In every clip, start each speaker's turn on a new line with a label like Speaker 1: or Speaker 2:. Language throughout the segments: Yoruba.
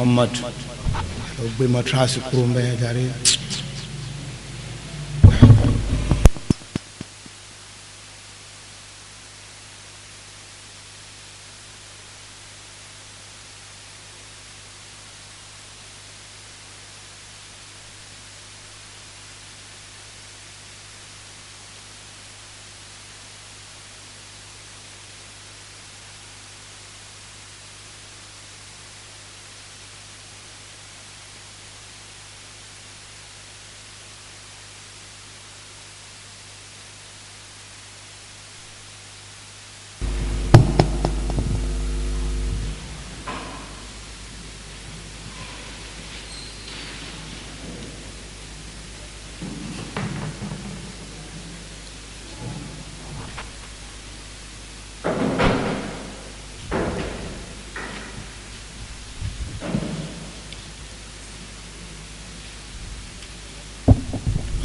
Speaker 1: मोहम्मद लोग भी मथुरा से क्रो में जा रहे हैं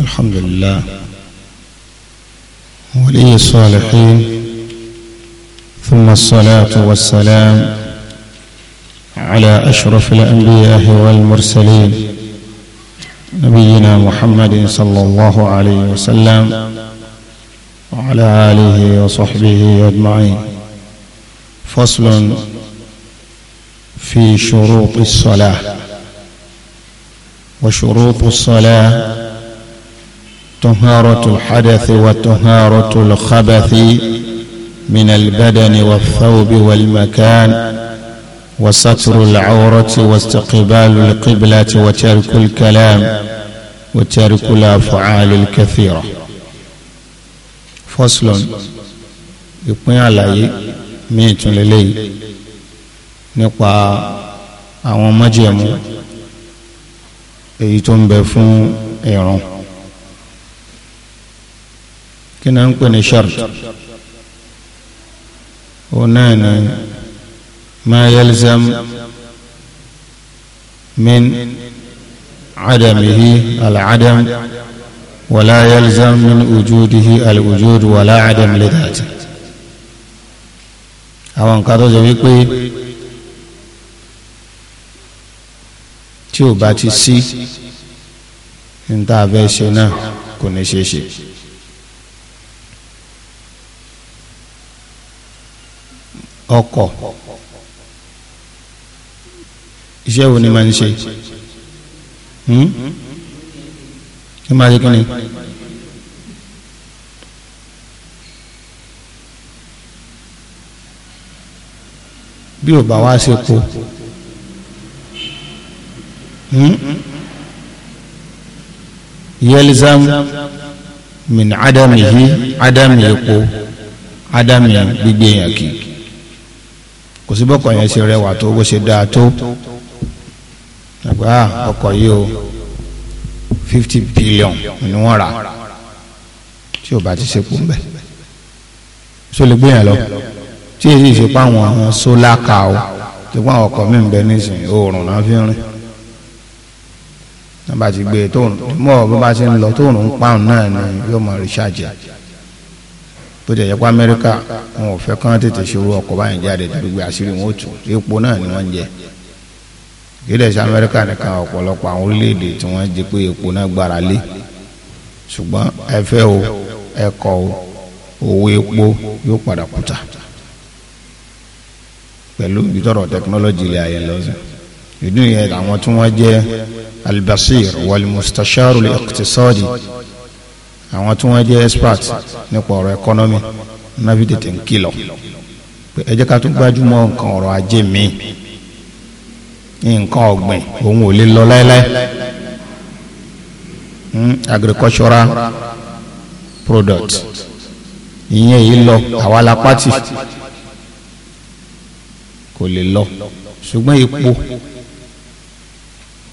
Speaker 1: الحمد لله ولي الصالحين ثم الصلاة والسلام على أشرف الأنبياء والمرسلين نبينا محمد صلى الله عليه وسلم وعلى آله وصحبه أجمعين فصل في شروط الصلاة وشروط الصلاة طهارة الحدث وطهارة الخبث من البدن والثوب والمكان وستر العورة واستقبال القبلة وترك الكلام وترك الأفعال الكثيرة فصل يقول على ميت للي نقع àwọn májẹ̀mú èyí tó ń kí náà ń pè ní shart òun náà ni ma yalzam min adamihi al-adam wala yalzam min wujudihi al-wujud wala adam li dhati àwọn nǹkan tó jẹ wípé tí ò bá ti sí ní tá a fẹ́ ṣe náà kò ní ṣe é ṣe. ọkọ̀ iṣẹ́ wo ni máa ń ṣe hmm? kí máa ṣe kí ni. bí ò bá wá sí po yelzam min adamihi adami epo adami gbígbé yàn kìí kò sí bọ́kọ̀ yẹn ṣe rẹwà tó bó ṣe dáa tó àgbà ọkọ̀ yìí o fifty billion ni wọ́n rà tí o bá ti ṣe kú mbẹ́ so lè gbé yẹn lọ tí èyí ṣe pa àwọn sólà kà o tí wọ́n ọkọ̀ mi ń bẹ nísìnyí oòrùn náà fi ń rìn náà bá ti gbé tóun mọ́ ọ bí wọ́n bá ṣe ń lọ tóun ń pa òun náà ni yóò mọ̀ rí ṣáàjì àjẹ́ bó ti yẹ kó amẹ́ríkà wọn ò fẹ́ kán tètè ṣòro ọkọ̀ báyìí jáde tó gbé àṣírí wọn ó tù epo náà ni wọ́n ń jẹ kílẹ̀ sí amẹ́ríkà nìkan ọ̀pọ̀lọpọ̀ àwọn orílẹ̀-èdè tí wọ́n jẹ pé epo náà gbára lé ṣùgbọ́n ẹ fẹ́ o ẹ o owó epo yóò padà kùtà pẹ̀lú ìtọ́rọ̀ tẹkinọ́lọ́jì ilẹ̀ ayé lọ́sẹ̀ ìdún yẹn àwọn tí wọ́n jẹ́ albasir wal mustashar al-iqtisadi àwọn tí wọ́n jẹ́ expert nípa ọ̀rọ̀ economy náà fi tètè ń kìlọ̀ pé ẹ jẹ́ ká tó gbájúmọ́ nǹkan ọ̀rọ̀ ajé mi nǹkan ọ̀gbìn òun ò lè lọ láéláé hmm, agricultural product ìyẹn yìí lọ àwa la pátì kò lè lọ ṣùgbọ́n epo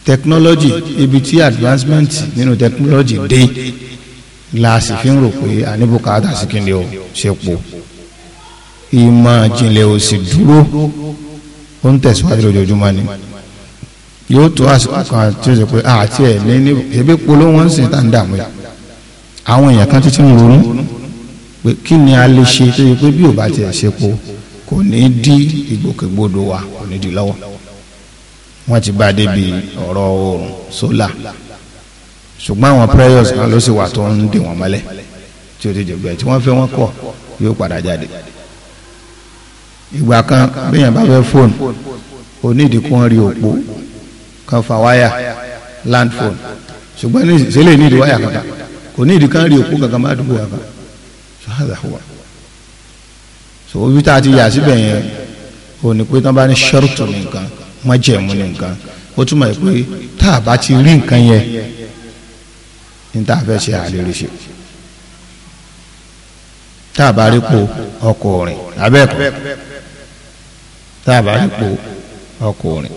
Speaker 1: technology ibi tí advancement nínú technology dé láàsì fi ń rò pé àníbùkátà sí kí ni o ṣe pò ìmọ̀ ìjìnlẹ̀ ò sì dúró ó ń tẹ̀síwájú lójoojúmọ́ ni yóò tó àsìkò kan tí ó ṣe pé àti ẹ̀ ní ní ebi polówó ń sìn tá ń dààmú yìí àwọn èèyàn kan títí ń ronú pé kí ni a lè ṣe tó yẹ pé bí ò bá tiẹ̀ ṣe po kò ní dí ìgbòkègbodò wa kò ní dí lọ́wọ́ wọ́n ti bá débi ọ̀rọ̀ oòrùn sólà ṣùgbọ́n àwọn prayers kan ló sì wà tó ń dè wọ́n mọ́lẹ̀ tí o ti jẹ̀gbọ́ ẹ̀ tí wọ́n fẹ́ wọ́n kọ̀ yóò padà jáde ìgbà kan bíyàn bá fẹ́ fóònù onídìkún rí òpó kan fa wáyà land phone
Speaker 2: ṣùgbọ́n ìṣẹ̀lẹ̀ ìnídìí wáyà kankan
Speaker 1: kò ní ìdìkan rí òpó kankan má dùgbò yà kan ṣáàdà wà so obi tá a ti yà síbẹ̀ yẹn ò ní pé tán bá ní ṣọ́ọ̀tù nìkan má jẹ̀mú nìkan ó túmọ̀ pé tá a bá ti rí nǹkan yẹn níta fẹ́ ṣe àlèrè ṣe tá a bá rí po ọkọ̀ rìn abẹ́ẹ̀kọ́ tá a bá rí po ọkọ̀ rìn.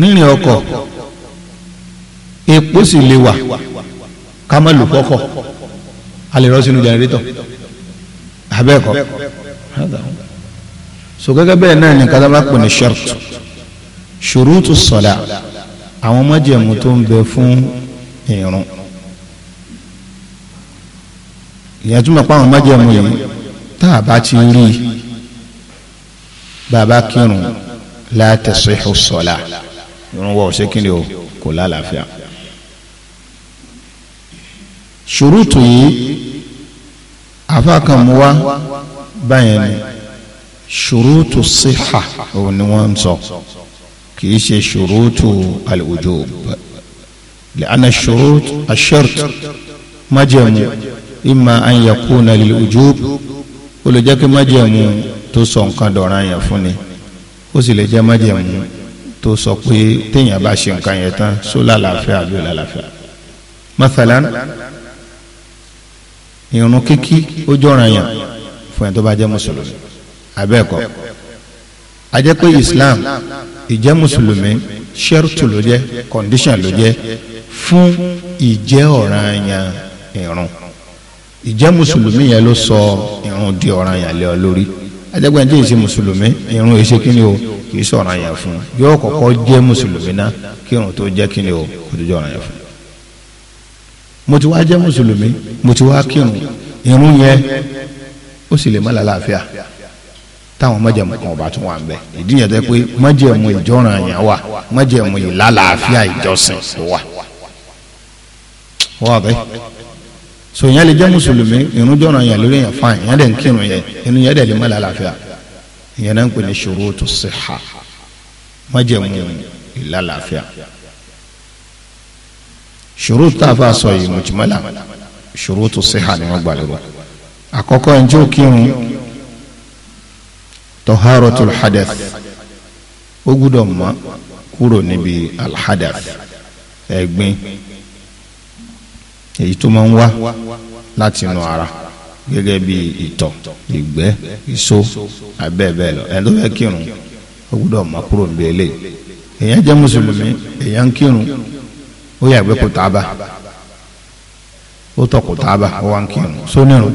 Speaker 1: rírìn ọkọ̀ epo sì lè wà ká má lò kọ́kọ́ a lè rọ́ sínú jẹnẹrétọ̀ abẹ́ẹ̀kọ́ so gẹ́gẹ́ bẹ́ẹ̀ náà ni kálábà pè ní ṣòrútù sọ̀lá àwọn májẹ̀mú tó ń bẹ fún ìrun ìyẹn túmọ̀ pé àwọn májẹ̀mú yìí tá a bá ti rí bàbá kírun la tasihu sọ̀la wọ̀ ṣé kíni o kò lálàáfíà ṣùrùtù yìí
Speaker 2: afáàkànmú báyẹn ni
Speaker 1: ṣùrùtù síhà òun ni wọ́n ń sọ. So kì í ṣe ṣòrótù al-wujub lẹ́nà ṣòrótù aṣọ́rt májẹ̀mú imma an yakuna lil-wujub ó lè jẹ́ kí májẹ̀mú tó sọ nǹkan dọ̀ràn yẹn fún ni ó sì lè jẹ́ májẹ̀mú tó sọ pé téèyàn bá ṣe nǹkan yẹn tán só lálàáfíà àbí lálàáfíà. mathalan irun kíkí ó jọ̀ràn yẹn fún ẹni tó bá jẹ́ mùsùlùmí abẹ́ẹ̀kọ́ a jẹ́ pé Islam. Islam ìjẹ́ mùsùlùmí ṣẹ́rùtù ló jẹ́ kọ̀ǹdíṣàn ló jẹ́ fún ìjẹ́ ọ̀ranyàn ìrun ìjẹ́ mùsùlùmí yẹn ló sọ ìrun di ọ̀ranyàn lé ọ lórí ajẹ́gbẹ́ni tí èsì mùsùlùmí ìrun èsì kíni o kì í sọ̀ràn yẹn fún yóò kọ́kọ́ jẹ́ mùsùlùmí ná kí ìrun tó jẹ́ kíni o kò tó jẹ́ ọ̀ràn yẹn fún mo ti wá jẹ́ mùsùlùmí mo ti wá kírun ìrun yẹn ó sì lè má lálàáfíà táwọn májẹ̀mú kan ọba tún wà ń bẹ ìdí yẹn tẹ pé májẹ̀mú ìjọràn yẹn wà májẹ̀mú ìlàlàáfíà ìjọsìn wà wà bẹ so yẹn lè jẹ mùsùlùmí irun jọràn yẹn lórí yẹn fáìn yẹn dẹ ń kírun yẹn inú yẹn dẹ lè má làlàáfíà yẹn náà ń pè ní ṣurutu siha májẹ̀mú ìlàlàáfíà ṣurutu tá a sọ yìí mujmala ṣurutu siha ni wọn gbà lóru àkọ́kọ́ ẹnjẹ taharatul hadath
Speaker 3: ó gbúdọ̀ mọ́ kúrò níbi
Speaker 1: alhadath ẹ̀gbin èyí tó máa ń wá láti inú ara gẹ́gẹ́ bí ìtọ̀ ìgbẹ́ ìso abẹ́ẹ̀bẹ́ẹ̀ lọ ẹni tó fẹ́ kírun ó gbúdọ̀ mọ́ kúrò níbi eléyìí èyàn jẹ́ mùsùlùmí èyàn ń kírun ó yàgbẹ́ kò tábà ó tọ̀ kò ó wá ń kírun sónírun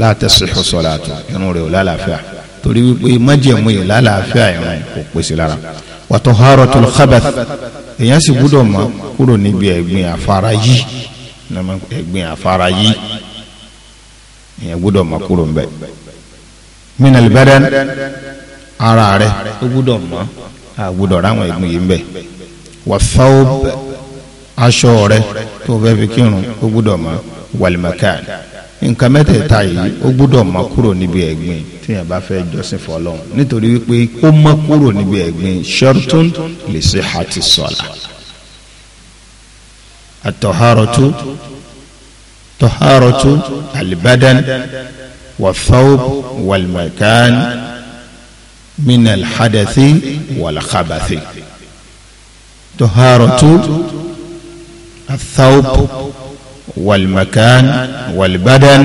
Speaker 1: la tasihu salatu irun rẹ̀ ò lálàáfíà torí wípé májẹ̀mú yìí lálàáfíà ìrìn kò pèsè lára wa taharatul khabath èèyàn sì gbúdọ̀ mọ́ kúrò níbi ẹ̀gbin àfara yìí ẹ̀gbin àfara yìí èèyàn gbúdọ̀ mọ́ kúrò ń bẹ̀. minal badan ara rẹ̀ ó gbúdọ̀ mọ́ àgbúdọ̀ ráwọn ẹ̀gbin yìí ń bẹ̀ wa thawb aṣọ rẹ̀ tó fẹ́ fi kírun ó gbúdọ̀ mọ́ wal nǹkan mẹ́tẹ̀ẹ̀ta yìí ó gbúdọ̀ mọ́ kúrò níbi ẹ̀gbin yìí tíyẹn bá fẹ́ jọ́sìn fọlọ́n nítorí wípé ó mọ́ kúrò níbi ẹ̀gbin shartun li sihhati salah at-taharatu taharatu al-badan wal-thawb wal-makan min al-hadathi wal-khabathi taharatu al badan
Speaker 2: wal
Speaker 1: thawb wal hadathi wal khabathi taharatu ath والمكان والبدن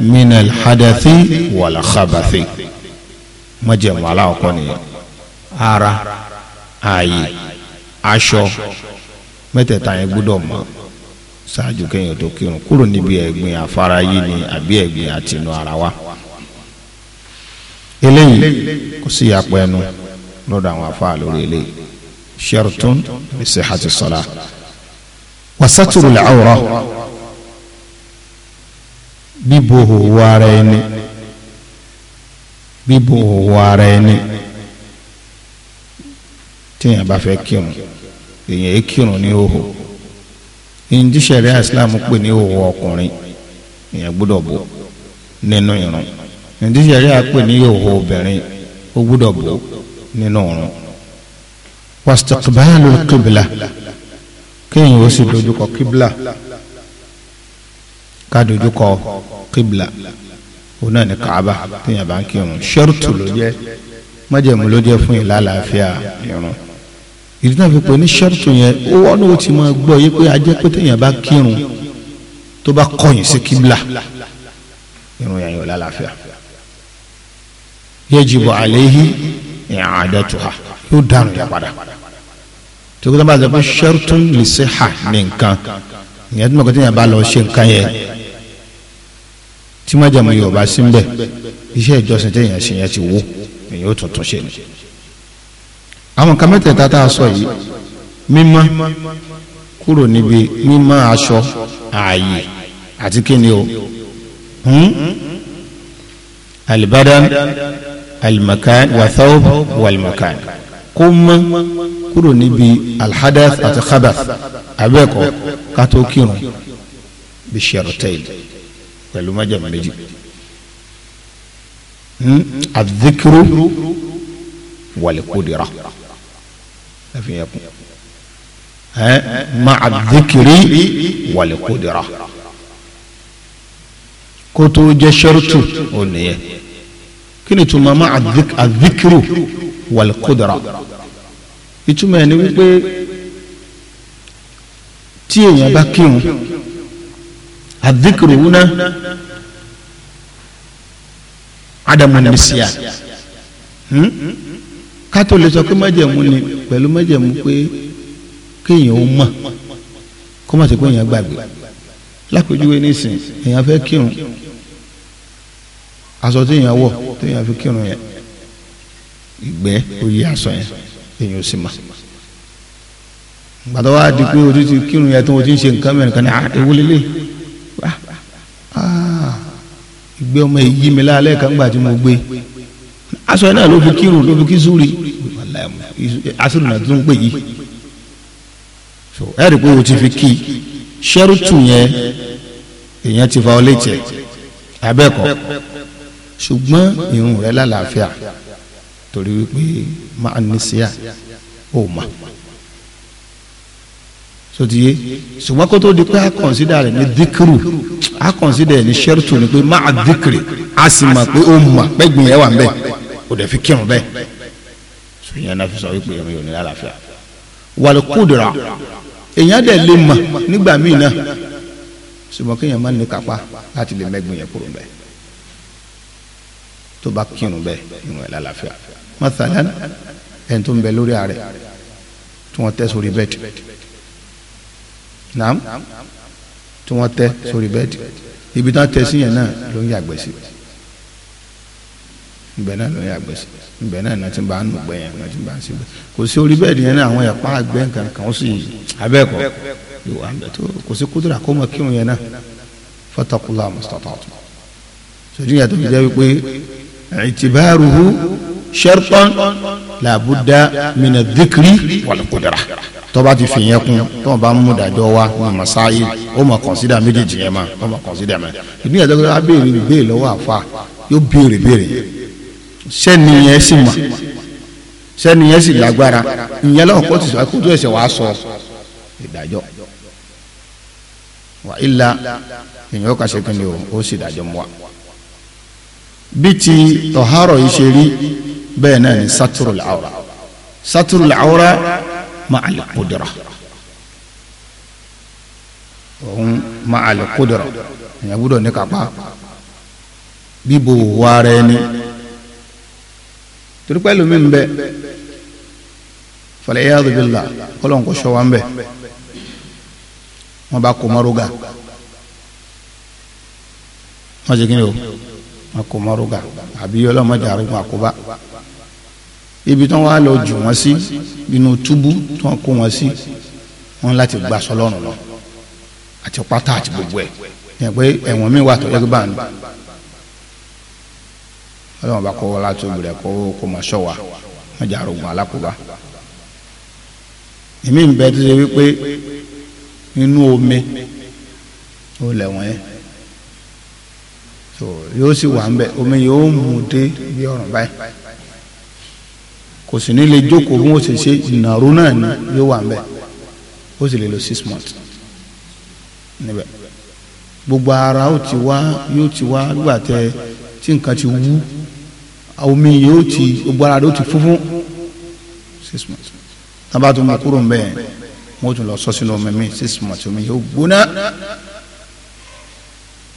Speaker 1: من الحدث والخبث ما جمع على قني ara ààyè aṣọ mẹ́tẹ̀ẹ̀ta yẹn gbọ́dọ̀ mọ́ ṣáájú kéèyàn tó kírun kúrò níbi ẹ̀gbin àfara yìí ni àbí ẹ̀gbin àtinú ara wa eléyìí kò sí apẹnu lọ́dọ̀ àwọn afáà lórí eléyìí shertun bisi hati sọlá wasaturu lacawra bíbo òwò ara ẹni bíbo òwò ara ẹni téèyàn bá fẹ́ kírun èèyàn é kírun ní òhò ìyìn tí ṣẹ̀ríà islam pè ní òhò ọkùnrin èèyàn gbọ́dọ̀ bò nínú ìrun ìyìn tí ṣẹ̀ríà pè ní òhò obìnrin ó gbọ́dọ̀ bò nínú ìrun wàsítọ̀kùbáyà ló kébìlà kéèyàn ó sì dojúkọ kíbla ká dojúkọ kíbla òun náà ní kaaba téèyàn bá ń kírun ṣẹ́rùtù ló jẹ́ májẹ̀mú ló jẹ́ fún ìlà àlàáfíà irun ìdí náà fi pè ní ṣẹ́rùtù yẹn ó wọ́n ní o ti máa gbọ́ yí pé ajẹ́ pé téèyàn bá kírun tó bá kọ̀yìn sí kíbla irun yẹn yóò lálàáfíà yajibu alayhi i'adatuha yóò dànù yà padà tó kí ló bá sọ pé shartun li siha ní nǹkan ìyẹn tó mọ̀ kó tí yẹn bá lọ ṣe nǹkan yẹn tí májàmú yóò bá sí mbẹ iṣẹ́ ìjọsìn tí èèyàn ṣe yẹn ti wó èèyàn ó tuntun àwọn kan mẹ́tẹ̀ẹ̀ta tá a yìí mímọ́ kúrò níbi mímọ́ aṣọ ààyè àti kíni o hmm? alibadan alimakan wathawb walmakan kó mọ́ kúrò níbi alhadath àti khabath abẹ́ẹ̀kọ́ kátó kírun bí ṣẹ̀rọ̀tẹ́yì pẹ̀lú májàmú méjì hmm? azikiru walikodira ẹ̀fìyẹ̀kùn
Speaker 2: ẹ̀ ma azikiri walikodira
Speaker 1: kótó jẹ́ ṣẹ́rùtù ó nìyẹn kí ni tuma ma azikiru walikodira ìtumọ̀ ẹ̀ ni wípé tí èèyàn bá kírun àdìkìrò wúná ádámù nìsíà hmm? kátó lè sọ pé májẹ̀mú ni pẹ̀lú májẹ̀mú pé kéèyàn ó mọ̀ kó má ti pé èèyàn gbàgbé lápèjúwe nísìn èèyàn fẹ́ kírun aṣọ tí èèyàn wọ̀ tí èèyàn fi kírun yẹn ìgbẹ́ òye aṣọ yẹn èyàn ò sì mà gbàdọ́ wa di pé ojú ti kírun yẹn tó o ti ń ṣe nǹkan mẹ́rin kan ní ewúlélẹ́ ìgbé ọmọ èyí mi lálẹ́ kan gbà tí mo gbé aṣọ náà ló fi kírun ló fi kí súri asúrù náà tó ń pè yìí ẹ rí i pé o ti fi kí ṣẹ́rùtù yẹn èèyàn ti fa ọ létí ẹ abẹ́ẹ̀kọ́ ṣùgbọ́n irun rẹ lálàáfíà torí wípé máa ní síyà ó mà sotiye ṣùgbọ́n kó tó di pé a kọ̀nsídà rẹ̀ ní díkìrù a kọ̀nsídà rẹ̀ ní ṣẹ́rùtù ni pé máa díkìrì a sì mà pé ó mà pẹ́gbìn ẹ̀ wà ń bẹ̀ kò dẹ̀ fi kírun bẹ́ẹ̀ sùnyẹn náà fi sọ wípé èmi ò ní àlàáfíà wàlúkúdùrà èèyàn dẹ̀ lè mà nígbà míì náà ṣùgbọ́n kéèyàn má ní kápá láti lè mẹ́gbìn yẹn kúrò bẹ́ẹ̀ tó bá kírun bẹ́ẹ̀ ìwọ̀n ẹ̀ lálàáfíà mathalan ẹni tó ń bẹ lórí ààrẹ tí wọ́n tẹ́ sórí bẹ́ẹ̀dì naam tí wọ́n tẹ́ sórí bẹ́ẹ̀dì ibi tí wọ́n tẹ́ sí yẹn náà ló ń yàgbẹ́ sí ibẹ̀ náà ló ń yàgbẹ́ sí ibẹ̀ náà náà ti bá ń nùgbẹ́ yẹn náà ti bá ń síbẹ̀ kò sí orí bẹ́ẹ̀dì yẹn náà àwọn ẹ̀pá àgbẹ̀ nǹkan kan sì abẹ́ẹ̀kọ́ ìwà ń bẹ̀ tó kò sí kúdúrà kó mọ kírun yẹn náà fatakula mustatatu sojúnyàtọ̀ mi jẹ́ wípé ìtìbáruhu shartan làbúdá mina dhikri wal qudra tọ́ba ti fi yẹn kun tọ́ba bá mú dájọ́ wa ní masáyé ó ma kọ̀nsídà méjèèjì yẹn ma ó ma kọ̀nsídà mẹ́ ìdí yàtọ̀ kí a béèrè béèrè lọ́wọ́ àfa yóò béèrè béèrè sẹ́ni yẹn sì mà sẹ́ni yẹn sì lágbára ìyẹn lọ́wọ́ kó ti sọ kó tó ẹsẹ̀ wàá sọ ìdájọ́ wà ilà èyàn ka ṣe kí ni o sì dájọ́ mu wa bí ti ọ̀hárọ̀ yìí ṣe rí bẹ́ẹ̀ náà ni saturul awra saturul awra ma'al qudra òun ma'al qudra èèyàn gbúdọ̀ ní kápá bíbo wà rẹ ni torí pẹ́lú mi ń bẹ fàlẹ́ yàtọ̀ bí la kọ́lọ́n kò sọ wa ń bẹ wọ́n bá kó maruga wọ́n jẹ́ kí ni o wọ́n kó maruga àbí ọlọ́mọdé àrùn àkóbá ibi tí wọ́n á lọ jù wọ́n sí inú túbú tí wọ́n kó wọ́n sí wọ́n láti gbà sọlọ́run lọ àti pátá àti gbogbo ẹ̀ ẹ̀ pé ẹ̀wọ̀n mi wà tó lẹ́gbẹ̀ẹ́ bá ń lò ọlọ́run bá kọ́ wọlé àtúbù rẹ̀ kó kó mọ̀ wa wọ́n jà rògbòn alákòóbá èmi ń bẹ tó wípé inú omi ó lẹ̀wọ̀n yẹn so yóò sì wà ń bẹ omi yóò mú un dé bí ọ̀ràn báyìí kò sì ní lè jókòó bí wọ́n ṣe ṣe ìnàró náà ni yóò wà nbẹ ó sì lè lo six months níbẹ̀ gbogbo ara ó ti wá yóò ti wá gbà tẹ tí nǹkan ti wú omi yóò ti gbogbo ara rẹ ó ti funfun six months tábà tó mú kúrò nbẹ wọn ó tún lọ sọ sínú omi mi six months omi yóò gbóná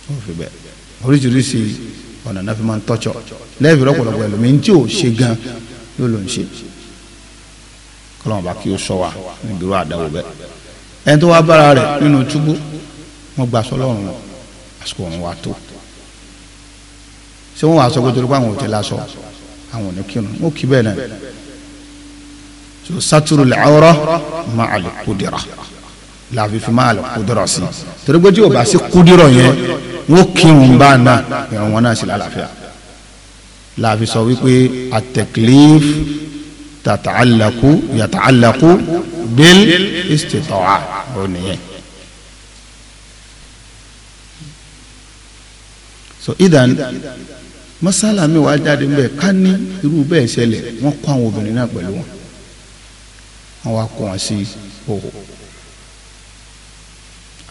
Speaker 1: ó fi bẹ oríṣiríṣi ọ̀nà náà fi máa ń tọ́jọ lẹ́yìn ìrọ́pọ̀lọpọ̀ ẹlòmíín tí ò ṣe gan yóò ló ń ṣe kọlọ́n bá kí ó sọ wa níbi irú àdáwò bẹ́ẹ̀ ẹni tó wá bára rẹ̀ nínú túbú wọn gbà sọ lọ́rùn àsìkò ọ̀run wa tó ṣé wọn wàá sọ pé torí pé àwọn ò ti láṣọ àwọn ò ní kírun wọn ò kí bẹ́ẹ̀ náà so sátúrù lẹ́ọ̀rọ̀ máa àlùkùdìrà láàfin fi máa àlùkùdìrà sí torí pé tí o bá sí kùdìrà yẹn wọn ò kírun bá náà ìrànwọ́ náà sì lálàáfíà láàfi sọ wípé at-taklif tata'allaqu yata'allaqu bil istita'a ó nìyẹn. so idan masala mi wàá jáde nbẹ ká ní irú bẹ́ẹ̀ ṣẹlẹ̀ wọ́n kó àwọn obìnrin náà pẹ̀lú wọn wọ́n wá kó wọn sí òhò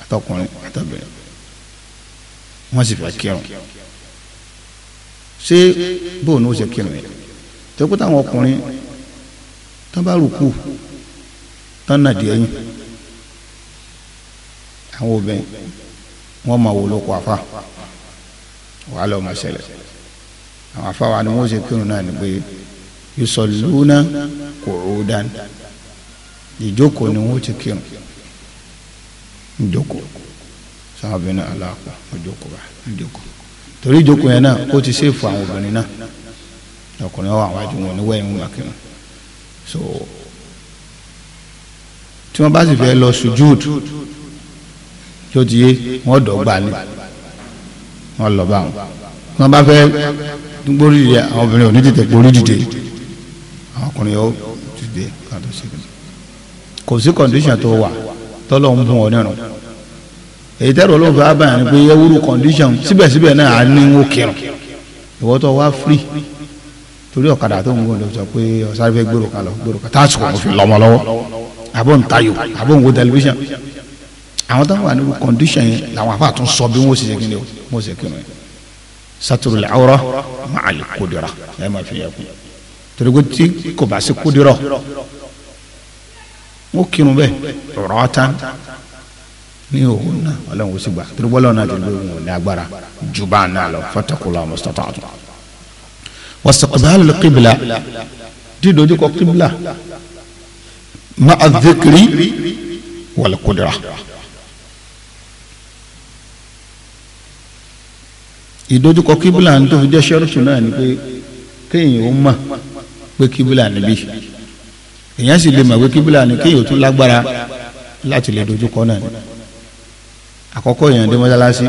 Speaker 1: àtọkùnrin àtọbìnrin sì fẹ́ kírun ṣé bóun ní ó ṣe kírun yẹn tẹ́kú táwọn ọkùnrin tán bá rùkú tán nàdí ẹ̀yìn àwọn obìnrin wọ́n máa wò lóko àfa wàhálà ọmọ ṣẹlẹ̀ àwọn àfa wa ni wọ́n ṣe kírun náà ni pé yusọlúna kòródan ìjókòó ni wọ́n ti kírun ìjókòó sábà aláàpá ìjókòó bá ìjókòó torí ìjókòó yẹn náà ó ti ṣèfù àwọn obìnrin náà ọkùnrin wa àwọn àjùmọ̀ ní wẹ́yìn wọn kí wọn so tí wọ́n bá sì fẹ́ lọ sujúd tó ti yé wọ́n dọ̀gba ni wọ́n lọ bá wọn tí wọ́n bá fẹ́ gbórí dìde àwọn obìnrin ò ní tètè gbórí dìde àwọn ọkùnrin yóò dìde kàtó sí kò sí kọ̀ǹdíṣàn tó wà tọ́lọ́ ń bùn ọ nírun èyí tẹ́rù ọlọ́run fẹ́ báyà ni pé ewúro condition síbẹ̀síbẹ̀ náà á ní wọ́n kírun ìwọ́tọ̀ wá free torí ọ̀kadà tó ń gbọ́n lọ sọ pé ọ̀sáré fẹ́ gbèrò kan lọ gbèrò kan táàsì kò fi lọ́mọ lọ́wọ́ àbọ̀ ń tayò àbọ̀ ń wo tẹlifíṣàn àwọn táwọn wà nínú condition yẹn làwọn afa tún sọ bí wọ́n sì ṣe kí ni wọ́n sì kí ni saturul awra ma'al kudura ẹ̀ máa fi yẹ kú torí ko tí kò bá sí kudura wọ́n kírun bẹ́ẹ̀ rọ́ọ̀tán ní òwò náà ọlọ́run kò sì gbà torí bọ́lá náà ti lóyún òní agbára ju bá a náà lọ fatakola mustata'tu. wasaqbalul qibla dídójúkọ qibla
Speaker 2: ma'a dhikri
Speaker 1: wal qudra. ìdójúkọ qibla ní tó fi jẹ́ sẹ́rùtù náà ni pé kéèyàn ó mọ̀ pé qibla níbí èèyàn sì lè mọ̀ pé qibla ni kéèyàn ó tún lágbára láti lè dojúkọ náà ni àkọ́kọ́ èèyàn dé mọ́sálásí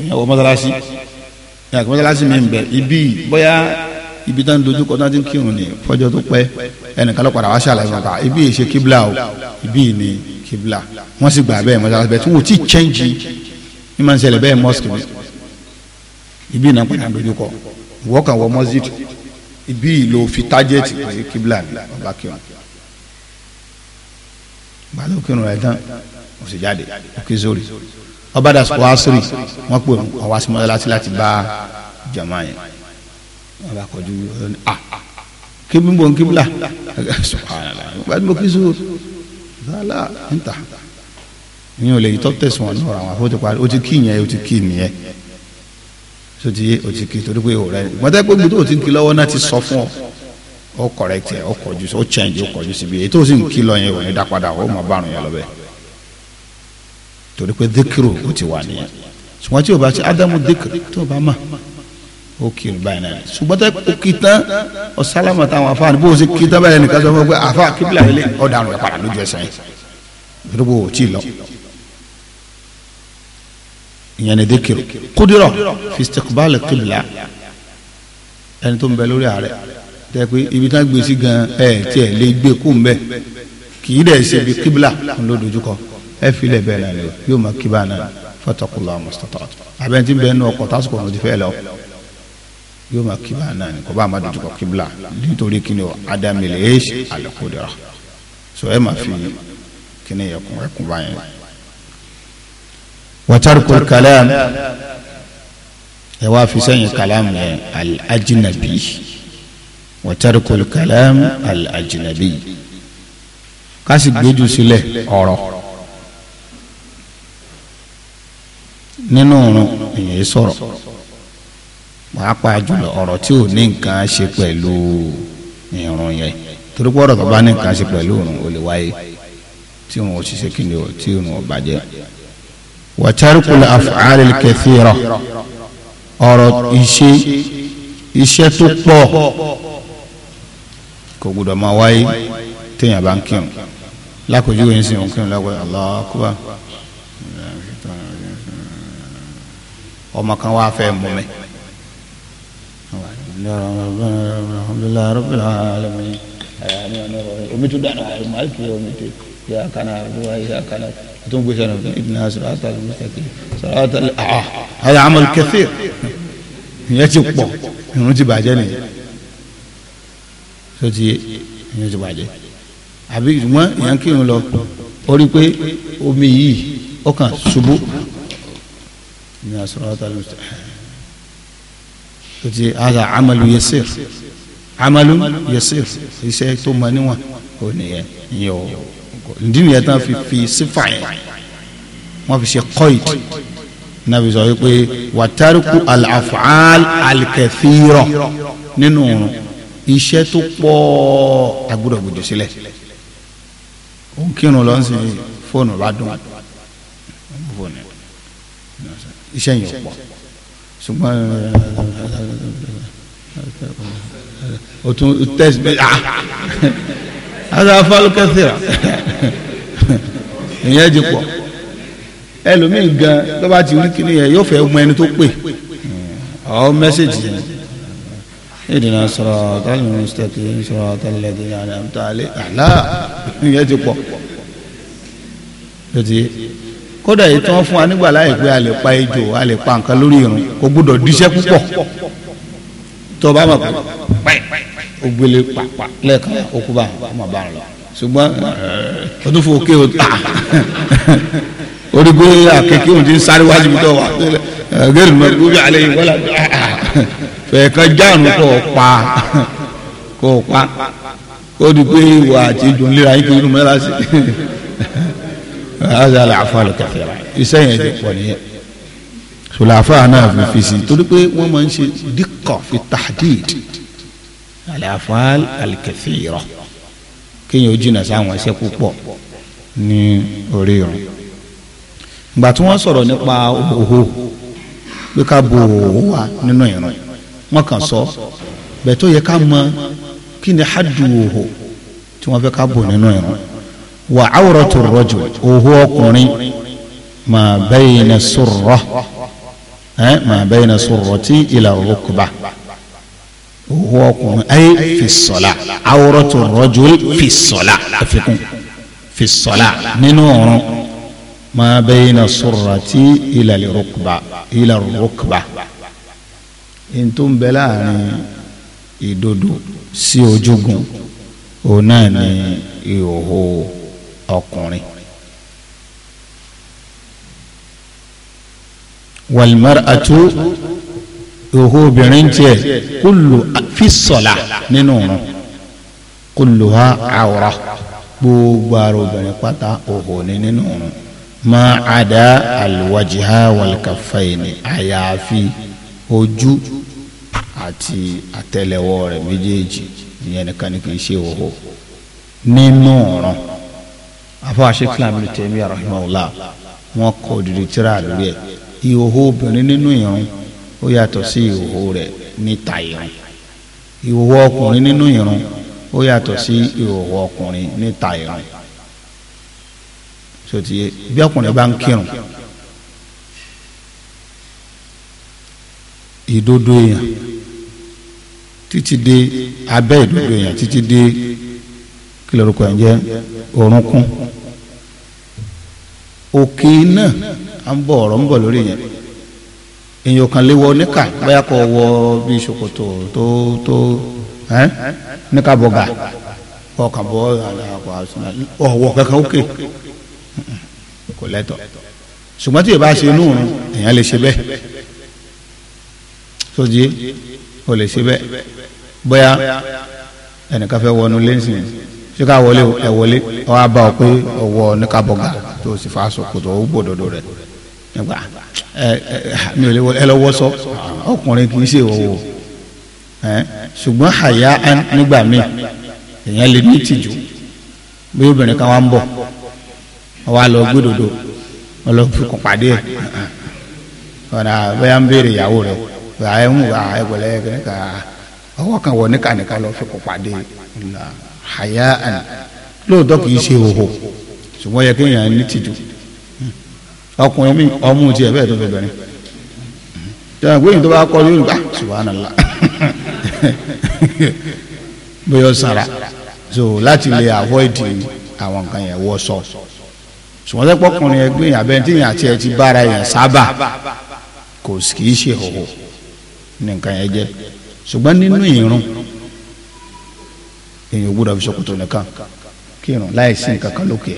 Speaker 2: èèyàn wọ mọ́sálásí èèyàn
Speaker 1: kí mọ́sálásí mi ń bẹ ibi bóyá ibi tó ń dojú kọ tó ń kírun ni fọjọ́ tó pẹ́ ẹnìkan ló padà wá ṣàlàyé wọn pa ibi yìí ṣe kíbla o ibi yìí ni kibla, wọ́n sì gbà bẹ́ẹ̀ mọ́sálásí bẹ́ẹ̀ tí wọ́n ti chẹ́ǹjì ní máa ń ṣẹlẹ̀ bẹ́ẹ̀ mọ́sìkì mi ibi náà padà dojú kọ ìwọ́ kan wọ mọ́sídìí ibi yìí ló fi tájẹ́ẹ̀tì pé kíbla ni ọba kírun gbàlókèrún rẹ̀ tán ó sì jáde òkè zori ọba dàsùkò asiri wọn pè mí ọwọ asimọlá láti láti bá jama yẹn wọn bá kọjú a kébí mbọ nkébìlà subhanallah ọba dìbò kí zori zala nta ìyẹn ò lè tọ́ tẹ̀sán ọ̀nà ọ̀rọ̀ àwọn afọ́tò parí ó ti kí ìyẹn ó ti kí ìyẹn tó ti yé o ti kí torí pé òòrẹ́ ni mọ́tẹ́ pé gbogbo tó ti kí lọ́wọ́ náà ti sọ fún ọ ó correct ẹ ó kọjú ó change o kọjú síbi èyí tó sì ń kí lọ yẹn ò ní dá padà ó mọ̀ bá yẹn lọ bẹ́ẹ̀ torí pé díkìrù ó ti wà nìyẹn ṣùgbọ́n tí o bá ṣe ádámù díkìrù tí o bá mà ó kiri báyìí náà ṣùgbọ́n tẹ kó kí tán ọ̀sálámà táwọn afáàní bó o ṣe kí tán báyìí nìkan sọ fún ọ pé àfa kíbla ilé ọ̀daràn ẹ̀ padà lójú ẹsẹ̀ yẹn dúró o tí lọ ìyẹn ni díkìrù kúdìrọ̀ fistikbal kíbla ẹni tó ń bẹ lórí ààrẹ tẹ pé ibi tán gbèsè gan ẹ tiẹ̀ lè gbé kú ń bẹ kì í dẹ̀ ṣe bí kíbla ńlọ dojúkọ ẹ filẹ̀ bẹ́ẹ̀ náà ni yóò máa kíbà náà fatakula mustata'tu abẹ́ntì bẹ́ẹ̀ náà ọkọ̀ tásìkò ọ̀nà ti fẹ́ lọ yóò máa kíbà náà ni kò bá máa dojúkọ kíbla nítorí kíni o adamele eish alakudira so ẹ máa fi kíni yẹ kún ẹkún báyẹn. wa tarkul ẹ wá fi sẹ́yìn kalam yẹn al-ajnabi wa tarkul kásì gbójú ọ̀rọ̀. nínú òrùn èyàn sọ̀rọ̀ pàápàá jùlọ ọ̀rọ̀ tí ò ní nǹkan ṣe pẹ̀lú ìrùn yẹn torí pé ọ̀rọ̀ tó bá ní nǹkan ṣe pẹ̀lú òrùn ò lè wáyé tí òun ò sì ṣe kí ni o tí òun ò bàjẹ́. wa tarkul af'alil kathira ọ̀rọ̀ ìṣe tó pọ̀ kò gbọdọ̀ máa wáyé téèyàn bá ń kírun lákòójú yẹn sì ń kírun lákòójú Allahu ọmọ kan wá fẹ́ mú mi. alhamdulilayi rabbil alamin omi tún dáná àlùmáàlì tún yẹ omi tẹ yà kánà àdúrà yà kánà tó ń gbèsè náà ibùdó náà sọ̀rọ̀ àtàlù mùsàkì sọ̀rọ̀ àtàlù ah ayé amadu kẹfẹ ìyẹn ti pọ̀ irun ti bàjẹ́ nìyẹn tó ti yẹ ìyẹn ti bàjẹ́ àbí ìgbọ́n ìyẹn kírun lọ ó rí i pé omi yìí ó kàn ṣubú ìnà sọ̀rọ̀ta ló ti tó ti àzà amalu yasir amalu yasir iṣẹ́ tó mọ níwọ̀n ò nìyẹn ìyẹn o ìdí nìyẹn tán fi fi sífà yẹn wọ́n fi ṣe kọ́ìd náà fi sọ wípé wàtárùkù al-af'al al-kathira nínú òrùn iṣẹ́ tó pọ̀ agbúdọ̀ gbòdò sílẹ̀ òun kírun lọ́sìn fóònù bá dùn fóònù iṣẹ́ yẹn pọ̀ ṣùgbọ́n o tún tẹ́sí bẹ́ẹ̀ ah
Speaker 3: ada falukẹ́sìrà
Speaker 1: ìyẹn ti pọ̀ gan tó bá ti rí kíni yẹn yóò fẹ́ mọ ẹni tó pè ọ mẹ́sẹ̀gì yẹn ìdènà sọ̀rọ̀ àtàlẹ́ mínísítẹ̀kì sọ̀rọ̀ àtàlẹ́ kódà èyí tí wọ́n fún wa nígbà láyè pé a lè pa ejò a lè pa nǹkan lórí irun kò gbúdọ̀ díṣẹ́ púpọ̀ tó o bá mọ̀ pé o gbélé pàpà lẹ́ẹ̀kan okú bá ọmọ bá ń lọ ṣùgbọ́n o tún fún òkè o tà orígbó àkèké òun ti ń sáré wájú mi tó wà gẹ́rù náà gbóbi àlẹ́ yìí wọ́n là ah, ah. fẹ̀ẹ̀kan jáàrún kò pa kò pa ó di pé ìwà àti ìdùnnú lera yín kiri mọ́ra sí i. azal afaal kẹfẹ́ra iṣẹ́ yẹn ti pọ̀ nìyẹn sulafa náà fi fi si torí pé wọ́n máa ń ṣe dikọ̀ fi tahdid alafaal alikẹfẹ́ra kéèyàn ó jìnnà sáwọn iṣẹ́ púpọ̀ ní orí irun ìgbà tí wọ́n sọ̀rọ̀ nípa òhò pé ká bo òhò wa nínú irun wọ́n kàn sọ bẹ́ẹ̀ tó yẹ ká mọ kí ni hadu òhò tí wọ́n fẹ́ ká bò nínú irun wà awratu rajul òhó ọkùnrin ma bayna surra ẹ eh, ma bayna surrati ila rukbah òhó ọkùnrin ayé fi sọlá awratu rajul fi sọlá àfikún fi sọlá nínú ọrùn ma bayna surrati ila rukbah ila rukbah ntó ń bẹ láàrin ìdodo sí ojúgun òun náà ni ìhòòhò ọkùnrin. wàlmaratu ìhó obìnrin tiẹ̀ kúlù fisọ̀la nínú òun kúlù ha àwòrá gbogbo ara obìnrin pátá òhò ní nínú òun máa àdá àlùwàjìhá wàlùkàfẹ́yìn àyàfi ojú àti àtẹ́lẹwọ́ rẹ̀ méjèèjì ìyẹn nìkan ni kì í ṣe òhò nínú ọ̀ràn àfọwọ́ àṣekílà mi tẹ̀mí rahimahullah wọn kọ òdìdí tíra lórí ẹ̀ ìhòhò obìnrin nínú ìrun ó yàtọ̀ sí ìhòhò rẹ̀ níta ìrun ìhòhò ọkùnrin nínú ìrun ó yàtọ̀ sí ìhòhò ọkùnrin níta ìrun sotí bí ọkùnrin bá ń kírun ìdodo èèyàn títí dé abẹ́ ìdodo èèyàn títí dé kí lóorùkọ ń jẹ́ orúnkún òkè náà à ń bọ̀ ọ̀rọ̀ ń bọ̀ lórí yẹn èèyàn kan lè wọ níkà bóyá kò wọ bí ṣòkòtò tó tó níkà bọ̀gà ọkàn bọ̀ ọ̀wọ̀ kankan òkè kò lẹ́tọ̀
Speaker 3: ṣùgbọ́n tí ìbá ṣe inú òrùn
Speaker 1: èèyàn lè ṣe bẹ́ẹ̀ sójì ó lè ṣe bẹ́ẹ̀ bóyá ẹnìkan fẹ́ wọnú lẹ́sìn ṣé ká wọlé ẹ wọlé ọ wá bá ọ pé ọwọ́ oníkàbọ̀gà tó o sì fa sòkòtò ó gbòdòdó rẹ nígbà ẹ mi ò lè wọlé ẹ lọ wọṣọ ọkùnrin kì í ṣe ìwọwọ ẹ ṣùgbọ́n àyà nígbà míì èèyàn lè ní ìtìjú bí obìnrin kan wá ń bọ̀ ọ wá lọ gbódòdó ọ lọ fi kàn pàdé ẹ ọ̀nà bẹ́ẹ̀ ń béèrè ìyàwó rẹ àyẹ̀wò àyẹ̀wò lẹ́yìn kan ọwọ́ kan wọ̀ níkànnìkan lọ fi kàn pàdé ẹ hayaan lóòótọ́ kìí ṣe òhò ṣùgbọ́n yẹ kéèyàn ní tìjú ọkùnrin mi ọmú tiẹ̀ bẹ́ẹ̀ tó fẹ́ bẹ̀rẹ̀ jọ̀wọ́n gbóyìn tó bá kọ́ yóò gbà ah, subhanallah bóyá sara so láti lè avoid àwọn nǹkan yẹn wọ́ sọ ṣùgbọ́n sẹ́pọ̀ ọkùnrin ẹgbẹ́ yẹn abẹ́ntíyàn àti ẹ̀ ti bára yẹn sábà kò kìí ṣe òhò nìkan yẹn jẹ́ ṣùgbọ́n nínú ìrún èyàn gbúdọ̀ fi ṣòkòtò nìkan kírun láì sí nǹkan kan lókè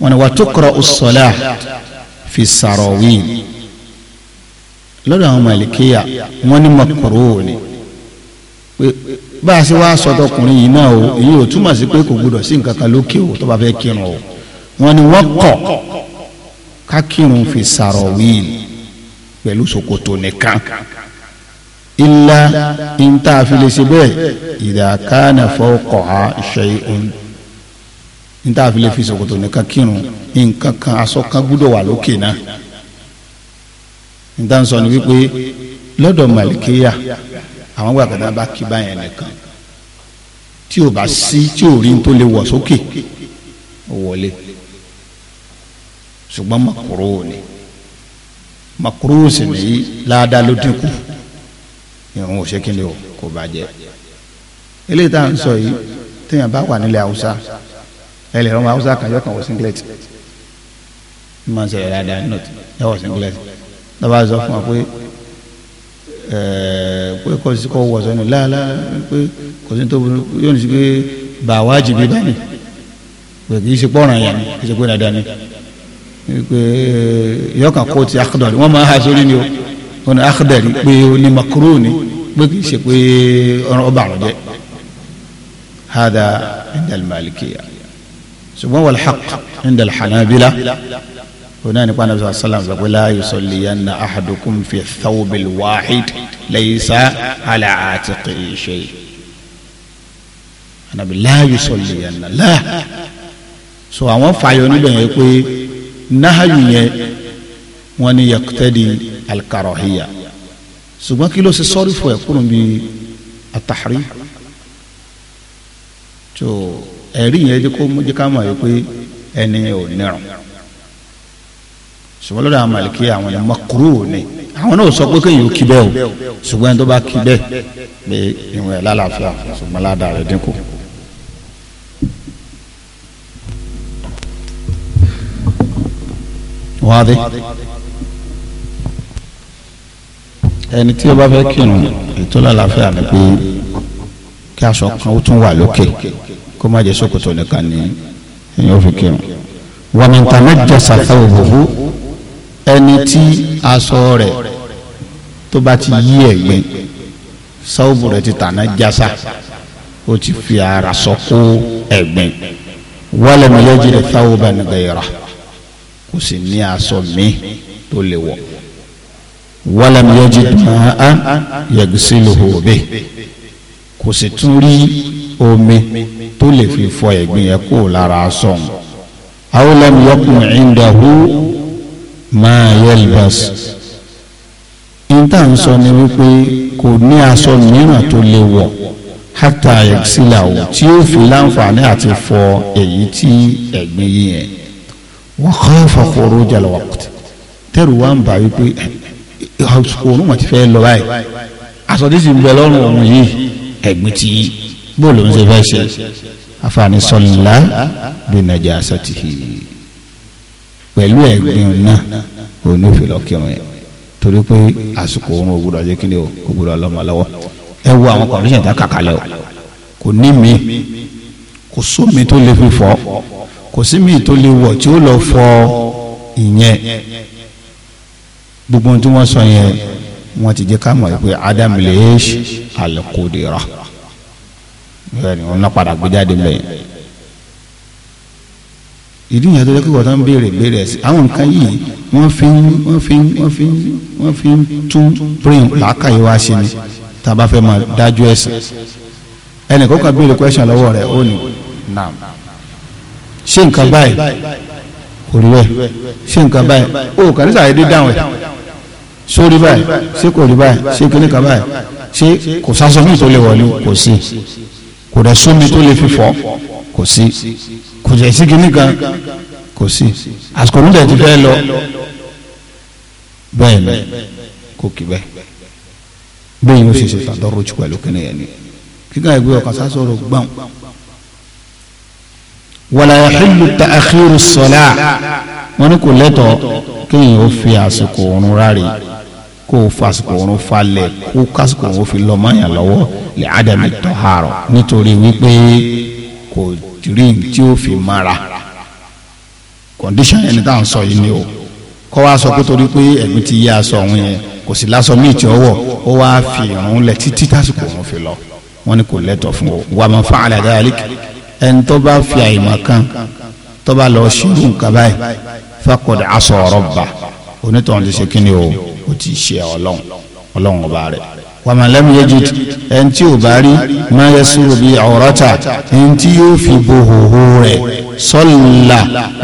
Speaker 1: wọn ni wà tó kọrọ ọsọlá fi sàrọwì lọ́dọ̀ àwọn màlìkéyà wọn ni mọkòrò ni bá a ṣe wá sọ́dọ̀ ọkùnrin yìí náà o èyí ò túmọ̀ sí pé kò gbúdọ̀ sí nǹkan kan lókè o tó bá fẹ́ kírun o wọn ni wọn kọ ká kírun fi sàrọwì pẹ̀lú ṣòkòtò nìkan ilá ìntà àfilèsè bẹ́ẹ̀ ìdàkánà fọ́ọ̀kọ̀ á ṣe òun ìntà àfilèfi ṣòkòtò nìkan kírun nǹkan kan aṣọ kan gbúdọ̀ wà lókè náà ìntà ń sọ ni wípé lọ́dọ̀ màlìkéyà àwọn gbàgbọ́dá bá kí báyẹn nìkan tí ò bá sí tí ò rí tó lè wọ̀ sókè ó wọlé ṣùgbọ́n makoro ni makoro sì ní ládàá ló dínkù ìrun ò ṣe kí ni o kò bàjẹ́ eléyìí tá à ń sọ yìí téèyàn bá wà nílẹ̀ haúsá ẹ lè rán ọmọ haúsá kan yọkàn wọ singlet ní ma ń sẹ̀rẹ̀ dáadáa nínú tí ẹ wọ singlet lọ́ba sọ fún wa pé pé kò sí kò wọ̀sán ní láàlá pé kò sí tó burú yóò ní sí pé bà wá jìbí dání pé kì í ṣe pọ́nrán yẹn ni kì í ṣe pé dáadáa ni pé yọkàn kó ti akadọ̀ wọ́n máa ń ha sórí ni o wọn ni akhdari pé ó ní makuru ni pé kì í ṣe pé ọba àrùn jẹ hada indal malikiya ṣùgbọ́n wal haqq indal hanabila wọn náà ní pa anabi sallam sọ pé la yusalliyanna ahadukum fi thawbil wahid laysa ala atiqi shay anabi la yusalliyanna la so àwọn fààyè oníbẹ̀yẹ pé náhàyù yẹn wọ́n ní yaqtadi alikarahiya ṣùgbọ́n kí ló ṣe sọ́rí fún ẹ kúrò bí atahari tó ẹ̀rí yẹn jẹ́ kó mú jẹ́ ká mọ̀ yìí pé ẹni ò nírun ṣùgbọ́n lọ́dọ̀ àwọn màlìkí àwọn ẹni ni àwọn náà sọ pé kéèyàn ò kí o ṣùgbọ́n ẹni tó bá kí bẹ́ẹ̀ pé ìwọ̀n ẹ̀ lálàáfíà ṣùgbọ́n ládàá rẹ̀ ẹni tí ó bá fẹ́ kírun ètò lálàáfíà ni pé kí aṣọ kan ó tún wà lókè kó má jẹ́ ṣòkòtò nìkan ni èyàn ó fi kírun. wàmìntàmẹ́ jọ sàfẹ́ òwòwò ẹni tí aṣọ rẹ̀ tó bá ti yí ẹ̀gbin sáwùbù rẹ̀ ti tàná jásá ó ti fi ara sọ kó ẹ̀gbin wọ́lẹ̀ mọ̀lẹ́jì rẹ̀ sáwùbù ẹ̀ nìgbẹ̀yẹ̀rà kò sì ní aṣọ míì tó lè wọ̀ wàlám yẹjú máa yẹgùsílùhù òbí kò sì tún rí omi tó lè fi fọ ẹ̀gbìn yẹn kúrò lára aṣọ òun awolem yọkùn ìndàhù máa yẹlbàs níta ń sọ ni wípé kò ní aṣọ mìíràn tó lè wọ hátà yẹgùsílàwò tí ó fi láǹfààní àti fọ èyí tí ẹ̀gbìn yìí yẹn wọ́n kọ́ fọkọrọ jàlọ́wọ́ tẹ́rù wá ń bá wípé òun wọn ti fẹ́ lọ báyìí àsọdí sì ń bẹ lọ́rùn òun yìí ẹ̀gbin ti bóòlù ń ṣe fẹ́ ṣe àfààní sọ̀nlá bí nàjà àṣàtì pẹ̀lú ẹ̀gbin náà òun ní òfin lọ́kìrun yẹn torí pé àsìkò òun ògbúdọ̀ jẹ́ kíni o ògbúdọ̀ lọ́mọ ẹ wo àwọn kọ̀ọ̀dúnṣẹ̀ tá kàkálẹ̀ o kò ní mi kò sómi tó lè fi fọ́ kò sí mi tó lè wọ̀ tí ó lọ fọ ìyẹn gbogbo tí wọ́n sọ yẹn wọ́n ti jẹ́ ká mọ̀ pé adam leish alikodira bẹ́ẹ̀ni wọ́n náà padà gbé jáde mẹ́yìn ìdí yẹn tó jẹ́ kí wọ́n béèrè béèrè ẹ̀sìn àwọn nǹkan yìí wọ́n fi ń wọ́n fi ń wọ́n fi ń wọ́n fi ń tún brain làákàyè wá sí ni tá a bá fẹ́ máa dájú ẹ̀sìn
Speaker 3: ẹnì kọ́kàn béèrè question
Speaker 1: lọ́wọ́ rẹ̀ ó ní naam ṣé nǹkan báyìí kò rí bẹ́ẹ̀ ṣé nǹkan báyìí ó kàn ní dáhùn ẹ̀ sórí báyìí ṣé kò rí báyìí ṣé kíní kan báyìí ṣé kò sásọ mi tó lè wọlé kò sí kò rẹ̀ sómi tó lè fi fọ́ kò sí kò jẹ́ sí kíní kan kò sí àsìkò nígbà tí fẹ́ lọ bẹ́ẹ̀ ni kò kì bẹ́ẹ̀ bẹ́ẹ̀ yóò ṣe ṣe tàdọ́rọ̀ jù pẹ̀lú kíní yẹn ni kíkà ìgbé ọkà sásọ̀rọ̀ gbọ̀n wala yahillu ta'khiru as-salah wọn ni kò lẹ́tọ̀ọ́ kéèyàn ó fi àsìkò òun rárẹ̀ kó o fasikò òun falẹ̀ kó kásìkò òun fi lọ́ mọ́ yàn lọ́wọ́ lè ádámì tọ́hárọ̀ nítorí wípé kò rí tí ó fi mara kọ̀ndíṣàn ẹni tá à ń sọ yìí ni o kọ́ wa sọ pé torí pé ẹ̀gbin ti yé aṣọ òun yẹn kò sì lásọ míì tí ó wọ̀ ó wá fi ìrún lẹ̀ títí tásìkò òun fi lọ wọ́n ní kò lẹ́tọ̀ fún o wà á máa fa àlẹ́ àdáyàlík ẹni tó bá fi àyèmọ̀ kan tó bá lọ ṣírù nǹkan báyìí faqad asa rabba onítọ̀hún ti ṣe kí ni o ó ti ṣe ọlọ́run ọlọ́run ọba rẹ̀ wàmà lẹ́mu yẹjú ẹni tí ò bá rí máa yẹ sùúrù bíi àwòrátà ẹni tí yóò fi bo hòhò rẹ̀ sọ́là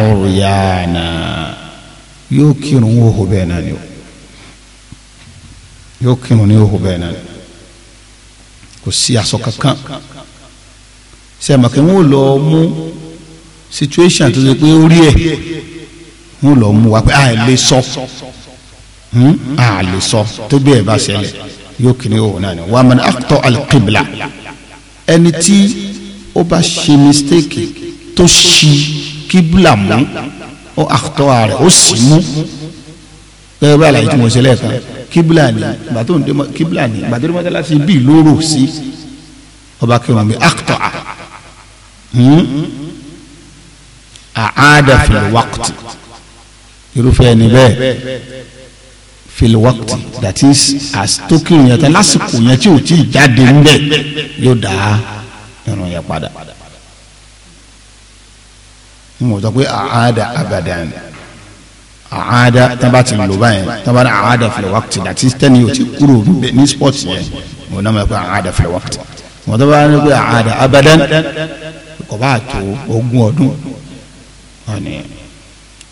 Speaker 1: ọ̀rùyàna yóò kírun hòhò bẹ́ẹ̀ náà ni o yóò kírun ní hòhò bẹ́ẹ̀ náà ni kò sí aṣọ kankan sẹ́mi kí wọ́n lọ mú situation tó ṣe pé ó rí ẹ̀ wọ́n lọ mú wa pé àìlè sọ. Hmm? a lè sọ tó bí ẹ bá ṣẹlẹ̀ yóò kiri òun náà ni wà á mọ akutọ alikibla ẹni tí ó bá ṣe mistake tó ṣi kibla mú ó akutọ rẹ ó sì mú gẹ́gẹ́ bí àlàyé tí mo ṣe lẹ́ẹ̀kan kibla ni gbàtó ń dé kibla ni gbàtó ń dé mọ́tálásí bíi lóró sí ọba kí wọn bí akutọ hmm? a àádà fìlẹ̀ wákùtì irúfẹ́ ẹni bẹ́ẹ̀ filiwakiti that is asitoki yẹn tẹ lásìkò yẹn tí o ti jáde ńbẹ yóò dá irun yẹn padà mo sọ pé àádá abadan àádá tábà ti lò báyẹn tábà ní àádá filiwakiti that is tẹ́ni o ti kúrò ńbẹ ní sport yẹn mo náà mọ̀ pé àádá filiwakiti mo sọ pé àádá abadan kò bá tó ogún ọdún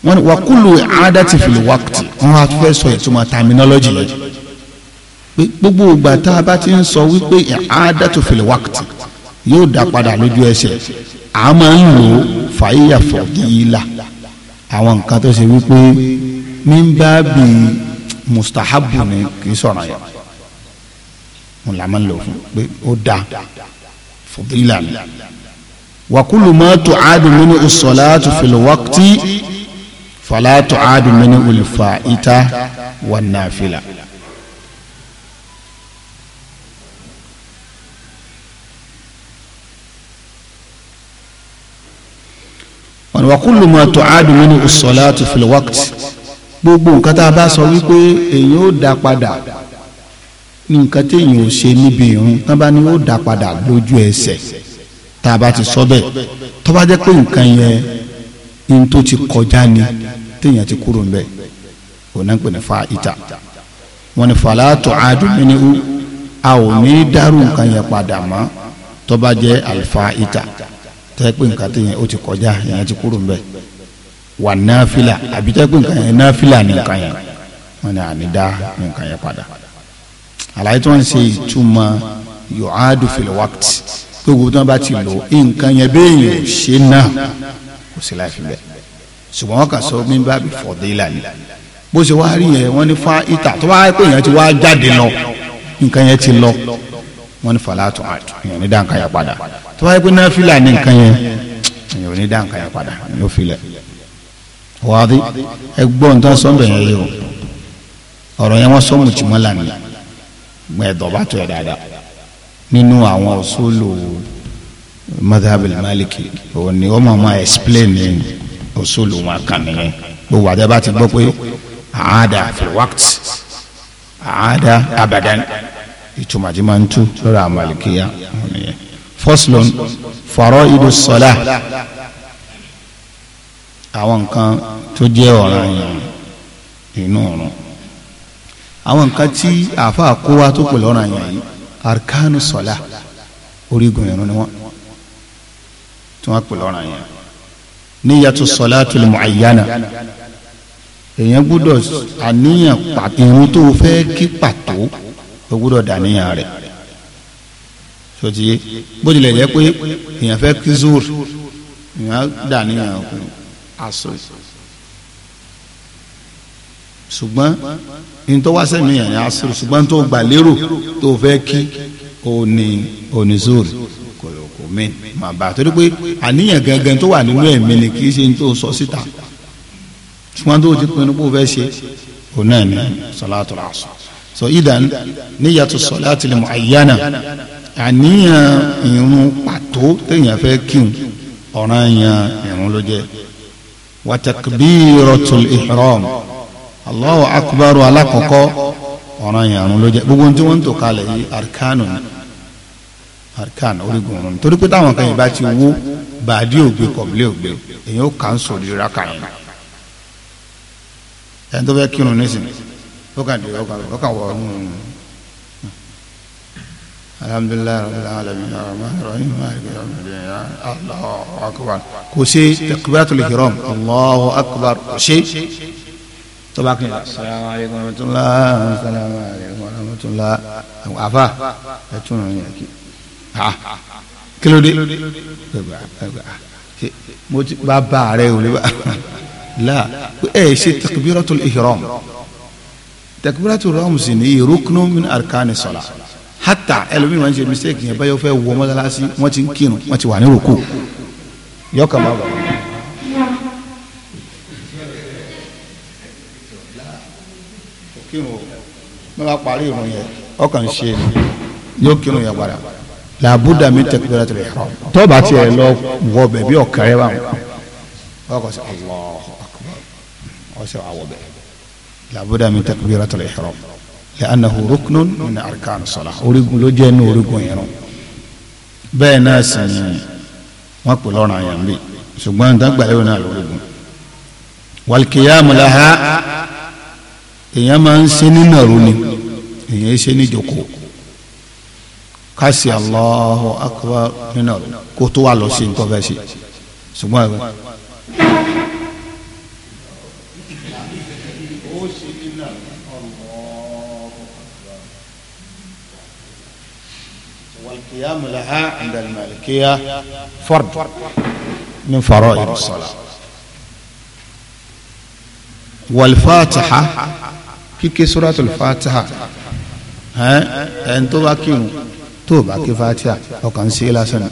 Speaker 1: wọ́n ní wakulu adati fili wakiti wọ́n wá fẹ́ sọ ìtumọ̀ terminology yìí pé gbogbo ìgbà tá a bá ti ń sọ wípé adati fili wakiti yóò dá padà lójú ẹsẹ̀ a máa ń lò fàyíyà fọ̀díìlà àwọn nǹkan tó ṣe wípé mímbà bí mustahabu ni kì í sọ̀rọ̀ yẹn mo là máa ń lò fún pé ó dá fọ̀díìlà ni wakulu mọ́tò adùn nínú ìsọ̀lá tó fìlẹ̀ wákìtì fala tu'adu minhul fa'ita wan nafila. wa kullu ma tu'adu minhu as-salatu fil waqt gbogbo nǹkan tá a bá sọ wípé èyàn ó dá padà ní nǹkan téèyàn ò ṣe níbi ìrun tán bá ní ó dá padà lójú ẹsẹ̀ tá a bá ti sọ bẹ́ẹ̀ tó bá jẹ́ pé nǹkan yẹn in tó ti kọjá ni téèyàn ti kúrò ń bẹ òun náà ń pè ní fa ìta wọn ni fàlà tó aadu mínú a ò ní dárú nǹkan yẹn padà mọ́ tó bá jẹ́ àlùfà ìta tẹ́ pé nǹkan téèyàn ó ti kọjá yẹn ti kúrò ń wà náfìlà àbí tẹ́ pé nǹkan yẹn náfìlà ni nǹkan yẹn wọn ni àní dá nǹkan yẹn padà àlàyé tí wọ́n ń ṣe ìtumọ̀ yòádù fìlẹ̀ wákìtì gbogbo tí wọ́n bá ti lò nǹkan yẹn bẹ́ẹ̀ yóò ṣe náà kò sí láì fi bẹ́ẹ̀ ṣùgbọ́n wọn kà sọ mí bá bí fọ̀dé ìlànà bó ṣe wá rí yẹn wọ́n ní fa ìta tó wá pé yẹn ti wá jáde lọ nǹkan yẹn ti lọ wọ́n ní fàlà tó àtò yẹn ní dáǹkà yẹn padà tó wá pé náà fìlà ní nǹkan yẹn yẹn ò dáǹkà yẹn padà yóò filẹ̀ wàdí ẹgbọ́n nǹkan sọ́ńdọ̀ yẹn yìí o ọ̀rọ̀ yẹn wọ́n sọ mùtìmọ́lá ni gbẹ̀dọ̀ bá tó yẹ dáadáa nínú àwọn òṣòlò madhab al-maliki òun ni ó máa máa explain usul wọn kan nìyẹn gbogbo àti bá ti gbọ́ pé àádá fi wákt àádá abadan ìtumọ̀ àti máa ń tú lọ́dọ̀ àmàlìkíyà nìyẹn faslun faraidu salah àwọn nǹkan tó jẹ́ ọ̀ràn yẹn inú ọ̀ràn àwọn nǹkan tí àáfàá kó wa tó pè lọ́ràn yẹn arkanu salah orígun ìrun ni wọ́n tí wọ́n pè lọ́rùn yẹn níyàtú sọláàtú lè mọ àyànà èèyàn gbúdọ̀ àníyàn pàtó irun tó fẹ́ kí pàtó o gbúdọ̀ dàníyàn rẹ̀ sọtí bó tilẹ̀ jẹ́ pé èèyàn fẹ́ kí zur èèyàn dàníyàn kù aṣọ ṣùgbọ́n ntọ́wásẹ́ mi yàn ní aṣọ ṣùgbọ́n tó gbà tó fẹ́ kí òní òní zur kò kò mí máa bá a torí pé àníyàn gangan tó wà nínú ẹ̀mí ni kì í ṣe ní tó sọ síta ṣùgbọ́n tó ti pinnu kó o fẹ́ ṣe òun náà ni sọláàtù làásù so idan níyàtọ̀ sọláàtù lè mọ àyànà àníyàn irun pàtó téèyàn fẹ́ kíun ọ̀ràn yẹn irun ló jẹ́ wa ihram allahu akbar alakoko ọ̀ràn yẹn irun ló jẹ́ gbogbo tí wọ́n ń tò kalẹ̀ yìí arkanu ni arkan orígun ọ̀run torí pé táwọn kan yìí bá ti wó bàdí ògbé kọ̀bílẹ̀ ògbé èyí ó kà ń sọ òdìrí ra kàn yín ẹni tó fẹ́ kírun nísìnyí ó kàn dé ọkàn ó kàn wọ ọ̀run ọ̀run alhamdulilayi rabbil alamin rahman rahim maliki yawmiddin allahu akbar kò ṣe takbiratul ihram allahu akbar kò ṣe
Speaker 2: tọba kan yà salamu alaykum wa rahmatulah salamu
Speaker 1: alaykum wa rahmatulah afa ẹ tún nà ní ẹkẹ ha kílódé mo ti bá bá rẹ o lè bá la ẹ ṣe takbiratul ihram takbiratul ihram sì ni ruknun min arkani sọlá hata ẹlòmíì máa ń ṣe mistake yẹn báyọ̀ fẹ́ wọ mọ́sálásí wọ́n ti ń kírun wọ́n ti wà ní rúkú yọkàn máa bọ̀. kírun o bí wọ́n bá parí ìrun yẹn ọkàn ń ṣe ni yóò kírun yẹn padà
Speaker 3: làbúdà mi tẹkidọ́lá
Speaker 1: tẹ̀lé tọ́ba tiẹ̀ lọ wọ bẹ̀ bí ọ̀kẹ́rẹ́ bá wọn ọkọ̀ sọ Allahu akbar ọsẹ awọ bẹ̀ làbúdà mi tẹkidọ́lá tẹ̀lé ihram lẹ́anahu rukunun ní arkan sọ̀la orígun ló jẹ́ ní orígun yẹn bẹ́ẹ̀ náà sì ni wọ́n pè lọ́rùn àyàn bí ṣùgbọ́n nǹkan gbàlẹ́ wọn náà lórígun wàlùkìyàmù làhá èèyàn máa ń ṣe nínú ọ̀run ni èèyàn ń ṣe ní ìjókòó kasi Allahu akbar nínú kó tó wà lọ sí nǹkan fẹ́ sí ṣùgbọ́n ẹ̀rọ. والقيام لها عند المالكية فرض من فرائض الصلاة والفاتحة كي سورة الفاتحة ها أنتوا باكيون tó o bá ké fatia ọkàn sí lásán ni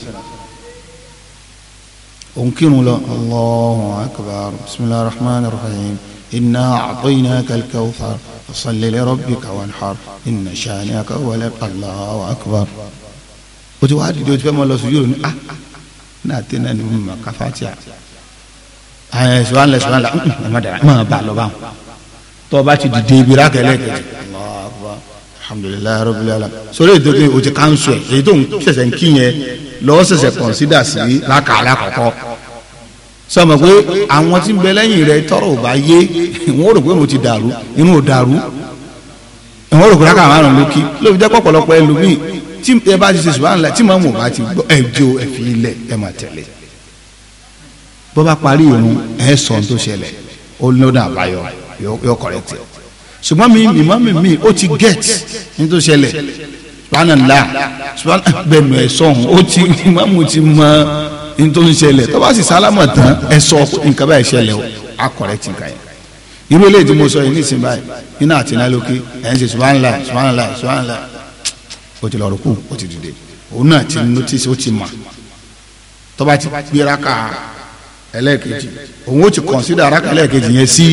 Speaker 1: òun kírun lọ allahu akbar bisimilahi rahman rahim inna a'tainaka al-kawthar fasalli li rabbika wanhar inna shani'aka wal allahu akbar o ti wá dìde o ti fẹ́ mọ lọ sùjúrù ni ah náà tẹ́ náà ni mo mọ̀ ká fatia ẹ̀ sùwọ́n lẹ̀ sùwọ́n lẹ̀ ẹ̀ má dàrá má bà lọ́ bá wọn tọ́ ọ bá ti dìde ibi rákẹ́lẹ́ kejì alhamdulilayi rabbil alamin sori ìdókè o ti kánṣu ẹ èyí tó ń ṣẹ̀ṣẹ̀ ń kí yẹn lọ́wọ́ ṣẹ̀ṣẹ̀ kọ̀nsídà sí lákàlà kọ̀kọ́ sọmọ pé àwọn tí ń bẹ lẹ́yìn rẹ tọrọ ò bá yé wọn rò pé mo ti dàrú inú ò dàrú wọn rò pé lákàlà márùn ló kí lóbi jẹ́ pọ̀pọ̀lọpọ̀ ẹlòmíì tí ẹ bá ti ṣe ṣùgbọ́n àlẹ́ tí màmú ò bá ti gbọ́ ẹ jó ẹ fi ilẹ̀ ẹ máa tẹ̀lé bọ́ bá parí ìrun ẹ sọ ohun tó ṣẹlẹ̀ ó lọ́dọ̀ àbáyọ yọ kọ̀rẹ́tì ẹ̀ ṣùgbọ́n mi ìmọ̀mí mi ó ti get ní tó ṣẹlẹ̀ subhanallah subhanallah bẹ̀nu ẹ̀ sọ̀hún ó ti ìmọ̀mù ti mọ ní tó ń ṣẹlẹ̀ tó bá sì sálámà tán ẹ̀ sọ nǹkan báyìí ṣẹlẹ̀ o a correct nǹkan yẹn irú eléyìí tí mo sọ yìí nísìnyí báyìí iná àti iná lókè ẹ̀ ń ṣe subhanallah subhanallah subhanallah ó ti lọ rúkú ó ti dìde òun náà ti notice ó ti mà tó ti gbéra ká ẹlẹ́ẹ̀kejì òun ó ti consider ara ẹlẹ́ẹ̀kejì yẹn sí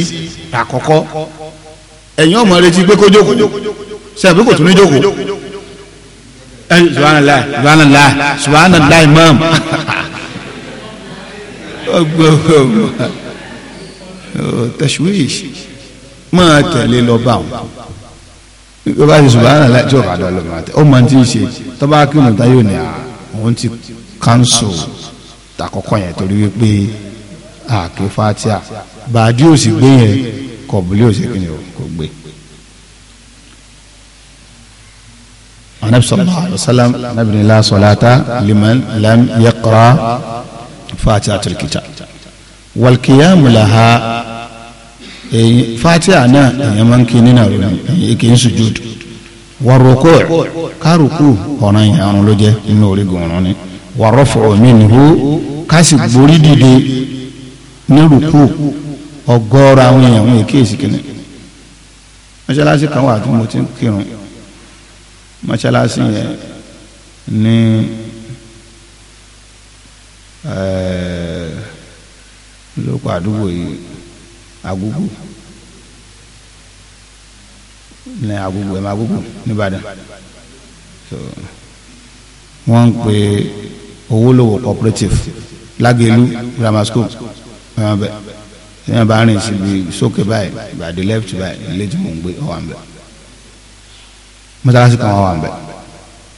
Speaker 1: àkọ́kọ́ ẹ̀yin ọmọ retí pé kó jókòó ṣe àbí kò tún ní jókòó subhanallah subhanallah subhanallah imam tashwish máa tẹ̀lé lọ bá wọn tó bá ṣe subhanallah tí ọ̀kadà lọ máa tẹ̀ ó máa ti ṣe tó bá kí ọ̀nà táyọ̀ ní àwọn ti kánṣó takọ̀kọ̀ yẹn torí wípé àkè fatia bàdí òsì gbé yẹn kọ̀bùlé òsì kìnìún. anabi sallallahu alayhi wa sallam anabi ni la salata liman lam yaqra fatiha tirikita walkiyamu laha èyí fatiha náà èyàn máa ń kí nínú àwọn èyí kì í sujud waroko kárùkù ọ̀ràn ìyàrún ló jẹ́ nínú orígun ọ̀ràn ni warofo minhu kásì gborí dìde nírùkù ọgọ́rọ̀ àwọn èèyàn wọn èké ìsìnkìnnì mọ́ṣáláṣí kan wà tí mo ti ń kírun mọ́ṣáláṣí ni ní eh, lópa àdúgbò yìí agugu
Speaker 2: ní agogo ẹ̀ máa nìbàdàn
Speaker 1: so wọ́n ń pè owó lówó cooperative lágẹ̀lú grammar school ẹ̀yàn bá rìn síbi sókè báyìí gbàdé left báyìí ilé tí mò ń gbé ọ̀hún bẹ́ẹ̀ mọ́sálásí kan wà wà ń bẹ̀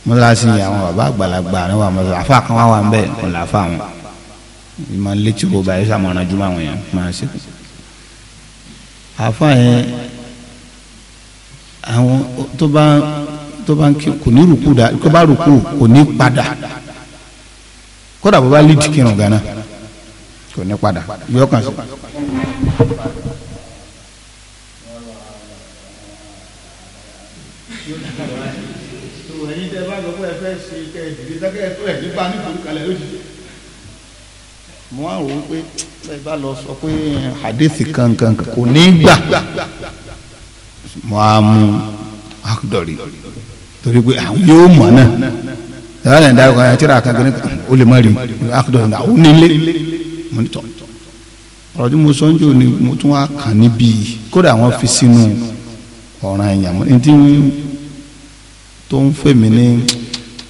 Speaker 1: mọ́sálásí yìí àwọn bàbá àgbàlagbà ni wà mọ́sálásí àfa kan wà wà ń bẹ̀ kò là fà wọn ìmọ̀ létí ro báyìí sàmọ̀nà jùmọ̀ àwọn yẹn máa ṣe. àfa yẹn àwọn tó bá tó bá ń kí kò ní rúkú dá kó bá rúkú kò ní padà kódà bó bá lídìí kírun gánà kò ní padà yọkàn sí. kẹ́ ẹ dìde dákẹ́ ẹ tó ẹ̀ nípa nítorí kalẹ̀ lójijì. mo á wò ó pé ẹ bá lọ sọ pé hadithi kankan kò ní gbà mo á mú akudọ̀rì torí pé àwọn yóò mọ̀ náà yàrá yẹn dárúkọ yẹn tíra kankan ó lè má rí akudọ̀rì náà ó nílé mo ní tọ̀ ọ̀rọ̀ tí mo sọ ń jò ni mo tún wá kàn níbí kódà wọ́n fi sínú ọ̀ràn ẹ̀yàn mo ní tí tó ń fẹ́ mi ní.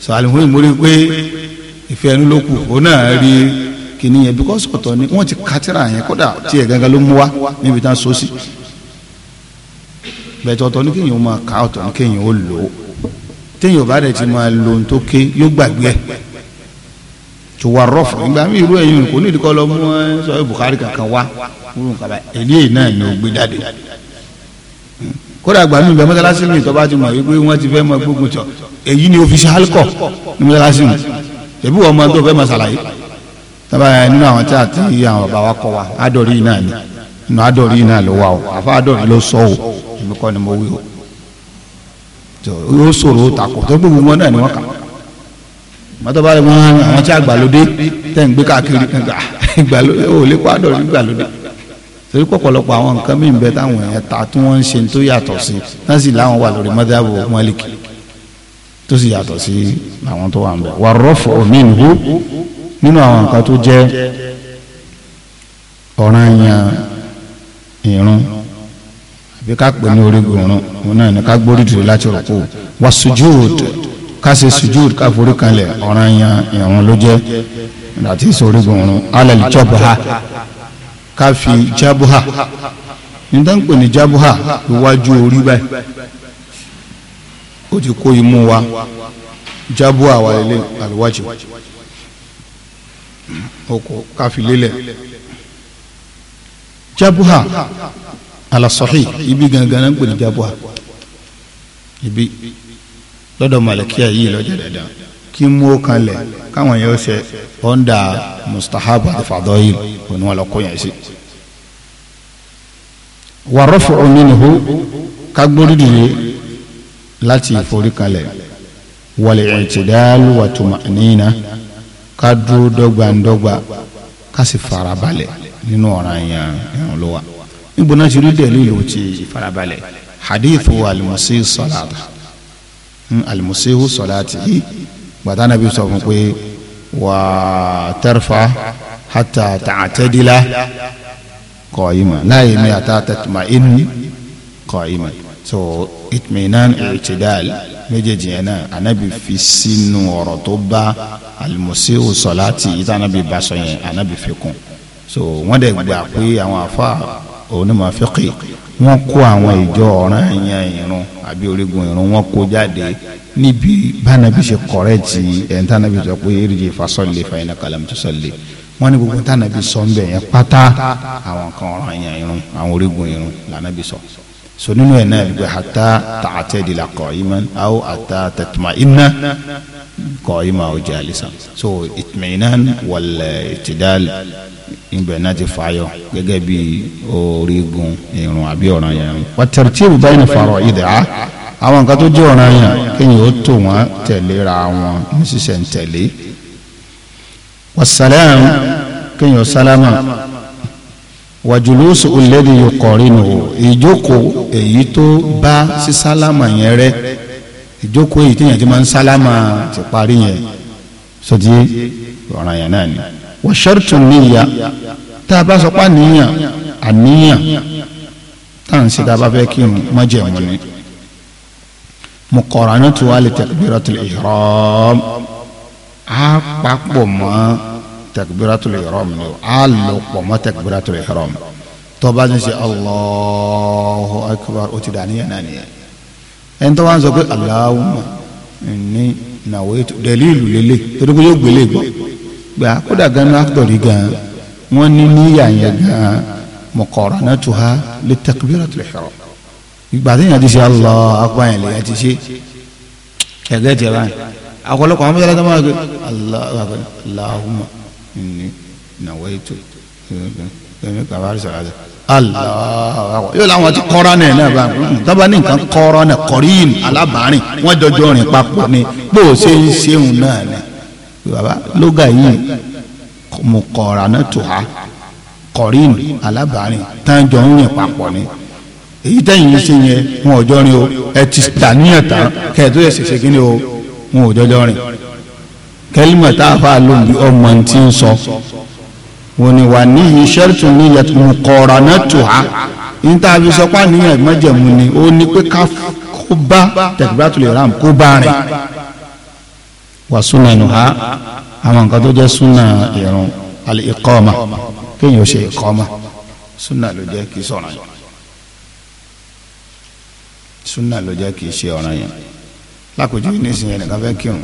Speaker 1: so alimuhi mo rí i pé ìfẹ́ ẹnu ló kù òun náà rí kíní yẹn because ọ̀tọ̀ ni wọ́n ti kátìrà yẹn kódà tiẹ̀ gangan ló mú wa níbi tá a so sí bẹ̀tẹ̀ ọ̀tọ̀ ní kéèyàn ó máa kà ọ̀tọ̀ ní kéèyàn ó lò ó téèyàn bá dẹ̀ ti máa lo ohun tó ké yóò gbàgbé ẹ̀ tó wà rọ́ọ̀fù nígbà mí irú ẹ̀yìn kò ní ìdíkọ́ lọ mú ẹ sọ Bukhari kankan wá múlùú nǹkan bá ẹ̀ ní èyí náà ni ó gbé jáde kódà gbà mí bẹ mọ́sálásí mi tó bá ti mọ̀ wípé wọ́n ti fẹ́ mọ gbógun tọ̀ èyí ni official kọ̀ ní mọ́sálásí mi ṣèbí wọ́n mọ tó fẹ́ mọ sàlàyé tábà nínú àwọn tí àti àwọn bàbá wa kọ́ wa adọ̀rí yìí náà ni nínú adọ̀rí yìí náà ló wà o àfa adọ̀rí ló sọ o èmi kọ́ ni mo wí o tó yóò sọ̀rọ̀ o takò tó gbogbo wọn náà ni wọ́n kà mọ́tò bá rẹ̀ wọ́n àwọn tí àgbàlódé tẹ̀ ń gbé káàkiri gbàlódé ò lè kó adọ̀rí gbàlódé torí pọ̀pọ̀lọpọ̀ àwọn nǹkan mí bẹ táwọn èèyàn ta tí wọ́n ń ṣe tó yàtọ̀ sí náà sì láwọn wà lórí mọ́tàbù mọ́lìkì tó sì yàtọ̀ sí àwọn tó wà ń bẹ̀ wà rọ́fọ̀ minhu nínú àwọn nǹkan tó jẹ́ ọ̀ranyàn ìrun àbí ká pè ní orígun ìrun òun náà ni ká gbórí dùn láti rọ̀pò wà sujúd ká ṣe sujúd ká forí kanlẹ̀ ọ̀ranyàn ìrun ló jẹ́ àti sọ orígun ìrun alẹ́ lè jọba ká fi jabuha níta ń jabuha iwájú orí báyìí o ti kó imú wa jabuha wà lélẹ̀ àlùwájú oko ká fi lélẹ̀ jabuha alasahi ibi gangan ń pè jabuha ibi lọ́dọ̀ màlẹ́kíà yìí lọ́jọ́ dáadáa kí mú ó kanlẹ̀ káwọn yẹn ó ṣe ọ̀ndà mustahab àti fàdọ́yìn òní wọn lọ kó yẹn sí. wà rọ́fù minhu kágbórí dìde láti ìforí kanlẹ̀ wàlẹ̀ i'tidal wa tuma'nina ká dúró dọ́gbandọ́gba ká sì farabalẹ̀ nínú ọ̀ràn yẹn ìrànlọ́wọ́ níbo náà ti rí dẹ̀lílù ti farabalẹ̀ hadithu alimusi salata hmm, alimusi salati yìí gbàtà nàbí sọ fún pé wà á tẹrfà hàtà tààtẹ́dìlá kọ̀ yìí mọ̀ láyé mi àtà tẹ̀tùmá inú kọ̀ yìí mọ̀ so itminan ìtìdál méjèèjì yẹn náà anabi fi sínú ọ̀rọ̀ tó bá alimusiu sọláàtì yìí tí anabi yẹn anabi fi kún so wọ́n dẹ̀ gbà pé àwọn afa onímọ̀ fíkì wọ́n kó àwọn ìjọ ọ̀ràn ẹ̀yàn ìrun àbí orígun ìrun wọ́n kó jáde níbi bánabi ṣe kọ̀rẹ́ẹ̀tì ẹ̀ń tánabi sọ pé erigi fasọ́lẹ̀ fàyínà kàlámùtú sọ́lẹ̀ wọ́n ní gbogbo tánabi sọ ń bẹ̀ yẹn pátá àwọn kan ọ̀ràn ẹ̀yàn ìrun àwọn orígun ìrun lànàbi sọ so nínú ẹ̀ náà gbé hata tààtẹ́ di la kọ́ iman aw tẹ̀tùmá iná قائمة أو جالسة so itminan wal itidal ibẹ̀ náà ti fààyọ gẹ́gẹ́ bí orígun irun àbí ọ̀ràn yẹn wà tartibu bayna fara'idha àwọn nǹkan tó jẹ́ ọ̀ràn yẹn kéèyàn ó tò wọ́n tẹ̀léra wọn ní sísẹ̀ ń tẹ̀lé wasalaam kéèyàn sálámà wa julusu alladhi ìjókòó èyí tó bá sísálámà yẹn rẹ́ ìjókòó èyí téèyàn ti máa ń sálámà ti parí yẹn sọtí ọ̀ràn yẹn náà ni. wọ́n ṣẹ́rìtù níyà tá a bá sọ pé àníyàn àníyàn tá à ń ṣe tá a bá fẹ́ kí n má jẹ̀ mọ́ ni. muqaranatu wali takbiratul ihram á papọ̀ mọ́ takbiratul ihram ni o á lọ pọ̀ mọ́ takbiratul ihram tó bá ń ṣe Allahu akbar ó ti dà níyàn náà nìyẹn ẹni tó wá ń sọ pé Allahumma ní nàwó ètò dẹ̀lí ìlú lélẹ̀ torí pé yóò gbélé gbọ́ gbà kódà ganu akitọ̀rì gan wọ́n ní níyà yẹn gan muqaranatuha li takbiratul ihram ìgbà tí yẹn ti ṣe Allahu akbar yẹn lè yẹn ti ṣe ẹ̀gẹ́ tiẹ̀ báyìí àkọlọ́kọ̀ àwọn mẹ́tẹ́lá tó máa gbé Allahumma ní nàwó ètò ẹ̀mí kàwárí sọ̀rọ̀ àdá. Allah yóò láwọn ti kọ́ra náà náà bá dábàá ní nǹkan kọ́ra náà kọ́rin alábàárìn wọ́n jọjọ rìn papọ̀ ni bó o ṣe ń ṣeun náà ni baba lóga yìí mo kọ́ra náà tó a kọ́rin alábàárìn tán jọ ń rìn papọ̀ ni èyí tẹ̀yìn ṣe yẹn wọn ò jọ rìn o ẹ ti tàníyàn tán kẹ́ẹ̀tó ẹ̀ ṣẹ̀ṣẹ̀ kí o wọn ò jọjọ rìn kẹ́límọ̀ tá a fà lóbi ọmọ ti ń sọ wọ́n ní wà ní ìṣẹ́rìtù ní ìyàtúmọ̀kọ̀ọ̀rà náà tù á ní tá a fi sọ pé níyàn ìmọ̀jẹ̀mú ni ó ní pé ká kó bá takbiratul ihram kó bá rìn wà súnà nù ha àwọn nǹkan tó jẹ́ súnà ìrun al-iqama kéèyàn ó ṣe iqama súnà ló jẹ́ kí sọ̀rọ̀ yẹn súnà ló jẹ́ kì ṣe ọ̀ràn yẹn lákòójú yìí nísìnyẹn nìkan fẹ́ kírun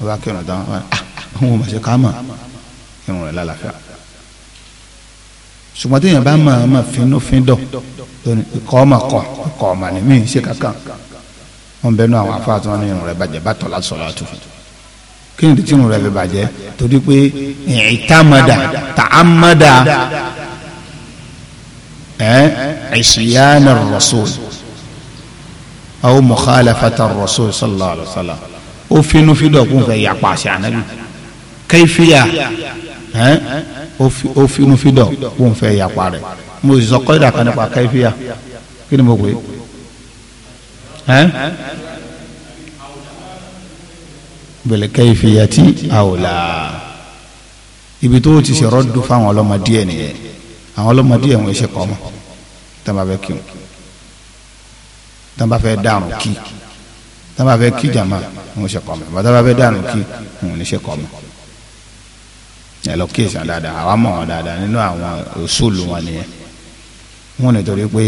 Speaker 1: ọba kírun tán àwọn ọmọ kírun rẹ̀ lálàáfíà ṣùgbọ́n téèyàn bá máa máa finúfin dọ̀ lónìí ikọ̀ ọmọ kọ̀ ikọ̀ ọmọ ni mí ṣe kankan wọn bẹnu àwọn afáàtì wọn ní irun rẹ̀ bàjẹ́ bàtọ̀ láti sọ̀rọ̀ àtúntò kí ni tí irun rẹ̀ fi bàjẹ́ torí pé ìtàmọ̀dà tààmọ̀dà ẹ̀ṣìyàna rasul aw mukhalafata rasul sallallahu alayhi wa sallam ó finúfin dọ̀ kún fẹ́ yàpá àṣà ànábì
Speaker 3: ó finú fi dọ̀ kó n fẹ́ yapa rẹ̀ mo sì sọ kọ́ìdà kan nípa kẹ́fíà kí ni mo pè é
Speaker 1: bẹ̀lẹ̀ kẹ́fíà tí a ò la ibi tó ti ṣe rọ́dù fáwọn ọlọ́mọdé ẹ̀ nìyẹn àwọn ọlọ́mọdé ẹ̀ wọ́n ṣe kọ́ mọ́ tá a bá fẹ́ kí wọn tá a bá fẹ́ dárun kí
Speaker 2: tá a bá fẹ́ kí jàmá
Speaker 1: wọ́n ṣe kọ́ mọ́ bàtà bá fẹ́ dárun kí wọ́n ẹ lọ kí èsàn dáadáa àwa mọ̀ wọn dáadáa nínú àwọn òṣùlù wọn nìyẹn wọn nítorí pé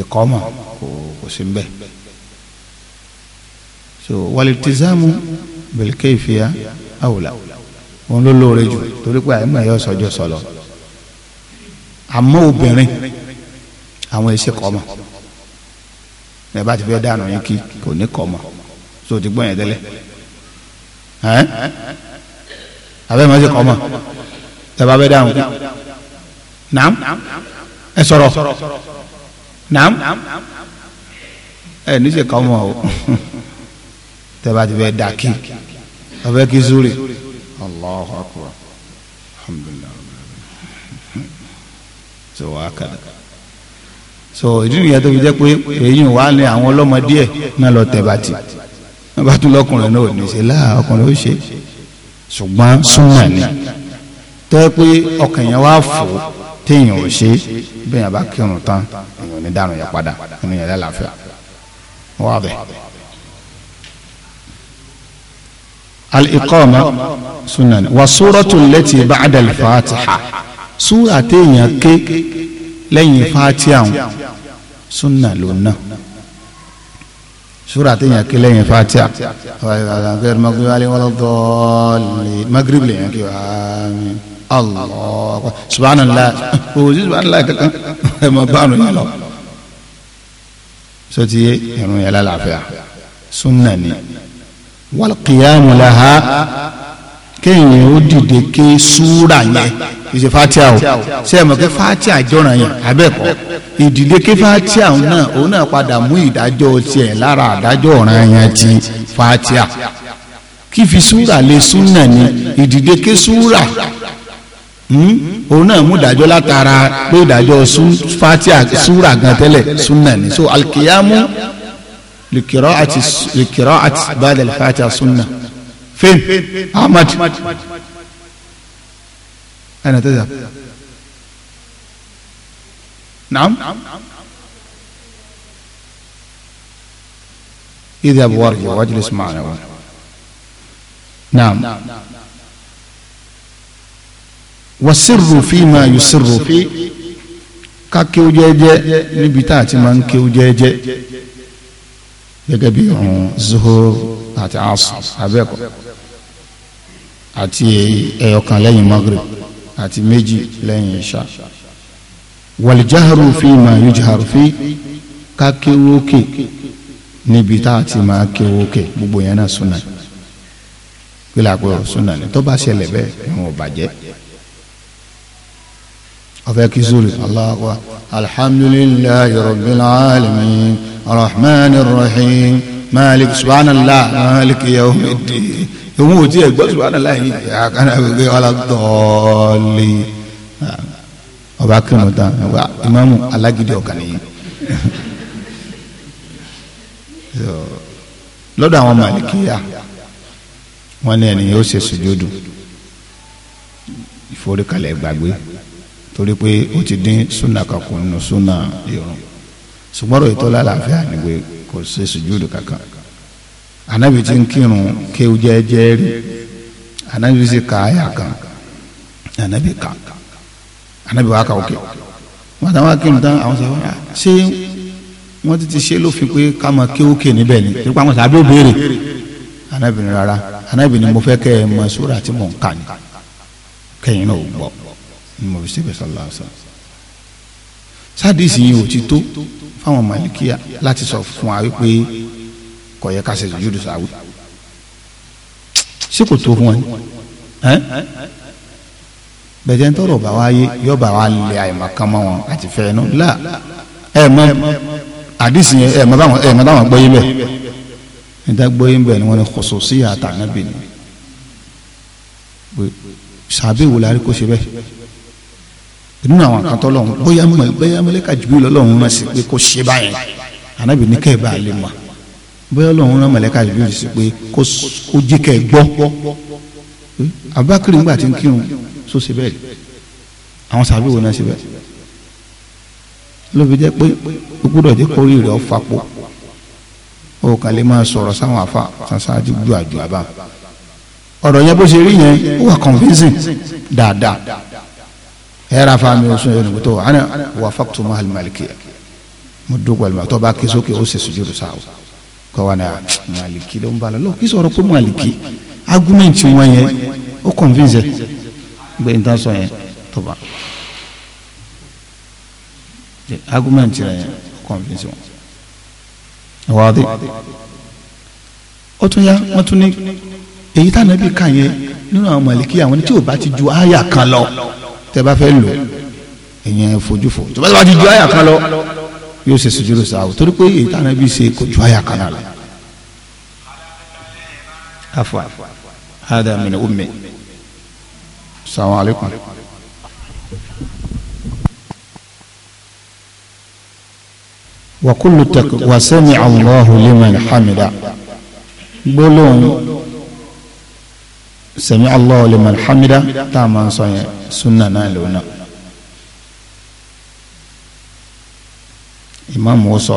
Speaker 1: ìkọ́mọ̀ kò kò sí mbẹ́ so wàlìtìzámù bẹ̀lẹ́kẹ́ ìfìyà àwòlà òun ló lóore jù torí pé àyè mọ̀ ẹ̀yọ́ sọ́jọ́ sọ̀lọ́ àmọ́ obìnrin àwọn iṣẹ́ kọ́mọ̀ ẹ bá ti fẹ́ dànù yín kí kò ní kọ́mọ̀ so ti gbọ́ yẹn tẹ́lẹ̀ ẹ́ àbẹ́ màá ṣe kọ́ mọ̀ tẹ́ bá bẹ́ dáhùn naam ẹ sọ̀rọ̀ naam ẹ ní ṣe kọ́ mọ̀ o tẹ́ bá ti bẹ́ dà kí ọbẹ̀ kí zúrì Allahu akbar alhamdulillah so wàá so ìdí nìyẹn tó fi jẹ́ pé èyí wà ní àwọn ọlọ́mọdé ẹ̀ náà lọ tẹ̀ bá ti wọ́n bá tún lọ́kùnrin náà ò ní ṣe láà ọkùnrin ó ṣe é ṣùgbọ́n súnmọ́ ni tẹ́ pé ọkàn yẹn wá fò téèyàn ò ṣe bẹ́ẹ̀ yẹn bá kírun tán èèyàn ní dànù yẹn padà nínú yẹn lálàáfíà wọ́n wà bẹ́ẹ̀. al-iqama sunan wa suratu lati ba'da al-fatiha sura téèyàn ké lẹ́yìn fatiha sunan lona sura tẹ yẹn kelen yẹn fatia alankẹri magrebi ali wala dọọli magrebi yẹn kí ami allah subhanallah o subhanallah kankan ẹ ma baanu yẹn lọ sotí ye irun yẹn lálàáfíà sunnani wal laha kéèyàn ó dìde ké sura ìṣe fatia o ṣe é mọ̀ kí fatia jọ̀ràn yẹn abẹ́ẹ̀kọ́ ìdílé kí fatia náà òun náà padà mú ìdájọ́ tiẹ̀ lára àdájọ́ ọ̀ràn yẹn ti fatia kí fi súrà lé súnà ní ìdílé kí súrà hmm? òun náà mú ìdájọ́ látara pé ìdájọ́ fatia súrà gan tẹ́lẹ̀ súnà ní so alikiyamu likirọ́ ati likirọ́ ati bàdàlì fatia súnà fèm ahmad. ahmad. أنا تذهب نعم إذا وارجع واجلس معنا نعم نعم والسر فيما يسر في كاكيو جي نبتاتي من كيو جي جي يقبيع ìrun zuhur عصر أبيكو أتي أيوكا ẹ̀yọ̀kan مغرب àti méjì lẹ́yìn ìṣá wàlìjáharu fi ma yujharu fi ká kéwókè níbi tá a ti máa kéwókè gbogbo yẹn náà súnà pílà pé ọ súnà ni tó bá ṣẹlẹ̀ bẹ́ẹ̀ ìwọ̀n bàjẹ́ ọ̀fẹ́ kí zulu Allahu alhamdulillahi rabbil alamin arrahmanir rahim malik subhanallah malik yawmiddin òun ò tí ẹ gbọ́ subahana láyé àkàrà gbogbo ọlá tọ́ọ̀lì ọba kírun tán ọba ìmáàmù alágídí ọ̀kan nìyí lọ́dọ̀ àwọn màlìkíyà wọ́n ní ẹnìyàn ó ṣe sùjúdù ìforíkalẹ̀ gbàgbé torí pé ó ti dín súnà kankan nínú súnà ìrun ṣùgbọ́n ìtọ́lá àlàáfíà ni pé kò ṣe sùjúdù kankan anabi ti ń kírun kéwú jẹ́jẹ́ rí anabi sì ka àyà kan anabi ka anabi wà á ka òkè wọn àtàwọn akírun tán àwọn sọ ah, ṣé wọn ti ti ṣe lófin pé ká máa kè níbẹ̀ ni pípa àwọn sábẹ́ òbéèrè anabi ni rárá anabi ni mo fẹ́ kẹ́ ẹ mọ sóra tí mò ń kà ní kẹ́yìn náà ò gbọ́ mo fi ṣe bẹ́ẹ̀ sọ́lá ọ̀sán yìí ò ti tó fáwọn màlìkíyà láti sọ fún wa wípé kò yẹ ká ṣe sùjúdù sàwí ṣé kò tó fún ẹ bẹ̀tẹ̀ ń tọrọ bá wa yé yọba wa lè àyèmọ̀ kan mọ́ wọn àti fẹ́ inú là ẹ mọ
Speaker 2: àdìsí yẹn ẹ mọ táwọn ẹ mọ táwọn gbọ́ yín bẹ̀
Speaker 1: níta gbọ́ yín bẹ̀ ni wọ́n ní kọ̀sọ̀ sí àtà náà bẹ̀ ni sàbẹ̀ wò lárí kó ṣe bẹ́ẹ̀ nínú àwọn kan tọ́ lọ́hùn bóyá mọ̀ bóyá mọ̀lẹ́ka jùlọ lọ́hùn náà sì pé kó ṣe báyẹn ànábì ní kẹ́ ẹ̀ bá a lè mọ̀ bóyá Ọlọ́run rán mọ̀lẹ́ka Jibril sí pé kó jí kẹ́ ẹ gbọ́ Abubakar ńgbà tí ń kírun só ṣe bẹ́ẹ̀ àwọn sàbí wo náà ṣe bẹ́ẹ̀ lóbi jẹ́ pé ó gbọ́dọ̀ jẹ́ kó rí rẹ̀ ọ́ fapò o kàn lè máa sọ̀rọ̀ sáwọn afa sansáájú ju àjò àbá ọ̀rọ̀ yẹn bó ṣe rí yẹn ó wà convincing dáadáa ẹ̀rọ afa mi ò sún yẹn nìgbòtò wà á ní wà fàkùtù máa lè máa lè kí mo dúpọ̀ lè máa bá ké sókè ó sì sùjúdù sáà o kọ́ wa ni Màlìkí ló ń bá lọ lọ kí sọ̀rọ̀ pé Màlìkí argument wọn yẹn ó convince gbé n tán sọ yẹn tó bá argument rẹ yẹn ó convince wọn. wáàdì ó tún yá wọ́n tún ní èyí tá nàbí kà yẹn nínú àwọn Màlìkí àwọn tí ò bá ti ju àyà kan lọ tẹ bá fẹ́ lò ẹ̀yìn ẹ̀ fojú fò tó bá ti ju àyà kan lọ yóò ṣe sùjúdù sáwù torí pé èyí tí Ànábì ṣe kò ju àyà kan lọ. afa hada min ummi salamu alaykum. wa kullu tak wa sami'a Allahu liman hamida gbólóhùn sami'a Allahu liman hamida tá a máa ń sọ yẹn sunna náà lónà. ìmáàmù ó sọ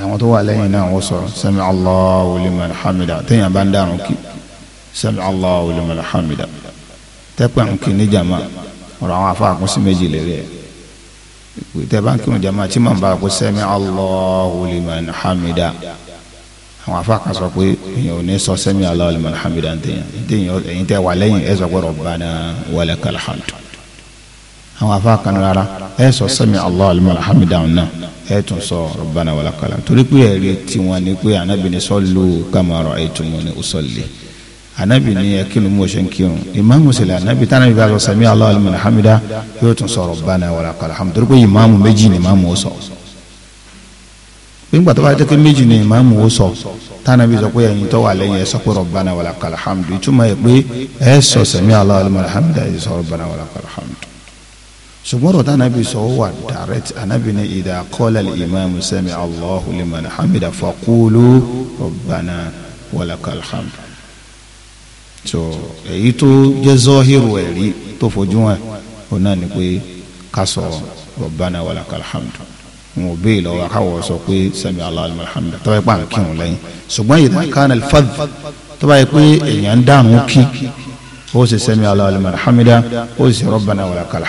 Speaker 1: àwọn tó wà lẹ́yìn náà ó sọ sami Allahu liman hamida téèyàn bá ń dàrún kí sami Allahu liman hamida tẹ́pẹ́ ń kí ní jama ọ̀rọ̀ àwọn afa àkúnṣe méjì lérí ẹ̀ tẹ́ bá ń kí ní jama tí màá bá kó sami Allahu liman hamida àwọn afa kan pé èèyàn ò ní sọ sami Allahu liman hamida téèyàn téèyàn èyí tẹ́ wà lẹ́yìn ẹ̀ sọ pé rabbana walakal hamd àwọn afa kan rárá ẹ sọ sami allah alimọ alhamdulilayi náà ẹ tún sọ rabbana walakala torí pé ẹ̀rí tiwọn ni pé anabi ni sallu kama ra'aytumuni usalli anabi ni ẹ kírun mo ṣe ń kírun imaamu sẹlẹ anabi tí anabi bá sọ sami allah alimọ alhamdulilayi yóò tún sọ rabbana walakala alhamdu torí pé imaamu méjì ni imaamu sọ nígbà tó bá jẹ́ pé méjì ni imaamu sọ tánàbí sọ pé ẹ̀yin tó wà lẹ́yìn ẹ sọ pé rabbana walakala alhamdu ìtumọ̀ yẹ pé ẹ sọ sami allah alhamdulilayi sọ rabbana walakala alhamdu ṣùgbọ́n rọ̀tà anabi sọ wà direct anabi ní ìdá qala al-imam sami'a Allahu liman hamida faqulu rabbana walakal so èyí tó jẹ́ zọ́hírù ẹ̀rí tó fojú wọn ò náà ni pé ká sọ rabbana walakal hamd wọn ò béè lọ́wọ́ káwọ́ sọ pé sami'a Allahu liman hamida tọ́ba yẹ pé à ń kírun lẹ́yìn ṣùgbọ́n ìdá kana al-fadh tọ́ba yẹ pé èèyàn dànù kí ó sì sami'a Allahu liman hamida ó sì rabbana walakal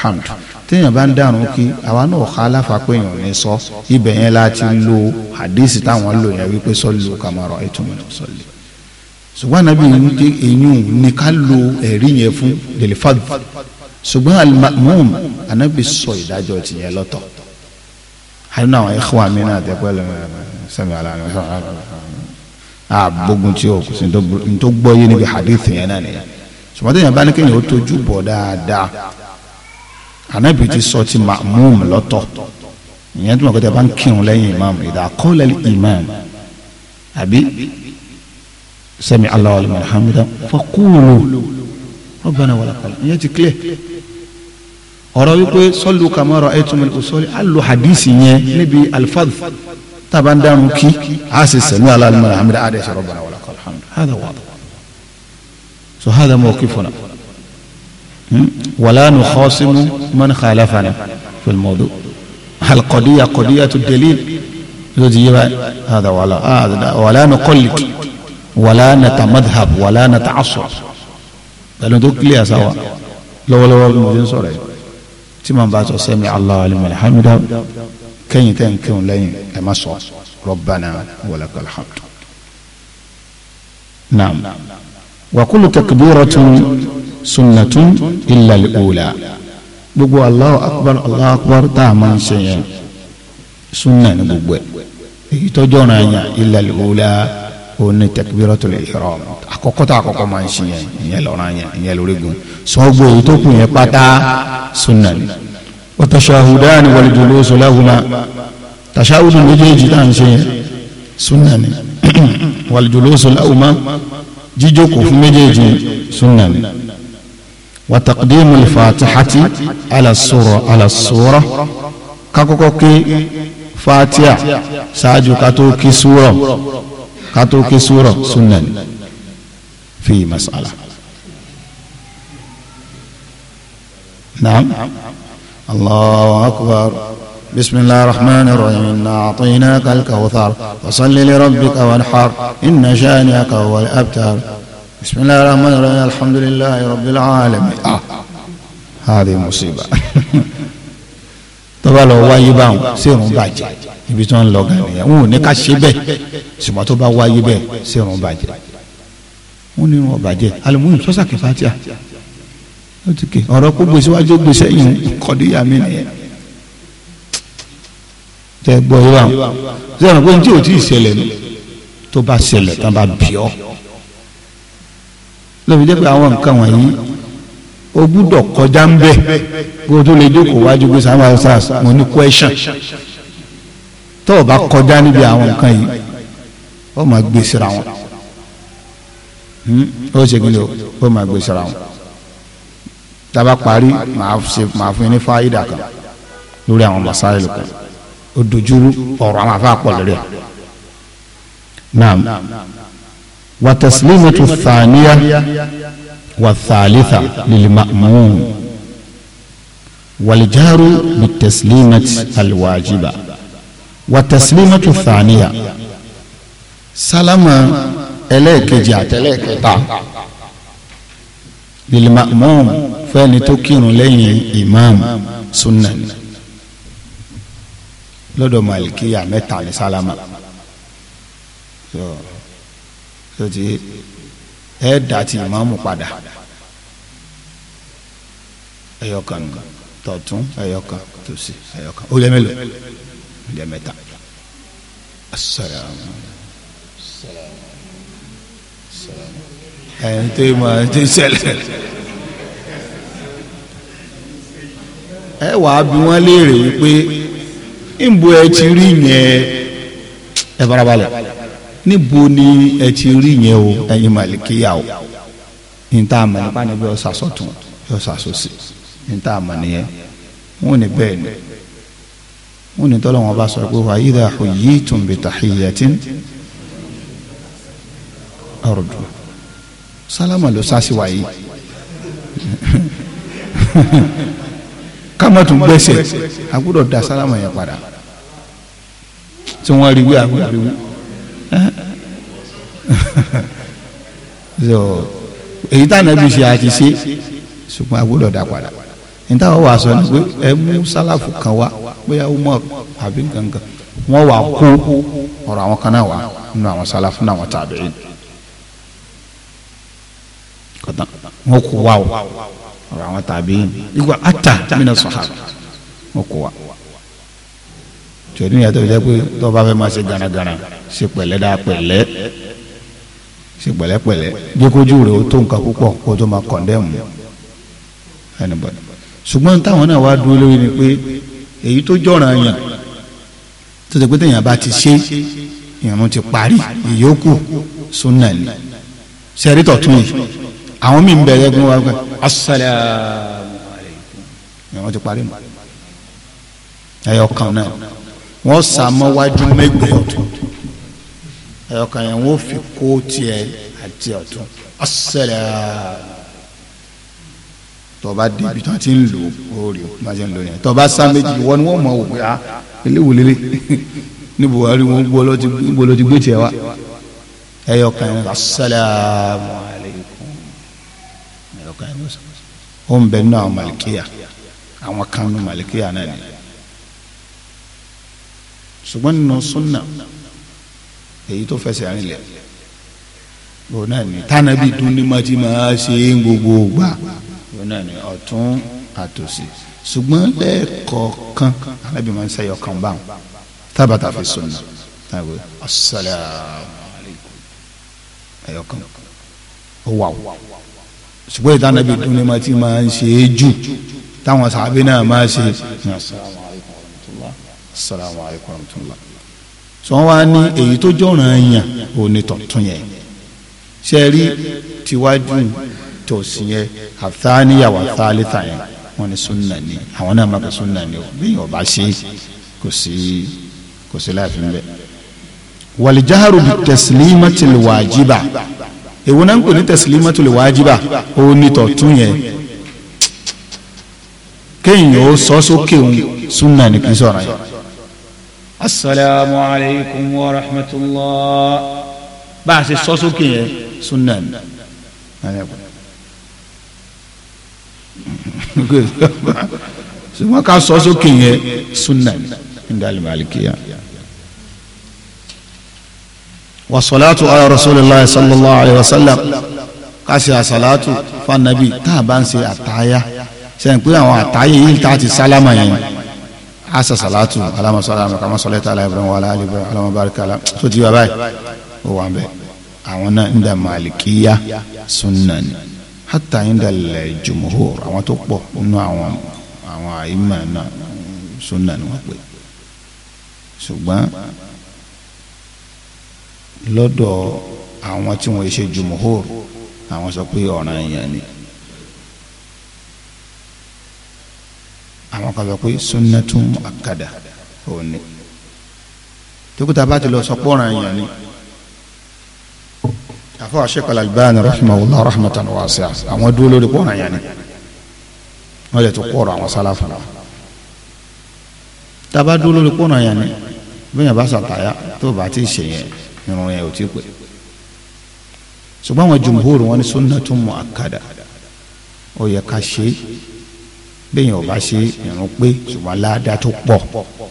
Speaker 1: téèyàn bá ń dàrún kí àwa náà ká aláfàpé èèyàn ní sọ ibẹ̀ yẹn la ti lo hadisi táwọn lò yẹn wípé sọ́lù kàmárọ̀ ẹ̀túnmọ̀ ní sọ́lù. ṣùgbọ́n anábì yìí ní eyín ní ká lo ẹ̀rí yẹn fún lèlifàdù ṣùgbọ́n alimọ́ọ̀m anábì sọ ìdájọ́ ti yẹn lọ́tọ̀. àyínà àwọn ẹ̀kọ́ àmì náà tẹ́ pẹ́ lẹ́nu sẹ́mi aláàánú àbógun tí o kò sí ní tó gbọ́ yé níbi hadisi yẹn náà nìyẹn ṣùgbọ́n anabi ti sọ ti ma'mum lọ́tọ̀ ìyẹn tó ma kọtẹ bá ń kírun lẹ́yìn imam ìdá qala al-imam àbí sami Allahu liman hamidah faqulu rabbana wa lakal ìyẹn ti clear ọ̀rọ̀ wípé sallu kama ra'aytumuni usolli alu hadisi yẹn níbi alfad taba kí a sì sami Allahu liman hamidah adé sọ̀rọ̀ rabbana wa lakal hamd hada wà so hada mawqifuna. ولا نخاصم من خالفنا في الموضوع هل قضية قضية الدليل يجيب هذا ولا هذا ولا نقل ولا نتمذهب ولا نتعصب لأنه دوك لي سوا لو لو المدين سوري تمام بعد سمع الله لمن حمده كان يتنكون لين أمسوا ربنا ولك الحمد نعم وكل تكبيرة sunnatun illa al-ula gbogbo Allahu akbar Allahu akbar tá a máa ń ṣe yẹn sunna ni gbogbo ẹ̀ èyí tọ́jú ọ̀ràn yẹn illa al-ula oní takbiratul ihram àkọ́kọ́ tá àkọ́kọ́ máa ń ṣe yẹn ìyẹn lọ́ràn yẹn ìyẹn lórí gun sọ́gbó èyí tó kù yẹn pátá sunna ni wa tashahudani wal julusu lahuma tashahudu méjèèjì tá à ń yẹn sunna ni wal julusu lahuma fún méjèèjì sunna ni. وتقديم الفاتحة على السورة على السورة كاكوكي فاتحة ساجو كاتوكي سورة كاتوكي سورة سنن في مسألة نعم الله أكبر بسم الله الرحمن الرحيم إنا أعطيناك الكوثر فصل لربك وانحر إن شانئك هو الأبتر بسم الله الرحمن الرحيم الحمد لله رب العالمين آه. هذه مصيبة
Speaker 3: tọ́ba lọ wáyé báwọn sẹ́rùn
Speaker 1: bàjẹ́ ibi tí wọ́n ń lọ gan nìyẹn wọn ò ní ká ṣe bẹ́ẹ̀ ṣùgbọ́n tó bá wáyé bẹ́ẹ̀ sẹ́rùn bàjẹ́ wọn ní wọn bàjẹ́ alimuyi sọ́sà kẹfà tíya ọ̀rọ̀ kó gbèsè wájú gbèsè yìí kọ́díyà mi nìyẹn tẹ gbọ́ yìí báwọn pé ní o ti ṣẹlẹ̀ tó bá ṣẹlẹ̀ tó bá bì ọ́ lóbi jẹ́ pé àwọn nǹkan wọ̀nyí o gbúdọ̀ kọjá ń bẹ̀ kó o tó lè jókòó wájú pé sáwọn sars mo ní question tó o bá kọjá níbi àwọn nǹkan yìí ó máa gbé síra wọn hmm? ó ṣe kí ni ó máa gbé síra wọn tába parí màá fún yín ní fáyidà kan lórí àwọn masáyìlì kan ó dojúrú ọ̀rọ̀ àwọn afáàpọ̀ lórí ẹ̀ naam. naam. وتسليمة الثانية والثالثة للمأمون والجار بالتسليمة الواجبة وتسليمة الثانية سلام إليك جات إليك للمأموم فأني تكين لي إمام سنة لدو مالكية متى لسلام so. tó ti ẹ dà tí ìmáàmù padà ẹyọkan nù tọ̀tún ẹyọkan tòsí ẹyọkan ó lé mélòó ó lé mẹ́ta asalaamu ẹ ń tẹ́ mọ ẹ ń tẹ́ sẹ́lẹ̀. ẹ wàá bí wọn léèrè wípé ń bo ẹ ti rí yẹn ẹ farabalẹ̀ níbo ni ẹ ti rí yẹn o ẹ̀yin màlìkíyà o níta àmọ́ nípa níbi ọ̀sà sọ̀tún ọ̀sà sọ̀sì níta àmọ́ nìyẹn wọn ò ní ni wọn ò ní tọ́lọ́ wọn bá sọ pé wàá yíra huyyitum bi tahiyyatin ardu sálámà ló sá sí wáyé ká má tún gbẹ́sẹ̀ a gbọ́dọ̀ da sálámà yẹn padà tí wọ́n rí wí àgbẹ̀ rí wí. so èyí tá nàbí ṣe àti ṣe ṣùgbọ́n agbọ́dọ̀ dà padà ní táwọn wà sọ ni pé ẹ mú sálàfù kan wá bóyá ó mọ̀ àbí gangan wọ́n wà kó ọ̀rọ̀ àwọn kan náà wà nínú àwọn sálàfù náà wọ́n tàbí yìí kọ̀tàn wọ́n kó wá ọ̀rọ̀ àwọn tàbí yìí nígbà ata mina sọ̀hárà wọ́n kó wá tòní yàtọ̀ jẹ́ pé tó bá fẹ́ máa ṣe gànàgànà ṣe pẹ̀lẹ́ dáa pẹ̀lẹ́ ṣe pẹ̀lẹ́pẹ̀lẹ́ jókòjú rẹ̀ ó tó nǹkan púpọ̀ kó tó máa kọ̀ndẹ́mù ẹnìbọ̀dì ṣùgbọ́n táwọn náà wá dúró lórí ni pé èyí tó jọ̀ràn yàn tó ṣe pé téèyàn bá ti ṣe ìrun ti parí ìyókù súnà ni sẹ́rí tọ̀tún yìí àwọn míì ń bẹ̀rẹ̀ gún wa pé asalaamualeykum ìrun ti parí mu ẹ̀yọ̀ kan náà wọ́n sà mọ́ wájú mẹ́gbẹ̀ẹ́ ọ̀tún ẹ̀yọkàn yẹn wọ́n fi kó tiẹ̀ àti ọ̀tún ọ̀sẹ̀lẹ̀ tọba débi tí wọ́n ti ń lò ó rí o máa ṣe ń lò yẹn tọba sá méjì wọ́n ni wọ́n mọ̀ wò á eléwòlélé ní buhari wọ́n gbọ́ lọ́ọ́ ti gbé tiẹ̀ wá ẹ̀yọkàn yẹn assalamu alaykum ẹ̀yọkàn yẹn wọ́n sọ ó malikiya àwọn kan nínú malikiya náà nìyẹn ṣùgbọ́n nínú súnà èyí tó fẹsẹ̀ àrìnlẹ̀ òun náà ni tánàbí dún ní mọ́tí máa ṣe é gbogbo gbà òun náà ni ọ̀tún àtòsí ṣùgbọ́n lẹ́ẹ̀kọ̀ọ̀kan alábì máa ń sẹ́yọ̀ kan báwọn tábàtà fi súnà táwọn assalamu alaykum ẹ̀yọ̀kan ó wà ó ṣùgbọ́n ìtànàbí dún ní mọ́tí máa ń ṣe é jù táwọn sàábì náà máa ṣe é assalamu alaykum wa rahmatullah sọ wá ní èyí tó jọ̀ràn yàn òní tọ̀tún yẹn ṣe rí tiwájú tòsí yẹn àtàníyàwó àtàlítà yẹn wọn ni sunna ni àwọn náà máa bẹ sunna ni o bí yóò bá ṣe kò sí kò sí láàfin bẹ. wàlìjáàrú bi tẹsílímàtì lè wàjibà èwo náà ń pè ní tẹsílímàtì lè wàjibà òní tọ̀tún yẹn kéèyàn ó sọ sókè sunna ni kì í sọ̀rọ̀ yẹn asalaamu alaykum wa rahmatulah bá a ṣe sọ sókè yẹn sunan ṣùgbọ́n ká sọ sókè yẹn sunan ndalibalikeya. والصلاة على رسول الله صلى الله عليه وسلم kásì salatu fanabi tá a bá ń ṣe àtàyà sẹ́yìn pé àwọn àtàyà yìí tá ti sálámà yẹn asa salatu alama sọlá àmì kàmá sọlá ìtàlá ibrahim wàhálà alibra alama barikala tó ti wá báyìí ó wà bẹ àwọn náà ń da malikiya sunna ni hata ń da lẹ jumhur àwọn tó pọ̀ nínú àwọn àwọn àyíma náà sunna ni wọn pè ṣùgbọ́n lọ́dọ̀ àwọn tí wọn ṣe jumhur àwọn sọ pé ọ̀ràn àwọn kan sọ pé sunnatun akada òní tókítà bá ti lọ sọ pọ́nrán yẹn ni àfọ àṣekọlá Albani rahimahullah rahmatan wasi'a àwọn dúró lórí pọ́nrán yẹn ni wọ́n lè tún kọ́ọ̀rọ̀ àwọn sálàfà wa tába dúró lórí pọ́nrán yẹn ni bẹ́ẹ̀ bá sàtàyà tó bá ti ṣe yẹn irun yẹn ò ti pè ṣùgbọ́n àwọn jumhur wọn ni sunnatun mu'akkada ó ṣe bẹ́ẹ̀ ọba ṣe irun pé ṣùgbọ́n ládàá tó pọ̀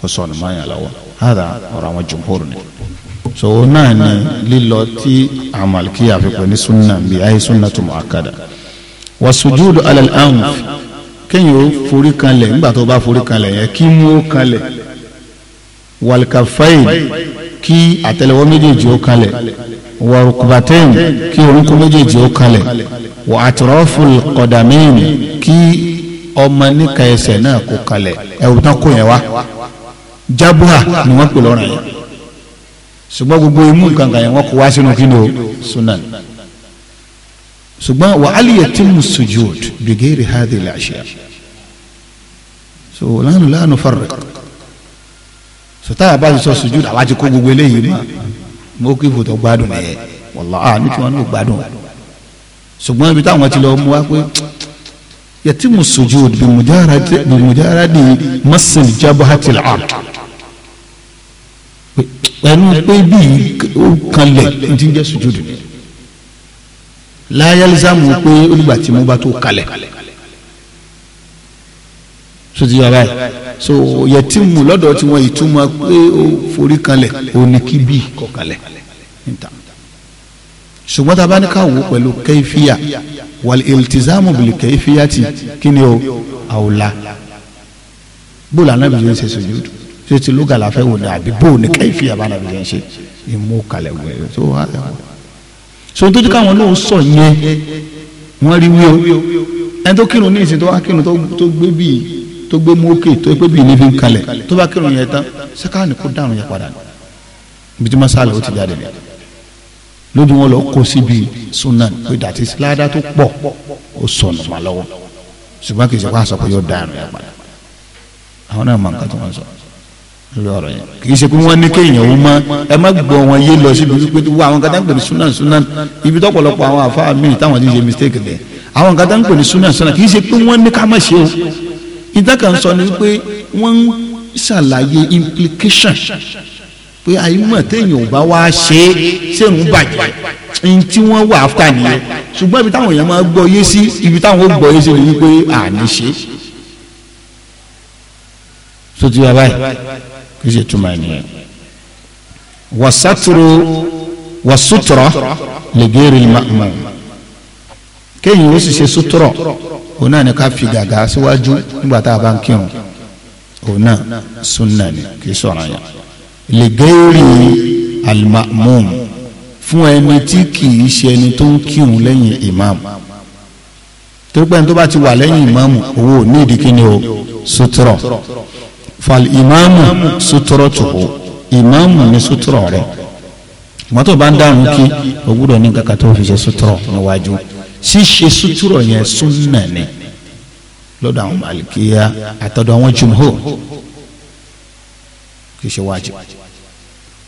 Speaker 1: ó sọnù máa yàn lọ́wọ́ hàdà ọ̀rọ̀ àwọn jùmọ̀rù ni. so náà ni lílọ tí àmàlùkì àfikún ní sunna bíi ayé sunna tó mọ àkàdà wà sùjúdù alal anf kéèyàn ó forí kanlẹ̀ nígbà tó bá forí kanlẹ̀ yẹn kí mú ó kanlẹ̀ wàlùkàfẹ́yìn kí àtẹlẹwọ́ méjèèjì ó kanlẹ̀ wà kí orúnkún méjèèjì ó kanlẹ̀ wà àtúrọ́fù kọ̀dàmẹ́yìn kí ọmọ níka ẹsẹ̀ náà kò kalẹ̀ ẹ̀wù tán kò yẹn wá jabuha ni wọ́n pè lọ́rùn yẹn ṣùgbọ́n gbogbo imú kankan yẹn wọ́n kó wá sínú kí ni o sunan ṣùgbọ́n wa aliyatimu sujud bigeri hadi laṣẹ so lánàá lánàá farre sọtáyà bá ti sọ sujud àwa ti kó gbogbo eléyìí mọ mo kí ibùdó gbádùn ẹ wàlláhì ní tí wọn ló gbádùn ṣùgbọ́n ibi táwọn ti lọ mú wa pé. يتم السجود بمجرد بمجرد مس الجبهة العرض ẹnu pé bíi kanlẹ̀ ní ti لا يلزم sùjúdù ni láyé alizamu pé olùgbà tí so yẹtí mu lọ́dọ̀ tí wọ́n ìtumọ̀ pé ó forí kanlẹ̀ ó ní kí bíi kọ kalẹ̀ níta ṣùgbọ́n tá a bá ní ká wò pẹ̀lú kẹ́fíà wàlí ìltìzámù bìlì kẹfìyàtì kí ni o àwòlá bó la nàbì yẹn ṣe sojúdù ṣe ti ló gàlà fẹ́ wò ní àbí bó ní kẹfìyà bá nàbì yẹn ṣe ìmú kalẹ̀ wẹ̀ tó wà lẹ́wọ̀. so tó ti káwọn lóun sọ yẹn wọ́n rí wí o ẹni tó kírun ní ìsìn tó wá kírun tó gbé bíi tó gbé mú òkè tó gbé bíi níbi kalẹ̀ tó bá kírun yẹn tán lójú wọn lọ kó síbi sunna pé dàtí síláàdá tó pọ̀ ó sọnù má lọ́wọ́ ṣùgbọ́n kì í ṣe kó àṣọ pé yóò dànù yàgbà àwọn náà mọ nǹkan tí wọ́n sọ lórí ọ̀rọ̀ yẹn kì í ṣe pé wọ́n ní kéèyàn ó mọ ẹ má gbọ́ wọn yé lọ síbi wípé wọ́n àwọn kan tá ń pè ní sunna sunna ibi tọ́pọ̀lọpọ̀ àwọn àfáà míì táwọn ti ṣe mistake dẹ̀ àwọn kan tá ń pè ní sunna sunna kì í ṣe pé wọ́n ní ká má ṣe o ìtàkà ń sọ ni wípé wọ́n ń ṣàlàyé implication pé àyímọ̀ téèyàn ò bá wá ṣe é sẹ́rùn bàjẹ́ ní tí wọ́n wà áfítà nìyẹn ṣùgbọ́n ibi táwọn èèyàn máa gbọ́ yé sí ibi táwọn ó gbọ́ yé sí ni wípé àní ṣe é sotí wa báyìí kì í ṣe túmọ̀ ènìyàn wasaturo wasutura lẹ́gẹ́rì mọ̀ kéèyàn ó sì ṣe sutura òun náà ni ká fi gàgà síwájú nígbà tá a bá ń kírun òun náà sunna ni kì í sọ̀rọ̀ yẹn lẹ́gẹ́rì al-ma'mum fún ẹni tí kìí ṣe ẹni tó ń kírun lẹ́yìn imam torípé ẹni tó bá ti wà lẹ́yìn imam owó ní ìdí kíni o sutura fal imamu sutura tuhu imamu ni sutura rẹ̀ mọ́tò bá ń dànù kí o gbúdọ̀ ní kankan tó fi ṣe sutura níwájú ṣíṣe sutura yẹn súnnà ni lọ́dọ̀ àwọn malikiya àtọ̀dọ̀ àwọn jumhur kì í ṣe wájib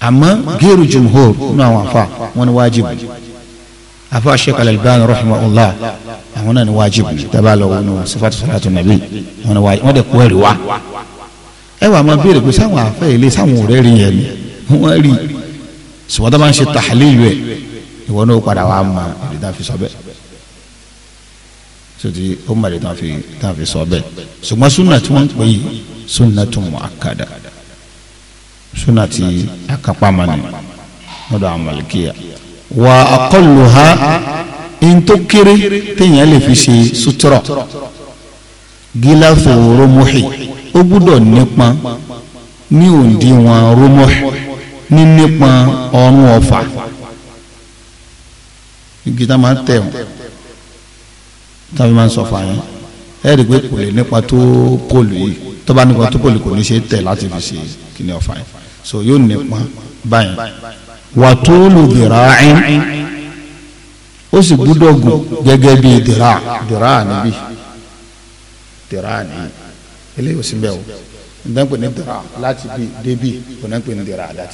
Speaker 1: àmọ́ géèrú jumhur nínú àwọn afa wọn ni wájib afa sheikh al-Albani rahimahullah àwọn náà ni wájib tábà lọ wọn ní sifatu salatu nabi wọn ni wájib wọn dẹ kú ẹrí wá ẹ wà máa béèrè pé sáwọn afẹ ilé sáwọn ọ̀rẹ́ rí yẹn ni wọn rí sọwọ́n máa ń ṣe tahlil yẹ ìwọ náà padà wà mọ ìdá fi sọ bẹ́ẹ̀ sotí ó mọ̀ tán fi sọ bẹ́ẹ̀ ṣùgbọ́n súnà tí wọ́n ń pè yìí súnà tó mọ̀ àkàdà súnà tí akápámá ni lọ́dọ̀ àwọn malikiya wà aqalluha in tó kéré téèyàn lè fi ṣe sutura gíláàsì romohi ó gbúdọ̀ nípa ní òǹdíwọ̀n romohi ní nípa ọrùn ọ̀fà igi tá máa ń tẹ̀ wọ́n tàbí máa ń sọ fààyàn ẹ rí i pé kò lè nípa tó pòlù yìí tó bá tó pòlù kò ní ṣe tẹ̀ láti fi ṣe kíní ọ̀fà yìí so yóò nípa báyìí wà tó lù dìrà ẹ̀yìn ó sì gbúdọ̀ gùn gẹ́gẹ́ bí dìrà dìrà níbí dìrà níbí eléyìí ò sí bẹ́ẹ̀ o ndẹ́npẹ̀ ní dìrà láti bí débì kò ní pè ní dìrà that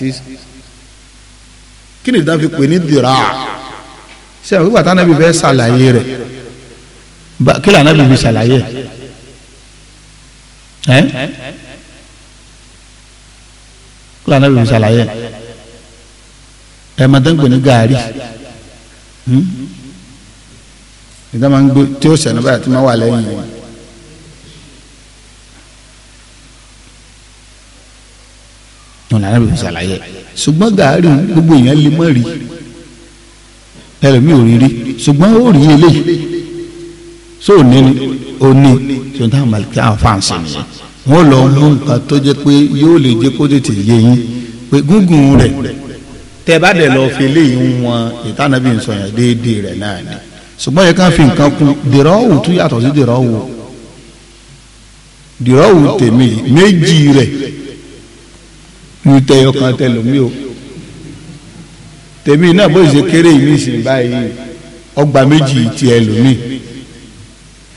Speaker 1: kí ni ìdáfi pè ní dìrà ṣe àwọn ìgbà tánábì bẹ́ẹ̀ ṣàlàyé rẹ̀ kí lànà bìbí ṣàlàyé ẹ̀. Lana ló ń ṣàlàyé ẹ máa dán gbè ní gàárì hmm? ìdá máa ń gbé tí ó ṣẹ̀nu báyìí tí máa wà lẹ́yìn rẹ̀ wọn lànà ló ń ṣàlàyé ṣùgbọ́n gàárì gbogbo èèyàn lè mọ̀ rí ẹlòmíì ò rí rí ṣùgbọ́n ó rí eléyìí sóò ní ni ó ní tí ó ń tàn bá kí àwọn fáǹsì nìyẹn wọ́n lọ mú nǹkan tó jẹ́ pé yóò lè jẹ́ kó tètè yé yín pé gúngùn rẹ̀ tẹ́ bá dẹ̀ lọ fi léyìn wọn ìtànàbí nsọ̀yàn déédéé rẹ̀ náà ni ṣùgbọ́n yẹ kàn fi nǹkan kún dèrọ́wù tún yàtọ̀ sí dèrọ́wù dèrọ́wù tèmi méjì rẹ̀ ní tẹyọ kan tẹlómi o tèmi náà bó ṣe kéré yìí ní ìsìn báyìí ọgbà méjì tiẹ̀ lómi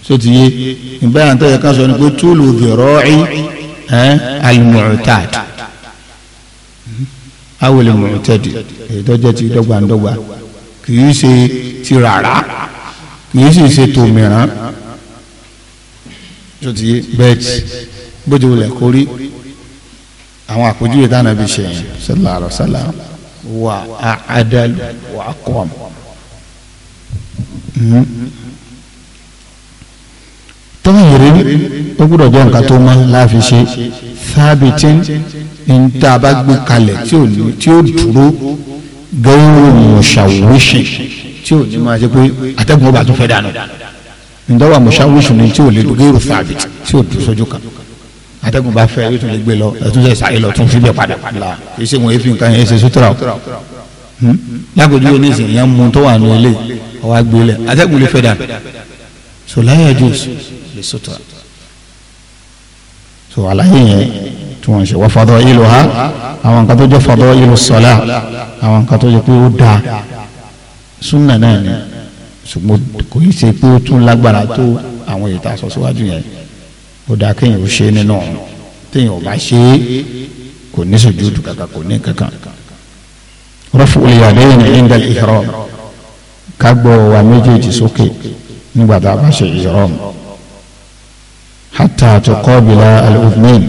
Speaker 1: so ti ye ìgbà yàn tó yẹ ká sọ ni pé túlù dìrọ́ọ̀ì alimọ̀tàd awele mọ̀tàd ìdọ́jẹ́ ti dọ́gbandọ́gba kì í ṣe ti rárá kì í sì ṣe tòmíràn so ti ye bẹ́ẹ̀tì bójú wulẹ̀ kórí àwọn àpèjúwe táwọn ẹbí ṣe yẹn sallallahu wà á adalu wà á kọ́ ọ̀mù tọ́wọ́n yèrè rí ó gbúdọ̀ jẹ́ nǹkan tó mọ́ láàfin ṣe sábìtì ń tá a bá gbé kalẹ̀ tí ó dúró gẹ́rù mọ̀ṣàwíṣì tí ò ní máa ṣe pé atẹ́gùn ọba tó fẹ́ dànù ǹdọ́wà mọ̀ṣàwíṣì ni tí ò lè gẹ́rù sábìtì tí ò dúró sójú kan atẹ́gùn bá fẹ́ yóò tún lè gbé lọ ẹ̀tún sẹ̀ sáyé lọ tún fi bẹ́ẹ̀ padà la kì í ṣe wọn èéfì nǹkan yẹn ṣe sutura o hmm? lágbèjú yóò ní ìsìn yẹn mú tó wà nù ilé ọwọ́ agbélé atẹ́gùn lè fẹ́ dànù sọláyà jùs sutura so àlàyé yẹn tí wọ́n ṣe wá fadọ́ ìlú ha àwọn nǹkan tó jẹ́ fadọ́ ìlú sọ́lá àwọn nǹkan tó jẹ́ pé ó dáa súnà náà ni ṣùgbọ́n kò í ṣe pé ó tún lágbára tó àwọn èyí tá a sọ síwájú yẹn ó dáa kéèyàn ó ṣe nínú ọ̀run téèyàn ò bá ṣe é kò ní sùjúdù kankan kò ní kankan rọ́fù olùyàlẹ́yìn inda al-ihram ká gbọ́ wa méjèèjì sókè nígbà tá a bá ṣe ihram hátà àtọkọ́bìlà alùpùpùmẹ́n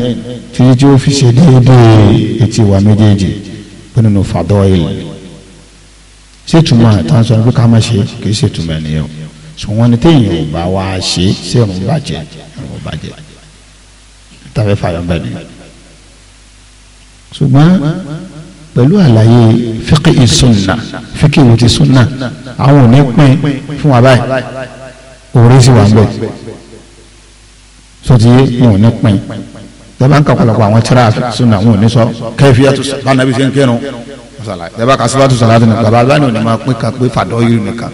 Speaker 1: títí tí ó fi ṣe déédéé etí wa méjèèjì pé nínú fàdọ́ìl ṣètùmọ̀ àtàǹsọ̀ nípa ká má ṣe kì í ṣètùmọ̀ ẹ̀nìyàn ṣùgbọ́n ní téèyàn ò bá wá ṣe sí ẹ̀rùn bàjẹ́ ẹ̀rùn bàjẹ́ tàbí fàyọ̀mbẹ̀ ni. ṣùgbọ́n pẹ̀lú àlàyé fíkì ìsúnà fíkì ìwòtí súnà àwọn ò ní pín fún wa báyìí òwúrẹ́sì wà ń bẹ̀ sotí wọn ò ní pin daba nka kọlọkọ àwọn tíra sunna wọn ò ní sọ kẹfìyà tó sọ bánabi fi ń kírun daba ka sábà tó sọ láti nà baba abáni ò ní máa pín ka pé fàdọ́ yìí nìkan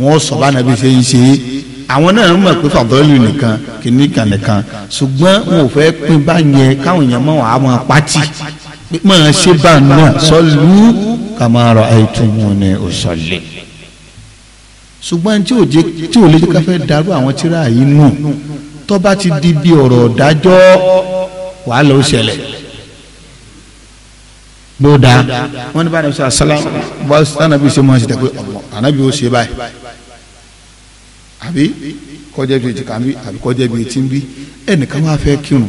Speaker 1: wọn sọ bánabi fi ń ṣe àwọn náà mọ̀ pé fàdọ́ yìí nìkan kìíní kan nìkan ṣùgbọ́n wọn ò fẹ́ pín bá yẹn káwọn yẹn mọ̀ àwọn pátì mọ̀ ṣé bá náà sọ́lú kàmáàrọ̀ àìtúmù ni ò sọ̀lẹ̀ ṣùgbọ́n tí ò lè jẹ́ káfẹ́ darú àwọn tíra yìí nù tó bá ti di bí ọ̀rọ̀ dájọ́ wàhálà ó ṣẹlẹ̀ gbódà wọn ní bá anabi sọlá sálá bá sanabi ṣe mọ àṣetẹ pé ọmọ anabi ó ṣe báyìí àbí kọjá bíi ti kàn bí àbí kọjá bíi ti ń bí ẹnìkan wàá fẹ́ kírun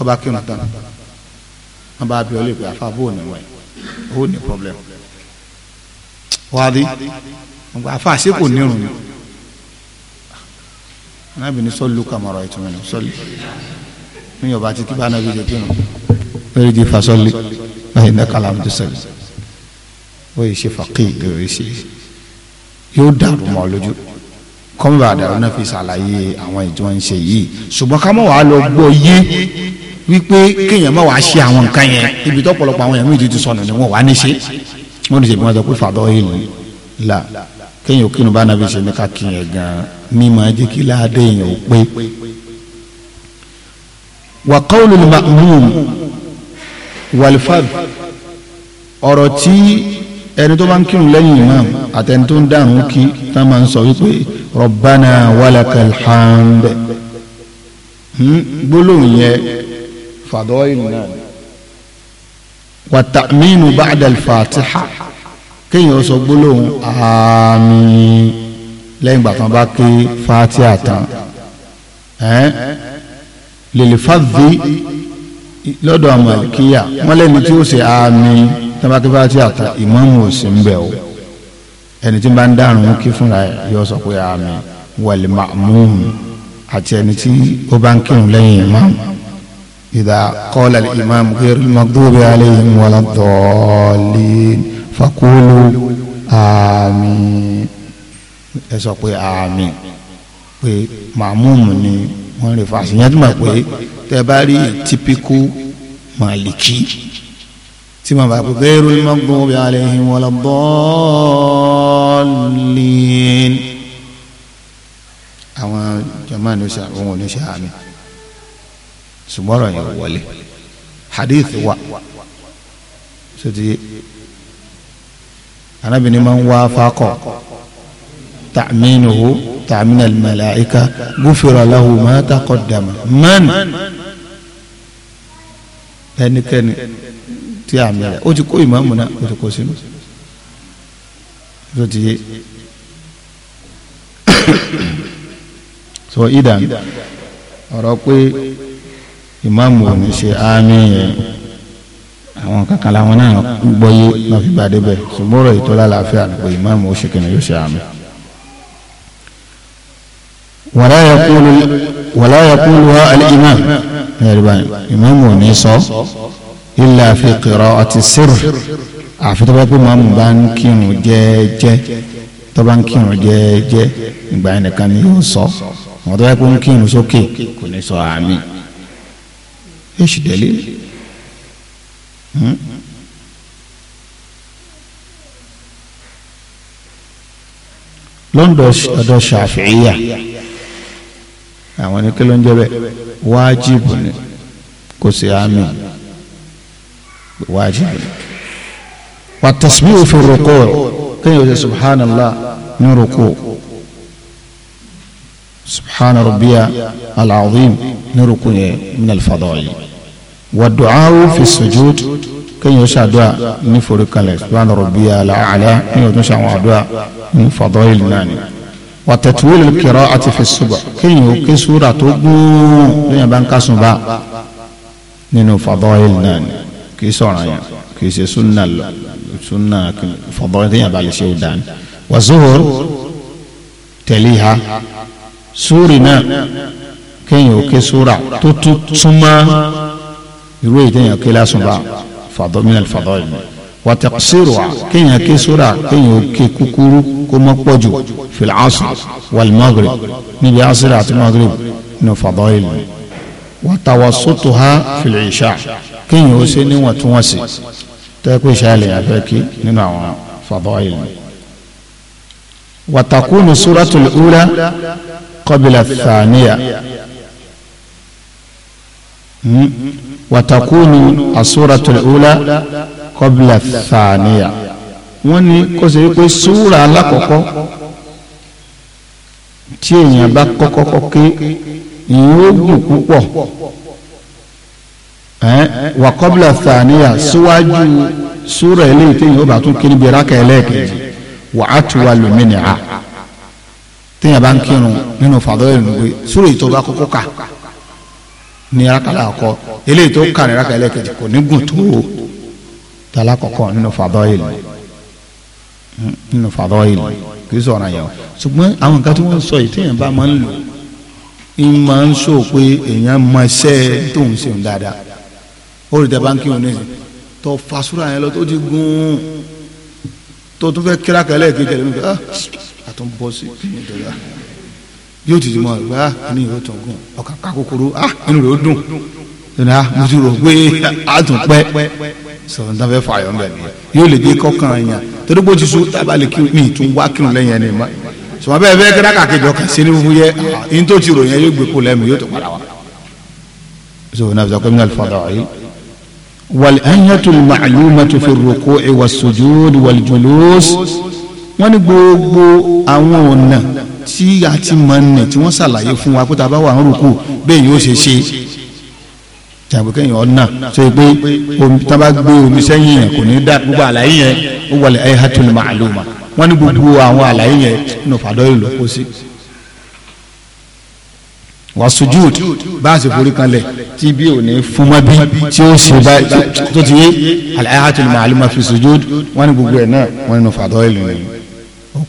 Speaker 1: ọba kírun tán wọn bá bí ọ lè pè àfa bó ní wọn ó ní pọblẹmù wàá rí àfa àṣekò nírun ni anabi ni sọlù kàmọrọ ìtumẹ na sọlù ní yorùbá ti kí bá anabi jẹ pinnu lórí di fasọlì láyé ní kàlámù tó sọlù ó yìí ṣe fàkì yóò yìí ṣe yóò dàrú mọ́ lójú kọ́mọ́ bá dàrú náà fi ṣàlàyé àwọn ìjọ ń ṣe yìí ṣùgbọ́n ká mọ̀ wá lọ gbọ́ yé wípé kéèyàn má wàá ṣe àwọn nǹkan yẹn ibi tó pọ̀lọpọ̀ àwọn èèyàn méjì ti sọnù ni wọ́n wàá ní ṣe wọ́n ti ṣe bí wọ́n sọ pé fàdọ́ yìí ni là kéèyàn kínú bá nàbí ṣe ní ká gan ní máa kí láàdé èèyàn ó pé. wa qawlul ma'mum wàlífàd ọ̀rọ̀ tí ẹni tó bá ń kírun lẹ́yìn imam àtẹni tó ń dàrún kí tá máa ń sọ wípé rabbana walakal hmm? gbólóhùn yẹn fàdọ́ ìlú náà wa ta'minu ba'da al kéèyàn sọ gbólóhùn àmín lẹ́yìn ìgbà tán bá ké fatia tán lèlè fàdí lọ́dọ̀ àmàlìkíyà wọ́n lẹ́ni tí ó ṣe àmín tán bá ké fatia tán ìmáàmù ò sí ń bẹ̀ o ẹni tí ń bá ń dárun kí fúnra yóò sọ pé àmín wal ma'mum àti ẹni tí ó bá ń kírun lẹ́yìn ìmáàmù idha qala al-imam ghayril maghdubi alayhim walad-dallin fakulu àmín ẹ sọ pé àmín pé màmúmù ni wọ́n lè fa àṣeyàn tó mọ̀ pé tẹ bá rí típíkù màlìkì tí màá bá pé bẹ́ẹ̀rù ni wọ́n gbọ́ bí alayhim wala dallin àwọn jọ̀mọ́ ni ó ṣe àwọn ò ní ṣe ṣùgbọ́n ọ̀rọ̀ yẹn wọlé hadith wa sotí anabi ni man wafaqa ta'minuhu ta'min al-mala'ika gufira lahu ma taqaddama man ẹnikẹ́ni tí àmì rẹ̀ ó ti kó ìmáàmù náà ó ti kó sínú tó ti yé so idan ọ̀rọ̀ pé ìmáàmù ò ṣe àmì yẹn àwọn kankan làwọn náà gbọ́yé náà fi bá débẹ̀ ṣùgbọ́n ọ̀rọ̀ ìtọ́lá làáfíà nípa ìmáàmù ó ṣe kìnnà yóò ṣe àmì. wàlá yakulu wa al-imam ìmáàmù ò ní sọ illa fi qira'ati sirr àfi tó pé màmú bá ń kírun jẹ́ẹ́jẹ́ tó ń kírun jẹ́ẹ́jẹ́ ìgbà yẹn nìkan ni yóò sọ àwọn tó pé ń kírun sókè kò ní sọ àmì. èsì dẹ́lẹ́lẹ́ lọ́ndọ̀ ọ̀dọ̀ ṣàfihìyà àwọn ní kí ló ń jẹ́ bẹ́ẹ̀ wájìbù ni kò sí àmì wájìbù ni wà tẹ̀síbí òfin rúkọ́ kéèyàn ó ṣe subhanallah ní rúkọ́ subhana rabbiya al ní rúkọ́ yẹn min al-fadọ́yì wà du'a fi sujud kéèyàn ṣàdúrà ní foríkalẹ̀ subhana rabbiya ala ní ọdún ṣàwọn àdúrà ní fadail náà ni. wa tatwil al-qira'ati fi subh kéèyàn ó ké súra tó gbóòó lóyìn bá ń kásùn nínú fadail náà kì í sọ̀rọ̀ yẹn kì í ṣe sunna lọ sunna fadail téèyàn bá lè ṣe ò dání. wa zuhur tẹ̀líha súrì náà kéèyàn ó ké súra tó tún túmọ̀ irú èyí téèyàn ké lásùn min al-fadail wa taqsiruha kéèyàn ké sóra kéèyàn ó ké kúkúrú kó mọ́ pọ̀jù fil asr wal maghrib níbi asr àti maghrib ní fadail wa tawassutuha fil isha kéèyàn ó ṣe níwọ̀ntúnwọ̀nsì tẹ́kù ìṣàlẹ̀ àfẹ́ kí nínú àwọn fadail wa takunu suratul ula qabla ath-thaniya
Speaker 2: wàtàkùnù àsúratul ula kọ́bìlà thaniya
Speaker 1: wọ́n ní kó ṣe pé súra alákọ̀ọ́kọ́ tí èèyàn bá kọ́kọ́ kọ́kẹ́ ìyẹn ó gùn púpọ̀ wà kọ́bìlà thaniya síwájú súra eléyìí téèyàn bá tún kiri bí rákà ẹlẹ́ẹ̀kejì wà á tu wa lómìnira téèyàn bá ń kírun nínú fàdọ́ ìrìnnà pé súra ìtọ́ bá kọ́kọ́ kà ní rákàlà àkọ́ eléyìí tó kà ní rákàlà kejì kò ní gùn tó tala kọ̀kọ́ nínú fàdọ́ ìlú nínú fàdọ́ ìlú kì í sọ̀rọ̀ yẹn o ṣùgbọ́n àwọn nǹkan tí wọ́n sọ yìí téèyàn bá máa ń lò ń máa ń sọ pé èèyàn máa ṣẹ́ tó ń ṣeun dáadáa ó rí tẹ́bá ń kí wọn tó fasúra yẹn lọ tó ti gún tó tún fẹ́ kíra kẹlẹ́ kejì ẹ̀ lónìí ah àtúnbọ̀sí nítorí ah yóò ti di mọ ìgbà inú yóò tún gùn ọkà ká ah inú rẹ̀ ó dùn ìnà ah, mo rò pé a tún pẹ́ fẹ́ fààyàn bẹ̀ ni yóò lè dé kọ́kàn yẹn torí ti sùn tábà lè kírun ní wá kírun lẹ́yìn ẹni mọ́ sọ̀rọ̀ bẹ́ẹ̀ fẹ́ kẹ́rẹ́ kàkejì ọkàn sí ní fúfú yẹ in tó ti rò yóò gbé kó lẹ́mu yóò tó padà wá. sọ̀rọ̀ náà sọ̀rọ̀ kọ́mínà fọ́dọ̀ yìí wal ayyatul ma'lumatu fi ruku'i was sujud wal julus wọ́n ní gbogbo àwọn ọ̀nà tí a ti mọ̀ nẹ̀ tí wọ́n ṣàlàyé fún wa kó tá a bá wà ń rúkú bẹ́ẹ̀ yóò ṣe ṣe tàbí kẹ́yìn ọ̀nà tó yẹ pé tá a bá gbé omi sẹ́yìn yẹn kò ní dá gbogbo àlàyé yẹn ó wọlé ayhatul ma'luma wọ́n ní gbogbo àwọn àlàyé yẹn nínú fàdọ́ ìlú kó sí wà sujud báàsì forí kanlẹ̀ tí bí ò ní fún mọ́ bí tí ó ṣe bá tó ti yé al-ayatul ma'luma fi sujud wọ́n ní gbogbo ẹ̀ náà wọ́n nínú fàdọ́ ìlú yẹn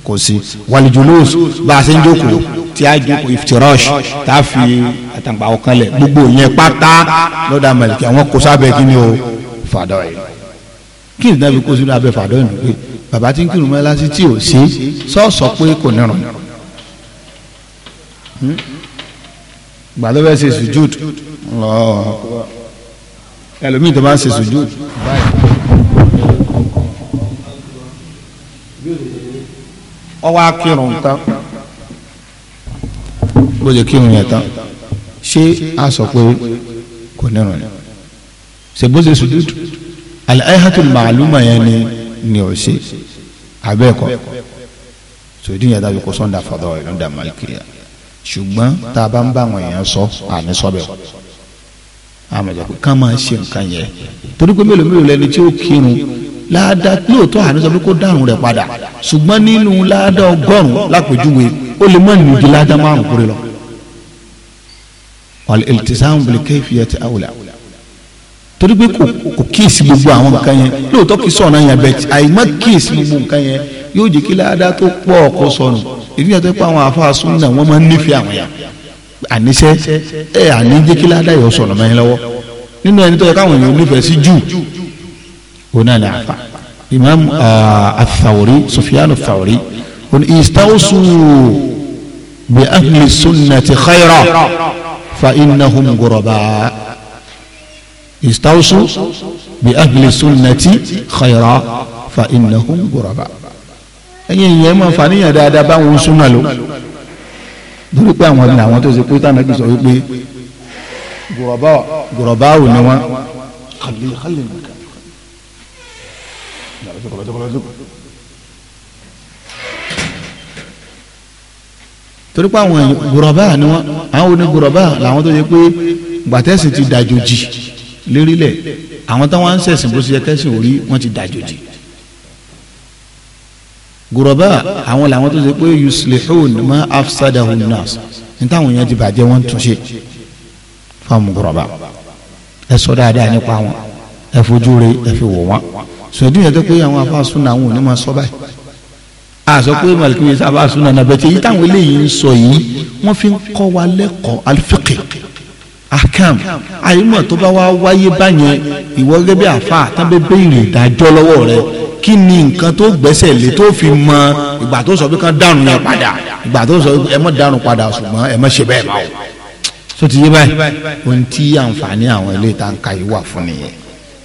Speaker 1: kò sí wàlìjúlùs bá a ṣe ń jókòó tí a jókòó ìfitirash tá a fi àtàgbà ọkàn lẹ gbogbo yẹn pátá lọ́dọ̀ àmàlìkì àwọn kò sábẹ́ kí ni o fàdọ̀ yìí kí ni dábì kó sínú abẹ́ fàdọ̀ yìí pé bàbá tí ń kírun mọ́ lásì tí ò sí sọ́ọ̀sọ̀ pé kò nírun hmm? gbàdúrà ṣe sùjúd lọ́ọ́ ẹlòmíì tó bá ń ṣe sùjúd báyìí. ọwọ́ akírun tán bó ṣe kírun yẹn tán ṣé a sọ pé kò nírun ni ṣe bó ṣe sùdúdù al-ayhatul ma'luma yẹn ni ni ò ṣe abẹ́ẹ̀kọ́ sòdí yẹn dábì kó sọ́ńdà fọ́dọ̀ ẹ̀ lọ́dà màlìkìyà ṣùgbọ́n tá a bá ń bá àwọn èèyàn sọ àní sọ́bẹ̀ o àmọ̀ pé ká máa ṣe nǹkan yẹn torí pé mélòó mélòó lẹni tí ó kírun láàdá lóòótọ́ àná sọ pé kó dárun rẹ̀ padà ṣùgbọ́n nínú láàdá ọgọ́rùn-ún lápèjúwe ó lè mọ nìdí láàdá márùn kúrẹ́ lọ. wàlẹ̀ ìlítìsáhùn bìlẹ̀ kẹ́fìyà ti àwòlà torí pé kò kíyèsí gbogbo àwọn nǹkan yẹn lóòótọ́ kì í sọ̀nà yẹn bẹ́ẹ̀ tí àyè má kíyèsí gbogbo nǹkan yẹn yóò jẹ́ kí láàdá tó pọ̀ kó sọnù èyí yàtọ̀ pé àwọn àfa tó yẹ káwọn èèyàn ona la afa imam athawri sufyan athawri on istawsu bi ahli sunnati khayra fa innahum ghuraba istawsu bi ahli sunnati khayra fa innahum ghuraba ẹyin ìyẹn máa fa níyàn dáadáa báwọn súnmọ́ lò lórí pé àwọn ni àwọn tó ṣe pé tànà gbèsò wípé gùrọ̀bá ò ní wọn jókòó lọ jókòó lọ jókòó. torí pé àwọn gùrọ̀bá ni wọ́n àwọn onígùrọ̀bá làwọn tó yẹ pé gbàtẹ́sì ti dàjòjì lérílẹ̀ àwọn táwọn ń ṣẹ̀sìn bó ṣe yẹ kẹ́sìn orí wọ́n ti dàjòjì gùrọ̀bá àwọn làwọn tó ṣe pé yuslihun ma afsadahun nas ní táwọn yẹn ti bàjẹ́ wọ́n tún ṣe fáwọn gùrọ̀bá ẹ sọ dáadáa nípa wọn ẹ fojú rẹ ẹ fi wò wọn sòdí yẹn tó pé àwọn afásúnà àwọn òní máa sọ báyìí àsọ pé malikiwe afásúnà náà bẹ̀tẹ̀ yìí táwọn eléyìí ń sọ yìí wọ́n fi ń kọ́ wa lẹ́kọ̀ọ́ alifẹ́kẹ̀ akam àyèmọ̀ tó bá wá wáyé báyẹn ìwọ gẹ́gẹ́ bí àfa àtàbẹ́ béèrè ìdájọ́ lọ́wọ́ rẹ kí ni nǹkan tó gbẹ́sẹ̀ lé tó fi mọ ìgbà tó sọ pé kán dànù yẹn padà ìgbà tó sọ pé ẹ má dànù padà ṣùgbọ́n ẹ má ṣe bẹ́ẹ̀ máa wò. báyìí ohun tí àǹfààní àwọn ilé ìtànkà yìí wà fún nìyẹn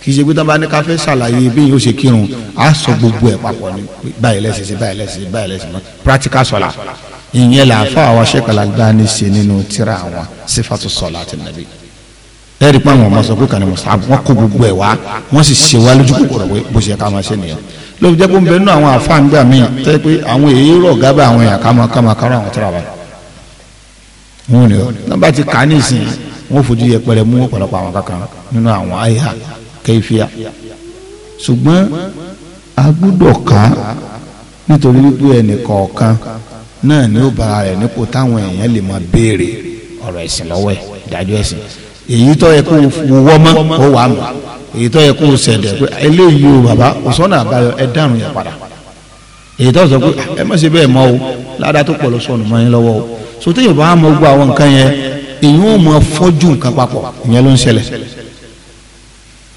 Speaker 1: kì í ṣe pé tó bá ní ká fẹ́ ṣàlàyé bí yóò ṣe kírun á sọ gbogbo ẹ̀ papọ̀ ní báyìí lẹ́sìn sí báyìí lẹ́sìn sí báyìí lẹ́sìn mọ́ practical sọ̀la ìyẹn là fún àwọn aṣẹ́kọ̀lá gbani ṣe nínú tíra àwọn sífàtú sọ̀la àti nàbí. ẹ̀rí pa àwọn ọmọ sọ pé kàní musa wọn kó gbogbo ẹ̀ wá wọ́n sì ṣe wá lójú kòkòrò pé bó ṣe ká máa ṣe nìyẹn lóbi jẹ́ pé ń bẹ nínú àwọn àfáàngbà míì tẹ́ pé àwọn èèrò gábà kẹfìà ṣùgbọ́n a gbúdọ̀ ká nítorí wípé ẹnìkọ̀ọ̀kan náà ni ó bára rẹ̀ nípò táwọn èèyàn lè máa béèrè ọ̀rọ̀ ẹ̀sìn lọ́wọ́ ẹ̀ ìdájọ́ ẹ̀sìn èyí tó yẹ kó wọ́ mọ́ ó wà mọ́ èyí tó yẹ kó sẹ̀dẹ̀ pé eléyìí o bàbá òsọ́nà àbáyọ ẹ dànù yẹn padà èyí tó sọ pé ẹ má ṣe bẹ́ẹ̀ mọ́ o ládàá tó pọ̀ lọ sọnù mọ́ yín lọ́wọ́ o sọ téèyàn bá mọ gbọ́ àwọn nǹkan yẹn èyí ó mọ fọ́jú nǹkan papọ̀ ìyẹn ló ń ṣẹlẹ̀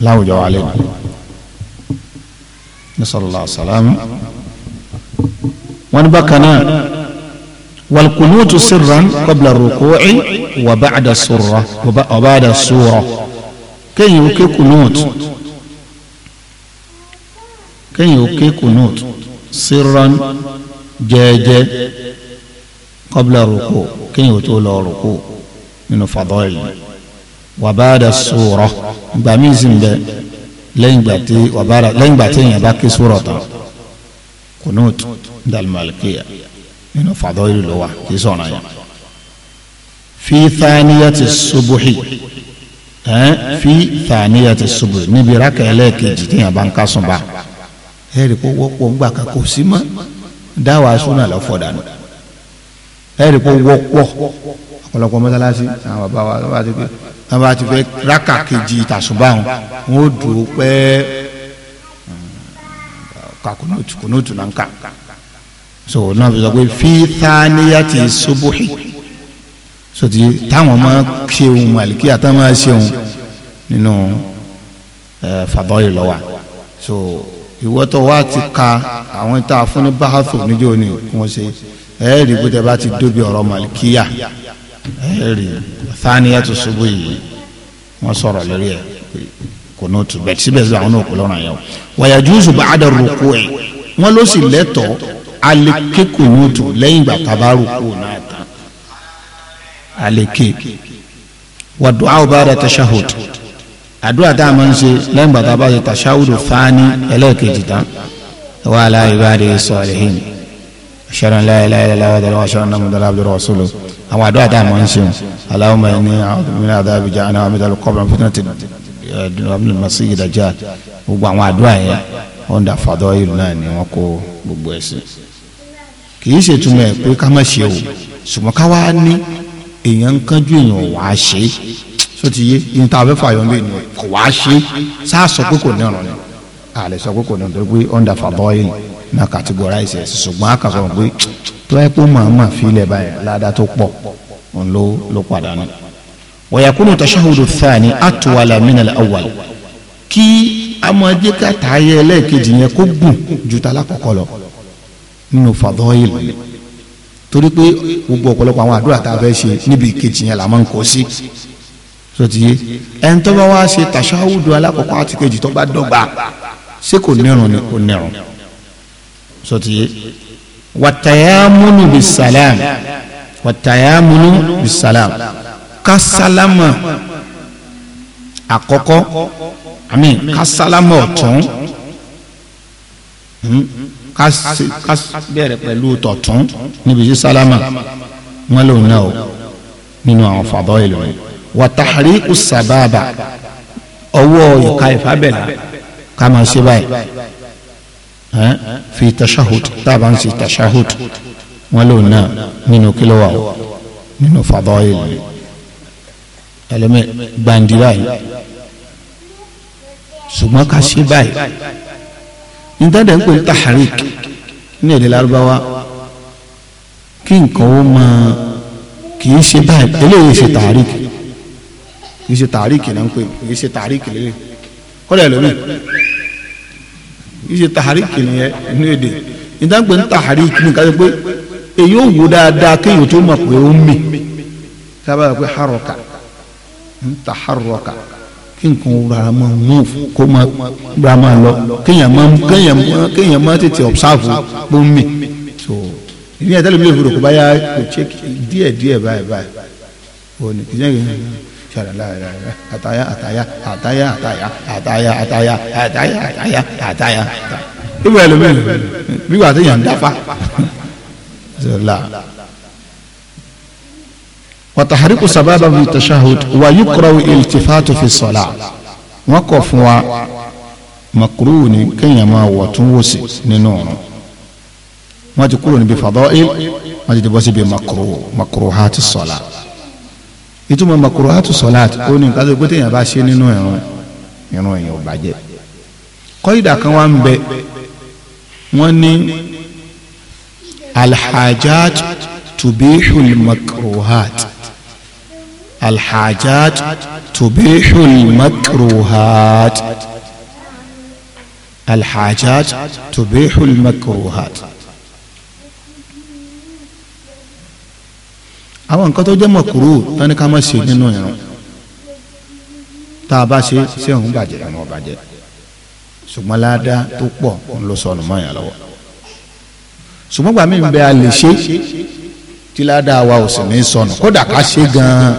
Speaker 1: láwùjọ wa lẹ́nu nisalala asalaamu wọn bákan náà walkunutu sirran qabla rukuci wa ba'da surra wa ba'da suura kéèyàn ké kunut kéèyàn ké kunut sirran jẹ́ẹ́jẹ́ qabla ruku kéèyàn tó lọ ruku nínú fadọ́ọ̀lì wàbáàdà sùúrọ̀ ìgbà míì sì ń bẹ lẹ́yìn ìgbà tí wàbáàdà lẹ́yìn ìgbà tí èèyàn bá ké sùúrọ̀ tán kunut dalmalikiya nínú fàdọ́ ìlú lọ́wọ́ kì í sọ̀rọ̀ yẹn. fi thaniyati subuhi ẹ̀ fi thaniyati subuhi níbi rákà ẹlẹ́ẹ̀kejì tí èèyàn bá ń kásùn bá ẹ̀rì kó wọ́pọ̀ ńgbà kan kò sí mọ́ dáwàá súnà lọ́fọ̀ dànù ẹ̀rì kó wọ́pọ̀ ọ̀pọ̀lọpọ̀ mọ́sálásí àwọn bàbá wa bá ti pé tí wọ́n bá ti fẹ́ rákà kejì ìtàsùnbà wọn wọ́n ó dùn ó pẹ́ náà kà so náà fi sọ pé fi thaniyati subuhi so ti táwọn máa ṣe òun màlìkí àtàwọn máa ṣe òun nínú fàbọ́ yìí lọ́wọ́ so ìwọ́tọ̀ wa ti ka àwọn tá a fún ní ni wọ́n ṣe ẹ̀ẹ́dì bó tẹ bá ti dóbi ọ̀rọ̀ màlìkíyà ẹ̀rí thaniya tó ṣubú yìí wọ́n sọ̀rọ̀ lórí ẹ̀ kò ní tu bẹ́ẹ̀ síbẹ̀síbẹ̀ àwọn náà kò lọ́rùn yẹn o wàyà júùsù bá a dàrú kú ẹ̀ wọ́n ló sì lẹ́tọ̀ọ́ aleke kò ní tu lẹ́yìn ìgbà tabaru kú náà tán aleke wàdùn àwọn bá dà tashahud àdúrà tá a máa ń ṣe lẹ́yìn ìgbà tabaru tashahud fani ẹlẹ́ẹ̀kejì tán wàhálà ibadi salihin ṣẹ́ran láyẹ̀lá ẹ̀lá ẹ̀dẹ̀rẹ̀ wà ṣẹ́ran náà mọ̀dàlá àbúrò ọ̀ṣọ́lọ́ àwọn àdúrà tá a mọ̀ ń ṣe aláwọ̀mọ̀ ẹni àwọn àdàbí jà àwọn àmì ìdàlú kọ́bìnrin fún tẹ́tí abdul masih ìdájà gbogbo àwọn àdúrà yẹn wọ́n dà fàdọ́ ìlú náà ni wọ́n kó gbogbo ẹ̀ sí. kì í ṣe túmọ̀ ẹ̀ pé ká má ṣe o ṣùgbọ́n ká wá ní èèyàn ń kánjú èèyàn wá ṣe é só ti yé ihun tá a fẹ́ fàyọ̀ lé èèyàn kò wá ṣe é sáà sọ pé kò ní ọ̀rọ̀ ni àlẹ́ sọ pé kò ní ọ̀rọ̀ pé ọ̀ndà fàbọ̀ yìí na categorize ẹ̀ ṣùgbọ́n a kà sọ pé tó ẹ kó màmá filẹ̀ báyìí ládàá tó pọ̀ òun ló ló padànù. wa yakunu tashahudu thani atwala min al-awwal kí amọ̀dé ká tààyè ẹlẹ́ẹ̀kejì yẹn kó gùn ju ta lákọ̀ọ́kọ́ lọ nínú fadọ́yìl torí pé gbogbo ọ̀pọ̀lọpọ̀ àwọn àdúrà tá a fẹ́ ṣe níbi ìkejì yẹn là máa ń kọ́ sí sotiye ẹni tó bá wá ṣe tàṣáwùdù alákọ̀ọ́kọ́ àti kejì tó bá dọ́gba ṣé kò nírun ni kò nírun sọtì wàtàyàmúnú bisalam wàtàyàmúnú bisalam kásálámà àkọ́kọ́ àmì kásálámà ọ̀tún hmm? bẹ̀rẹ̀ pẹ̀lú tọ̀tún níbi sí sálámà wọn lòun náà nínú àwọn fàbọ̀ ìlú rẹ̀ wàtàrí kùsàbàbà ọwọ́ ìka ìfábẹ̀là ká máa ṣe báyìí fi tashahud tábà ń ṣe tashahud wọn lò náà nínú kílọ̀wà o nínú fadail ẹlẹ́mẹ̀ gbàǹdì báyìí ṣùgbọ́n ká ṣe báyìí ntẹ́dẹ̀ ń pè ní taharik
Speaker 2: ní èdè lárúbáwá
Speaker 1: kí nǹkan ó máa kì í ṣe báyìí eléyìí ṣe taharik kì í ṣe taharik náà ń pè kì í ṣe taharik lélẹ̀ kọ́lẹ̀ lómi kì í ni tahariki nìyẹn inú èdè ìdágbé ní tahariki ní kájọ pé èyí ò wò dáadáa kéèyàn tó mọ̀ pé ó ń mì sábà pé haroka ń ta haroka kí nǹkan rárá máa mú kó máa rárá máa lọ kéèyàn máa kéèyàn máa kéèyàn máa tètè ọ̀bsáàfù pé ń mì so ìdí ẹ̀tẹ́lẹ̀ mi ò fi rò kó báyà kò ṣe díẹ̀ díẹ̀ báyìí báyìí òní kìí ṣe kéèyàn. شهر لا لا لا أتايا أتايا أتايا أتايا أتايا أتايا أتايا أتايا أتايا ibu ẹlòmíì bí wàá ti yàn dáfa la wàtàhárikù التشهد fi tashahud في الصلاة iltifatu fi sọlá wọn kọ ما wa makuru ما kéèyàn máa wọ tún wò sí nínú ọrùn wọn ìtumọ̀ makurahatu sọláàtì ó ní nǹkan tó gbé téèyàn bá ṣe nínú ìrun ìrun èèyàn ò bàjẹ́ kọ́ídà kan wá ń bẹ wọ́n ní alhajat tubihul makruhat alhajat tubihul makruhat alhajat tubihul makruhat. Al àwọn nǹkan tó jẹ́ mọ̀kúrú tani ká má ṣe nínú ìrun tá a bá ṣe ṣé òun bàjẹ́ ìrun ò bàjẹ́ ṣùgbọ́n ládàá tó pọ̀ ń lọ sọnù mọ́ ìyàn lọ́wọ́ ṣùgbọ́n gbàmí ń bẹ a lè ṣe tí ládàá wa ò sì ní sọnù kódà ká ṣe gan-an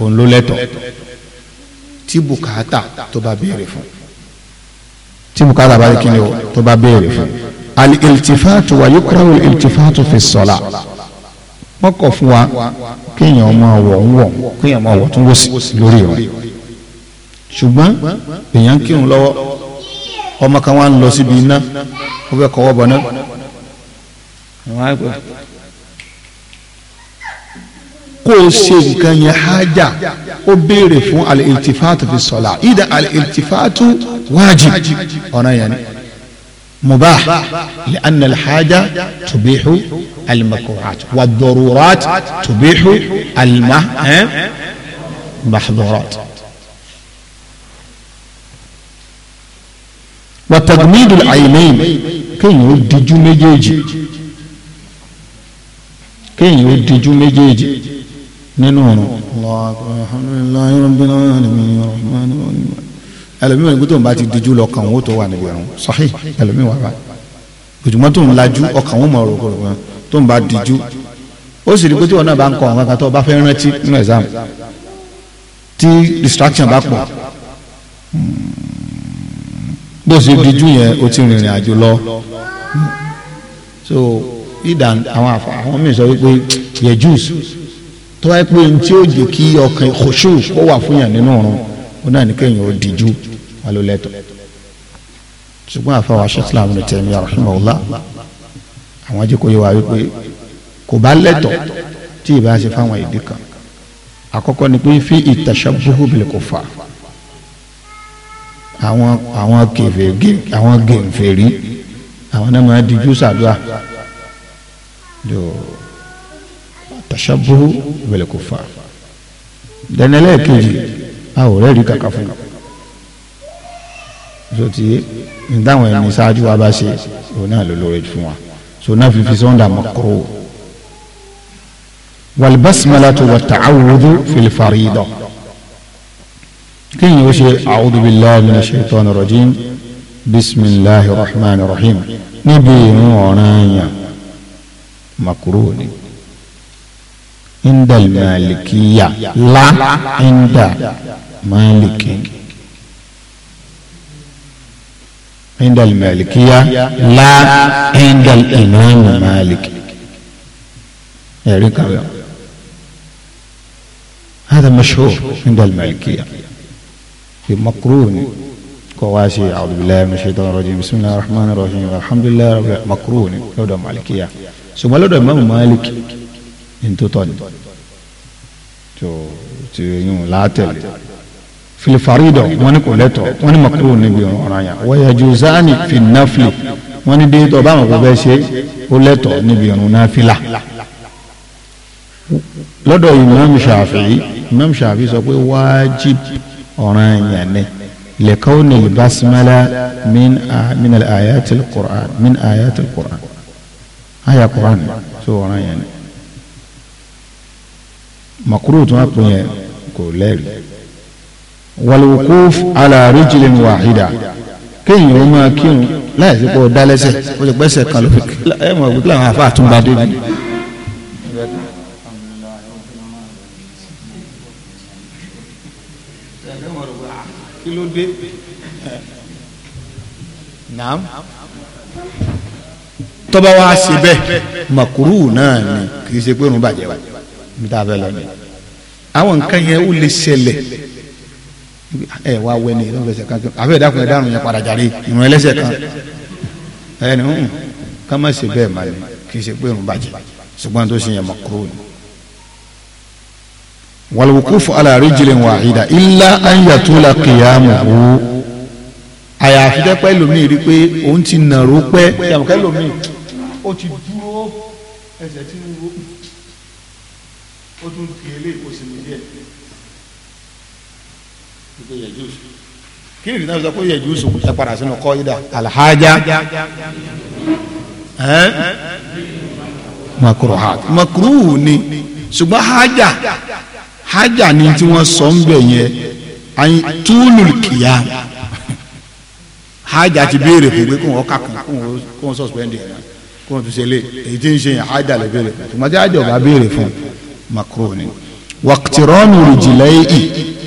Speaker 1: òun ló lẹ́tọ̀ tí bùkátà tó bá béèrè fún tí bùkátà bá yẹ kí ni o tó bá béèrè fún al-iltifatu wa yukrahu al-iltifatu fi s wọ́n kọ̀ fún wa kéèyàn máa wọ̀ ń wọ̀ kéèyàn máa wọ̀ tún wọ̀ sí lórí rẹ̀ ṣùgbọ́n èèyàn ń kírun lọ́wọ́
Speaker 2: ọmọ kan wá ń lọ síbi iná ó fẹ́ kọ́wọ́ bọ̀ náà
Speaker 1: kó o ṣe nǹkan yẹn hájà ó béèrè fún al-iltifatu fi sọ̀la ìdá al-iltifatu wájib ọ̀nà yẹn ni. مباح لأن الحاجة تبيح المكروهات والضرورات تبيح المحظورات وتجميد العينين كين يودج مجيج كين يودج مجيج ننونو الله أكبر الحمد لله رب العالمين الرحمن الرحيم ẹlòmíì wọn gbọ́dọ̀ bá ti dijú lọ kàn wọ́n tó wà níbi ẹ̀rùn sọ́hìn ẹlòmíì wà báyìí òjùmọ́ tó ń lajú ọkàn wọn mọ̀ ọ̀rọ̀ kọ̀ọ̀kan tó ń bá dijú ó sì rí pé náà bá ń kọ àwọn kankan tó bá fẹ́ rántí nínú exam tí distraction bá pọ̀ hmm, bó ṣe dijú yẹn o ti rìnrìn àjò lọ so ìdá àwọn àwọn míì sọ wípé yẹ jùs tó wáyé pé ní tí ó jẹ́ kí ọkàn kòṣù ó wà fún yàn nínú ọ̀run ó náà ní kéèyàn ó díjú wọn ló lẹ́tọ̀ ṣùgbọ́n àfàwọn aṣọ́sílám ní tẹ̀mí rahimahullah àwọn jẹ́ kó yẹ wá wípé kò bá lẹ́tọ̀ tí ì bá ṣe fáwọn ìdí kan àkọ́kọ́ ni pé fi ìtàṣàbùhù bìlẹ̀ kò fà àwọn àwọn kèfè àwọn gèǹfèrí àwọn náà máa di júùsì àdúrà do tàṣàbùhù kò fà dẹ́nẹ́lẹ́ẹ̀kejì a ò rẹ́ẹ̀rí kàkà fún un so ti ìdáhùn ẹni ṣáájú wa bá ṣe òun náà ló lóore fún wa so náà fífi sọ́ńdà mọ́ kúrò. والبسملة والتعوذ في الفريضة كن يوشي أعوذ بالله من الشيطان الرجيم بسم الله الرحمن الرحيم نبي مونانيا مكروني عند المالكية لا عند مالك indal malikiya la indal imaamu maliki ẹ̀rí kan yọ hada mashhur indal malikiya fi makuruni kò wá sí a'udhu billahi minash shaitani rajim bismillahir rahmanir rahim alhamdulillahi rabbil makuruni lọ́dọ̀ malikiya ṣùgbọ́n lọ́dọ̀ imaamu maliki ní tó tọ́ ni tó tí yóò látẹ̀lé
Speaker 2: filifaridọ wọn ni
Speaker 1: kò lẹ́tọ̀ wọn ni makuru níbi ọ̀ràn yà wọ́yà jùzáàni fi náfìlì wọn ni déétọ̀ bá wọn kò fẹ́ ṣe ó lẹ́tọ̀ níbi ọ̀ràn náfìlà. lọ́dọ̀ imam shafi'i imam shafi'i sọ pé wájib ọ̀ràn yà ni lẹ́kọ́ọ̀nì basimala min ayatil qur'an min ayatil qur'an aya qur'an so ọ̀ràn yà ni makuru tún á pè wàlúwòkúf alàríjìlín wàhídà kéèyàn ó máa kírun láì sí pé ó dálẹ́sẹ̀ ó lè pẹ́sẹ̀ kan ló fi ẹ mọ̀ wípé àwọn afa àtúnba débi. kí ló dé? naam tọ́ba wa ṣe bẹ́ẹ̀ makuru náà ni kì í ṣe pé òun bàjẹ́ wa níta fẹ́ lọ. àwọn nǹkan yẹn ó lè ṣẹlẹ̀ ẹ wá wẹ ni ìrún ẹlẹ́ṣẹ̀ kan àbẹ ìdákun ẹ dárun yẹn padà jàre ìrún ẹlẹ́ṣẹ̀ kan ẹ ní hùn ká má ṣe bẹ́ẹ̀ máa ní kì í ṣe pé ìrún bàjẹ́ ṣùgbọ́n tó ṣe yẹn mọ̀ kúrò ní. wàlùkúfù aláàrí jìlẹ̀ wà ìdá ilá ayatollah kìyàmù wò
Speaker 2: àyàfi dẹ́pẹ́ lómii rí pé òun ti nàró pẹ́ yàmùkẹ́ lómii
Speaker 1: ó ti dúró ẹsẹ̀ tí ó tún kì í lé ìkọsìn wípé yẹjúùsù kí ni ìdílé sọ pé yẹjúùsù ẹ padà sínú kọ́ ìdá alhaja makuru ha makuru ni ṣùgbọ́n haja haja ni tí wọ́n sọ ń bẹ̀ yẹn ayin túlù kìá haja ti béèrè fún pé kò wọ́n kà kàn kò wọ́n sọ̀spẹ́ndì ẹ̀ kò wọ́n tún ṣe lé èyí tí ń ṣe yẹn haja lè béèrè fún ṣùgbọ́n tí ò bá béèrè fún makuru ni wàkìtìrọ́nù rìjìlẹ́yìn.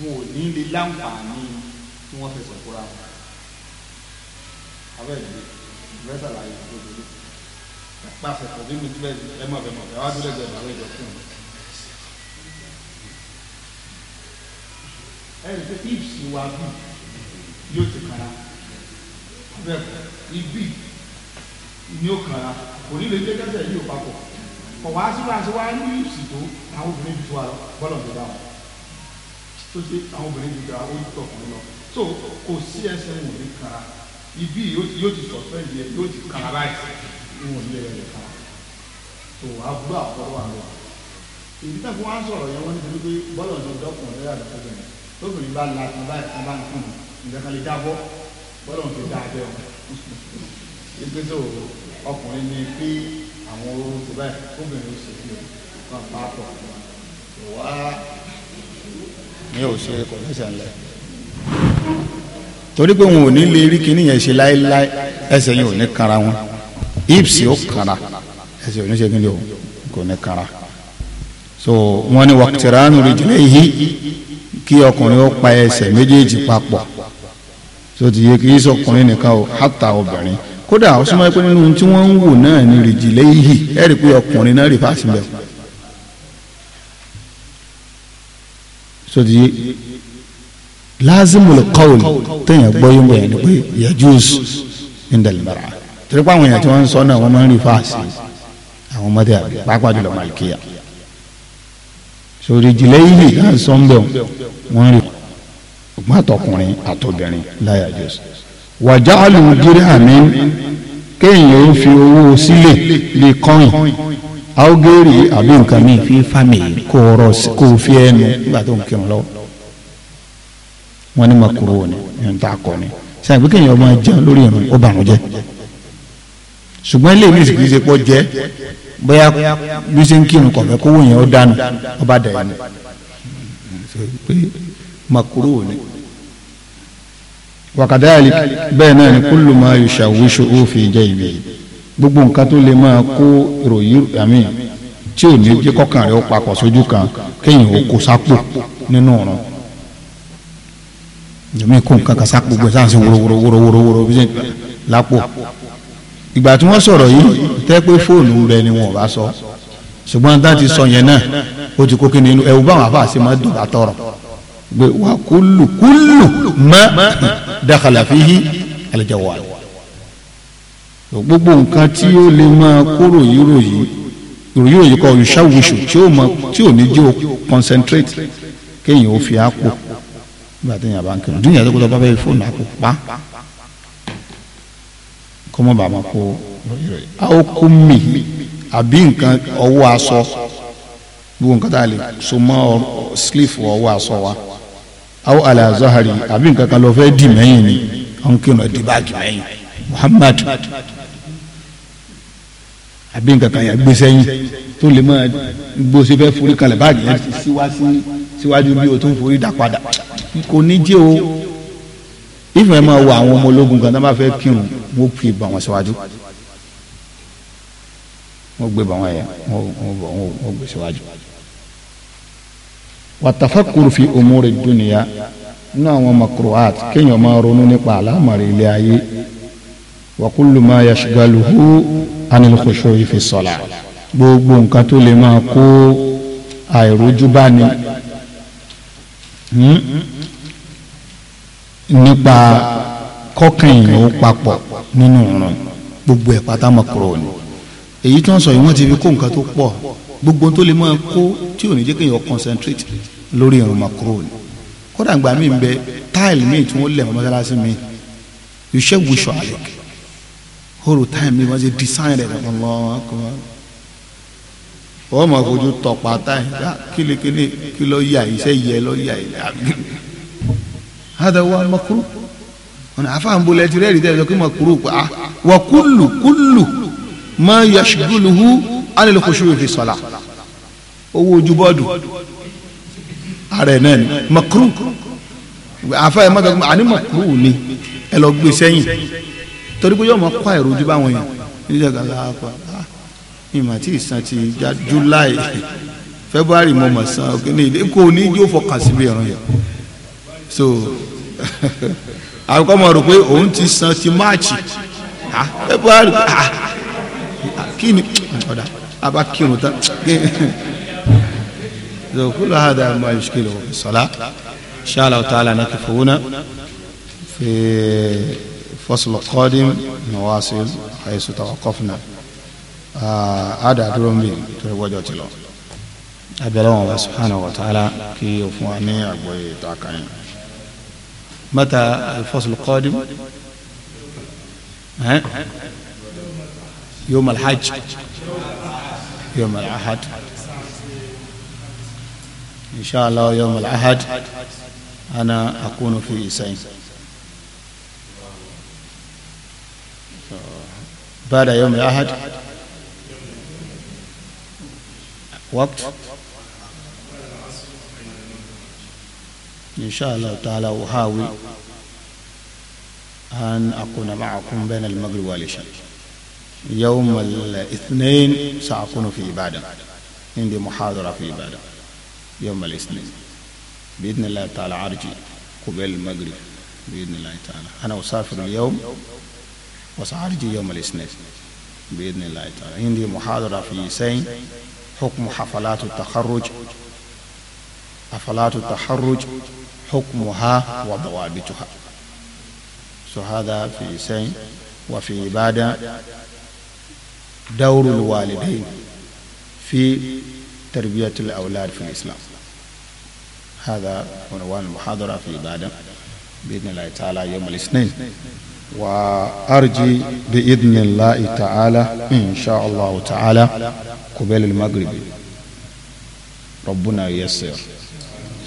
Speaker 1: wọn ò ní lè láǹfààní tí wọ́n fẹsẹ̀ kóra wọn abẹ́ ìdílé ìrẹsà láàyè tó dúró pàṣẹ kò nínú tí bẹ́ẹ̀ ẹ mọ̀ bẹ́ẹ̀ mọ̀ bẹ́ẹ̀ wá dúró ẹgbẹ́ ìbáwé ìjọ fún un. ẹ̀rì pé ìbùsùn wa bù yóò ti kara abẹ́ ibi ni ó kara kò nílò ilé kẹsẹ̀ yìí ò papọ̀ kọ̀ wá ní ìbùsùn tó àwọn obìnrin ju wa lọ bọ́lọ̀ tó dáhùn tó ṣe àwọn obìnrin ju àwọn olùtọkùnrin lọ so kò sí ẹsẹ̀ ìwọ̀n ní kara ibi yóò ti sọ fẹ́ yẹ yóò ti kara báyìí ìwọ̀n ní ẹ̀rọ kara tó àbúrò àkọ́rọ́ àlọ́ ìdí náà fún wa sọ̀rọ̀ yẹn wọ́n nítorí pé bọ́lọ̀ ní ọdọ́kùnrin lẹ́yà lọ́kọ̀ọ́bẹ̀rẹ̀ lóbìnrin bá la kan báyìí kan bá ń kùn ìjọkan lè jábọ́ bọ́lọ̀ ń fi dáa bẹ́ẹ̀ o ìgbésẹ̀ ọkùnrin ni pé àwọn oṣù báyìí obìnrin oṣù yìí wọ́n pa á pọ̀ wá ní òṣè kò lẹ́sẹ̀ ńlẹ̀ torí pé wọn ò ní lè rí kíní yẹn ṣe láéláé ẹsẹ̀ yẹn ò ní kara wọn ips ó kara ẹsẹ̀ ò ní ṣe kíní o kò ní kara so wọn ni wàkìtìránù rìjìlẹ̀ yìí kí ọkùnrin ó pa ẹsẹ̀ méjèèjì papọ̀ so ti yẹ kí sọkùnrin nìkan o hátà obìnrin kódà ó súnmọ́ nínú tí wọ́n ń wò náà ni rìjìlẹ̀ yìí ẹ̀rí pé ọkùnrin náà rí fásitì bẹ́ẹ̀. sọdí láàzìmù kọ́ọ̀lì téèyàn gbọ́ yín bọ̀ yẹn ni pé yajuz indalmara torí pé àwọn èèyàn tí wọ́n ń sọ náà wọ́n máa ń rí fáàsì àwọn ọmọdé àbí pápá jùlọ màlìkíyà sori jìlẹ yìí ká sọ ń bẹ wọn rí ọgbọn àtọkùnrin àtọbìnrin láyà jọsí wàjà àlùmọdìrẹ àmì kéèyàn fi owó sílẹ̀ lè kọyìn àwògèrè àbí nǹkan mi fi fami kò rọ kò fi ẹnu nígbà tó ń kírun lọ́wọ́ wọn ní makuru wọn ni ẹni tá a kọ ni sani pé kéèyàn máa jẹun lórí irun ó bànú jẹ́ ṣùgbọ́n ilé ìbísí kì í ṣe pọ̀ jẹ́ bóyá bí ṣe ń kírun kọ̀ọ̀fẹ́ kówó yẹn ó dànù ó bá dẹ̀ ẹni pé makuru wọn ni wakadali bẹ́ẹ̀ náà ni kúlùmọ́ ayùṣàwùṣù fi jẹ́ ìbí yìí gbogbo nǹkan tó lè máa kó ìròyìn àmì tí ò ní jẹ́ kọ́kàn rẹ̀ ó papọ̀ sójú kan kéèyàn ó kó sápò nínú ọ̀ràn jẹ̀mí kó nǹkan kan sápò gbé sáà sí wóró wóró bí ṣe lápò ìgbà tí wọ́n sọ̀rọ̀ yìí tẹ́ pé fóònù rẹ ni wọ́n bá sọ ṣùgbọ́n dá ti sọ yẹn náà ó ti kó kí ni inú ẹ̀wù báwọn afa àti máa dùn àtọ̀rọ̀ gbé wa kúlù kúlù mọ́ dákàlà fíhí al-jawal gbogbo nǹkan tí ó lè máa kó ròyìn ròyìn ròyìn ròyìn kọ ìṣàwùṣù tí ó mọ tí ò ní jẹ́ o concentrate kéèyàn ó fi àpò nígbà tí èèyàn bá ń kírun dín ìyàtọ̀ kótó bá fẹ́ fóònù àpò pa kọ́mọ́ bàá máa kó ròyìn ròyìn. a ó kú mi àbí nǹkan ọwọ́ aṣọ gbogbo nǹkan tá a lè so mọ́ sleeve ọwọ́ aṣọ wa a ó àlẹ́ àbí nǹkan lọ fẹ́ dì mẹ́yìn ni ọ̀nkìrun ẹ̀ dì mẹ́yìn Muhammad. Muhammad àbí nǹkan kan yà gbé sẹ́yìn tó lè máa bó ṣe fẹ́ forí kalẹ̀ báàgì yẹn ti síwájú bí o tó ń forí dà padà kò ní jẹ́ o
Speaker 2: ìfẹ́ máa wọ àwọn ọmọ ológun kan tó bá fẹ́ kírun
Speaker 1: mo fi bà wọ́n síwájú wọ́n gbé bà wọ́n ẹ̀yà wọ́n gbé síwájú. wàtàfàkùrù fi òmùrè dúnìyà nínú àwọn makruhat kéèyàn máa ronú nípa àlámọ̀rẹ̀ ilé ayé wàkúlùmá yasgaluhu anil khushu'i fi salah gbogbo nǹkan tó lè máa kó àìrójú bá ní hmm, nípa kọ́kàn èèyàn ó papọ̀ nínú ìrun gbogbo ẹ̀ pátá mọ̀kúrò ni èyí tó ń sọ yìí wọ́n ti fi kó nǹkan tó pọ̀ gbogbo tó lè máa kó tí ò ní jẹ́ kéèyàn concentrate lórí ìrun mọ̀kúrò ni kódà ìgbà míì ń bẹ táìlì míì tí wọ́n lẹ̀ mọ́ mọ́sálásí mi yóò ṣẹ́gun àlẹ́ kì horo time ni wọ́n ṣe design rẹ̀ Allahu Akbar wọ́n mọ̀ fojú tọ̀pá táyì bá kílíkílí kí ló yà iṣẹ́ yẹ ló yà ilẹ̀ àbí. hadawa makuru ọ̀nà àfàǹbọ̀lẹ̀ ti rẹ́ẹ̀rí dẹ́rẹ́ kí makuru pa ah, wà kúlù kúlù má yashguluhu alẹ́ lókoṣù fi sọ̀la owó ojú bọ́ọ̀dù ààrẹ náà ni makuru àfàǹbọ̀lẹ̀ àní makuru ni ẹ lọ gbé sẹ́yìn torí pé yóò mọ kó àìrojú báwọn yẹn níjẹ́ gàlá àpá ìmọ̀ àti ìsàn ti já july february mo mọ̀ san òkè ní ìdí kò ní yóò fọkàn síbi ẹ̀rọ yẹn so àkọ́kọ́ mọ̀ rò pé òun ti san ti march ah, february ah, ah, kí ni ọ̀dà abá kírun tán so kúlọ̀ hàdà máa yọ̀ ṣíkìlì sọ̀lá ṣáàlà ọ̀tá àlànà kìfowó fèè. الفصل القادم نواصل حيث توقفنا هذا آه درون بي تربوجو تلو أبلغ الله سبحانه وتعالى كي يفواني أبوي تعكين متى الفصل القادم ها؟ يوم الحج يوم الأحد إن شاء الله يوم الأحد أنا أكون في إسائي بعد يوم الأحد وقت إن شاء الله تعالى أحاول أن أكون معكم بين المغرب والعشاء يوم الاثنين سأكون في عبادة عندي محاضرة في عبادة يوم الاثنين بإذن الله تعالى عرجي قبل المغرب بإذن الله تعالى أنا أسافر اليوم وسأرجو يوم الاثنين بإذن الله تعالى عندي محاضرة في سين حكم حفلات التخرج حفلات التخرج حكمها وضوابطها هذا في سين وفي عبادة دور الوالدين في تربية الأولاد في الإسلام هذا عنوان المحاضرة في عبادة بإذن الله تعالى يوم الاثنين وأرجي بإذن الله تعالى إن شاء الله تعالى قبل المغرب ربنا ييسر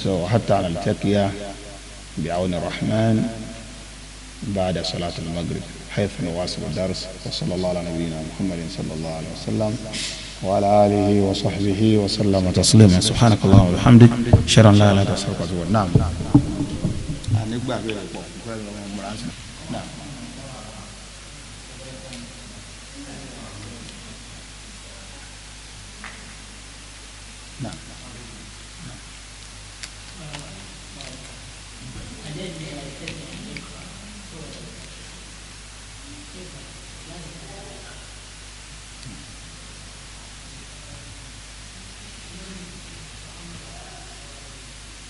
Speaker 1: سو حتى على نلتقي بعون الرحمن بعد صلاة المغرب حيث نواصل الدرس وصلى الله على نبينا محمد صلى الله عليه وسلم وعلى آله وصحبه وسلم تسليما سبحانك اللهم وبحمدك شرا لا إله إلا نعم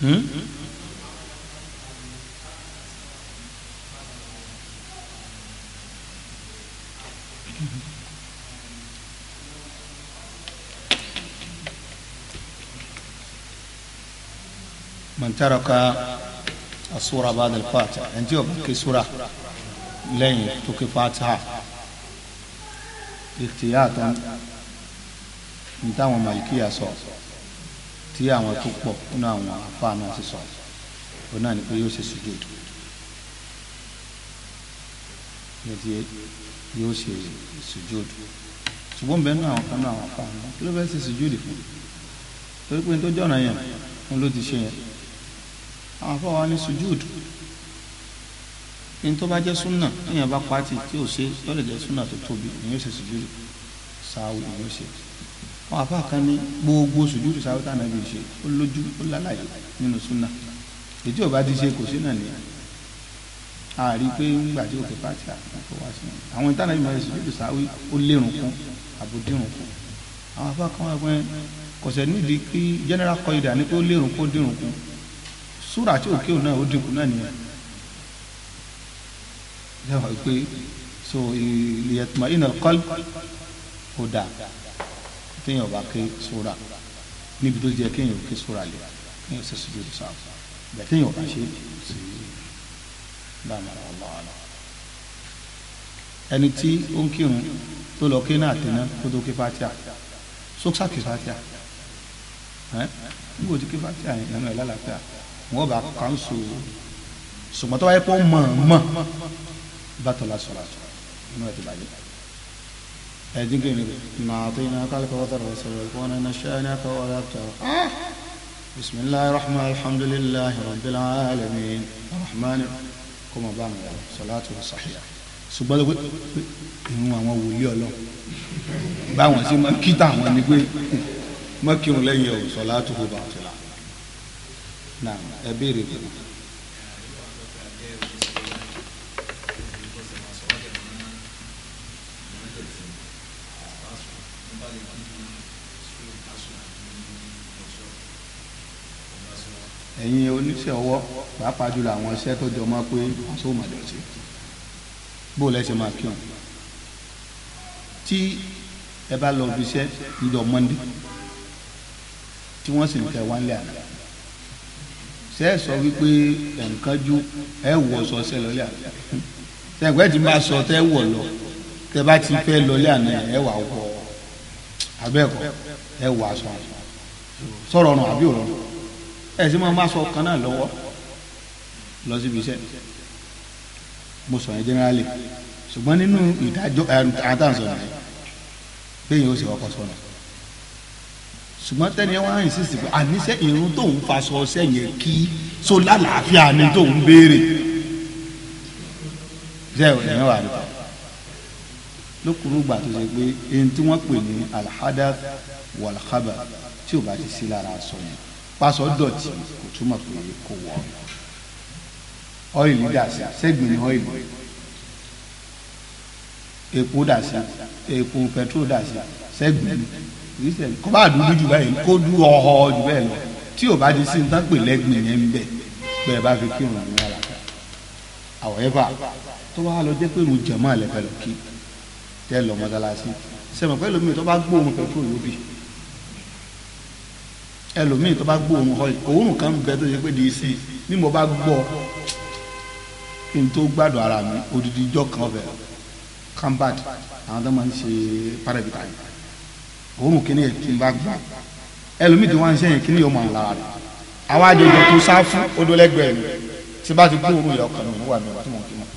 Speaker 1: من ترك الصورة بعد الفاتحة انت يبقى سورة لين تكي فاتحة اختياطا من تاوى مالكية صورة tí àwọn tó pọ̀ nínú àwọn afá náà ti sọ ọ náà ni pé yóò ṣe sùjúdù yóò ṣe sùjúdù ṣùgbọ́n bẹ́ẹ̀ náà àwọn kan náà àwọn afá náà kí ló fẹ́ ṣe sùjúdù fún torí pé tó jọ̀nà yẹn wọn ló ti ṣe yẹn àwọn afá wa ní sùjúdù ní tó bá jẹ́ súnà níyàn bá pàtì tí ò ṣe yọ lè jẹ́ súnà tó tóbi ìyẹn ó ṣe sùjúdù sáà ìyẹn ó ṣe sùjúdù wọn àfa kan ní gbogbo sùjúdù sáwọ́tà nàbì ṣe ó lójú ó lálàyé nínú súnà ètí ò bá ti ṣe kò sí náà nìyẹn àrí pé ńgbà tí òkè pàtì àkókò wá sí àwọn ìtàn nàbì máa ṣe sùjúdù sáwí ó lérun kún àbòdìrún kún àwọn àfa kan wà pé kọ̀sẹ̀ nídìí kí general kọ́ìdà ní pé ó lérun kún ó kún súrà tí òkè náà ó dínkù náà nìyẹn lẹ́wọ̀n pé so ìlẹ̀tùmọ̀ ìnà kọ́l kò dáa téèyàn bá ké sóra níbi tó jẹ kéèyàn ké sóra lè kéèyàn ṣe sùjúdù sáà bẹ́ẹ̀ téèyàn bá ṣe sí dáná ọlọ́ àlọ́ ẹni tí ó ń kírun tó lọ ké náà tẹ̀ná kó tó ké fatia sóksà ké fatia ẹ́ níbo tí ké fatia yẹn lẹ́nu ẹ̀ lálàáfíà wọ́n bá kánṣu ṣùgbọ́n tó wáyé pọ́ mọ̀ mọ̀ bàtọ̀ la sọ̀rọ̀ inú ẹ̀ ti bàjẹ́. أدقني ما أعطيناك الكوثر وسيكون نشأناك ولا أبتر بسم الله الرحمن الحمد لله رب العالمين الرحمن كما بان صلاة صحيحة ṣùgbọ́n ló pé ìhun àwọn wòlíì ọlọ báwọn ṣe máa kí táwọn ni pé mọ́kírun lẹ́yìn ọ̀sọ̀ látòkò bàtìlá náà ẹ béèrè bẹ̀rẹ̀. ẹ̀yin oníṣẹ́ ọwọ́ pàápàá jùlọ àwọn iṣẹ́ tó jọ mọ́ pé aṣọ òmàdọ̀tí bó lẹ́sẹ̀ máa kírun tí ẹ bá lọ ibiṣẹ́ níjọ mọ́ndé tí wọ́n sì ń tẹ wá nílé àná ṣe é sọ wípé ẹ̀ǹkan ju ẹ wọ̀ sọ ṣẹ lọ́lé àná ṣẹ̀gbẹ́ ti máa sọ tẹ́ wọ̀ lọ tẹ́ bá ti fẹ́ lọ́lé àná ẹ wà wọ̀ abẹ́ẹ̀kọ́ ẹ wọ̀ aṣọ sọ̀rọ̀ ọ̀nà àbí òrọ̀rùn ẹ̀sìn máa ń bá sọ ọ̀kan náà lọ́wọ́ lọ síbi iṣẹ́ mo sọ yẹn jẹ́nẹ́rálì ṣùgbọ́n nínú ìdájọ́ àtàǹsọ̀ nìyẹn bẹ́ẹ̀ yóò ṣe ọkọ̀ sọ̀rọ̀ ṣùgbọ́n tẹ́ni ẹ wá ń sísì pé àníṣe irun tó ń faṣọ ọṣẹ yẹn kí so lálàáfíà ni tó ń béèrè
Speaker 2: ṣe ò ní wà nípa
Speaker 1: lókùnrin ìgbà tó ṣe pé ẹni tí wọ́n pè ní alhadath walhaba tí ò bá ti sí lára aṣọ yẹn pásọ dọ̀tí kò túmọ̀ pé kò wọ̀ ọ́ìlì dà sí sẹ́gbìn ní ọ́ìlì epo dà sí epo pẹtrol dà sí sẹ́gbìn ní sẹ́gbìn kó bá dúdú jù báyìí kó dú ọ̀họ́ jù bẹ́ẹ̀ lọ tí o bá di sí nǹkan pè lẹ́gbìn yẹn ń bẹ̀ bẹ́ẹ̀ bá fi kírun àmì ara however tó wá lọ jẹ́ pé mo jẹ̀ mọ́ àlẹ́ pẹ̀lú kí tẹ́ lọ mọ́tálásí sẹ́mi pẹ́lú mi tó bá gbóhùn pẹtrol yóò ẹlòmíì tó bá gbọ́ òun hall òórùn kan bẹ tó ṣe pé di sí bí mo bá gbọ́ kí n tó gbádùn ara mi odidi ijọ́ kan ọbẹ̀ kambad àwọn tó máa ń ṣe parabita yìí òórùn kìíní yẹn tí n bá gbọ́ ẹlòmíì tó wá ń sẹ́yìn kìíní yóò máa ń lára àwọn àjọyọ̀ tó sáfù odolẹ́gbẹ̀ẹ́ mi tí bá ti gbóòórùn yẹn ọkàn mi wà mí wà tó mọ̀ kí mọ̀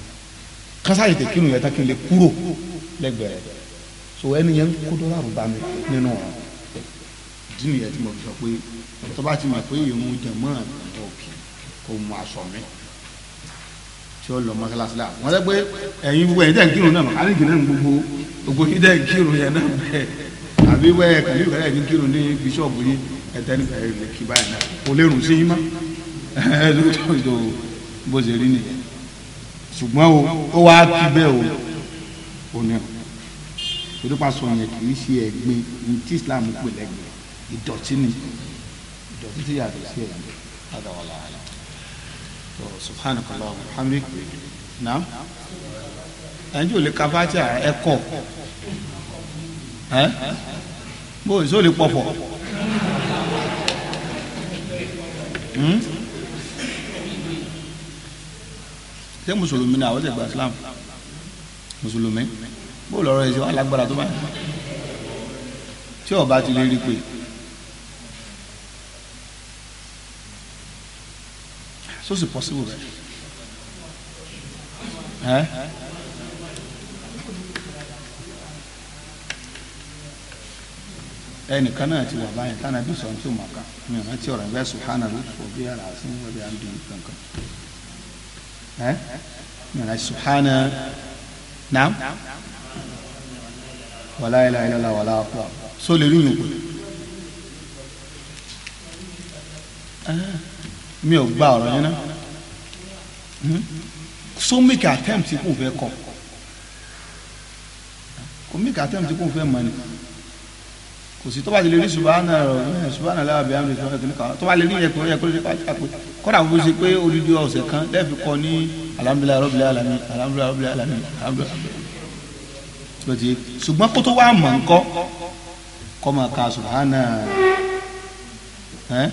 Speaker 1: kásáyì tẹ kírun yẹn tán kí n lè kúrò lẹ́gbẹ̀ẹ́ rẹ̀ so ẹni yẹn kó dọ́là rúbá mi nínú ọ̀rọ̀ ìdí nìyẹn tí mo fi sọ pé tó bá ti mọ̀ pé ìrun jẹ̀mọ́ àgbà òkè kò mú aṣọ mi tí ó lọ mọ́sálásí la wọ́n sẹ́ pé ẹ̀yin gbogbo ẹ̀yin dẹ́n kírun náà mọ̀ alẹ́ kìnnìún gbogbo gbogbo yín dẹ́n kírun yẹn náà bẹ́ẹ̀ àbí wẹ́ kàlí ìfẹ́ ẹ̀yin kírun ní bíṣọ̀bù yín ẹ̀tẹ́ nípa ẹ̀rìn kí báyìí náà kò lè rùn sí yín mọ́ ẹ̀ẹ́dọ́dọ́ bó ṣe rí nìyẹn ṣùgbọ́n o ó wá ti bẹ́ẹ̀
Speaker 2: o
Speaker 1: ò ní ọ̀ torípa sọ̀yìn kì í ṣe ẹ̀gbin ní tí Islam pè lẹ́gbẹ̀ẹ́ ìdọ̀tí ni ìdọ̀tí ti yàtọ̀ sí ẹ̀yàn lọ́dọ̀ wà láàlá tó subhanaka Allahumma wa bihamdika naam ẹnjú ò lè ka fájà ẹ kọ ẹ bó o sọ lè pọ̀pọ̀ hmm? ṣé mùsùlùmí ni àwọn ti gba Islam mùsùlùmí bó lọ́rọ̀ ẹ̀ ṣe wà lágbára tó báyìí tí ọba ti lè rí i pé. so sì possible
Speaker 2: bẹ́ẹ̀
Speaker 3: ẹ́
Speaker 1: ẹnìkan náà ti wà báyìí tánà bí sọ̀rọ̀ tí o mọ̀ ká mi ò rántí ọ̀rọ̀ ìbẹ́ sùhánà ló fò bí ara àsìn wọ́n bí àǹdí kankan ẹ́ mi ò rántí sùhánà naam wàlá ilà ilà ilà wàlá àpò so lè rí yòókù mi ò gba ọ̀rọ̀ yẹn náà hmm? so make attempt kò fẹ́ kọ kò make attempt kò fẹ́ mọ ni kò sí tó bá ti lè rí subahana rẹ subahana lẹ́wà bí amúlẹ̀ fún ẹ̀kíní kan tó bá lè rí yẹn kò yẹ kó lè pa ṣàpè kọ́dà kó ṣe pé olùdí ọ̀sẹ̀ kan lẹ́ẹ̀fi kọ ní alhamdulilayi rabbil alamin alhamdulilayi rabbil alamin alhamdulilayi ṣùgbọ́n kó tó wá mọ̀ ńkọ́ kọ́ máa ka subahana ẹ́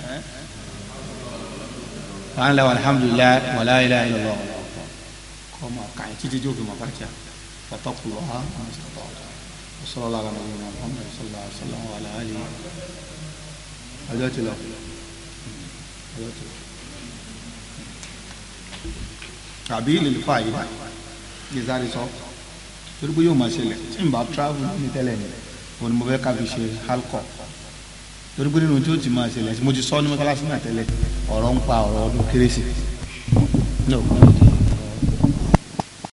Speaker 1: wàhálà alhamdulilayi wàlá ilà ilà lọ kọ́ ma kàn yín títí tí o fi ma fàkíyà fàtà kúlọ̀ ha sọlá la kàmá yìí muhammed sọlá sọlá wà lá àlè ọjọ́ ti lọ ọjọ́ ti lọ. tàbí ìlèlè fún àyè ní sáré sọ torí pé yóò máa ṣẹlẹ̀ n bá travel ní tẹ́lẹ̀ ni òun ni mo fẹ́ ká fi ṣe alcohol torí pé nínú tí ó ti máa ṣẹlẹ̀ mo ti sọ ní mọ́kálásí náà tẹ́lẹ̀ ọ̀rọ̀ ń pa ọ̀rọ̀ ọdún kérésì.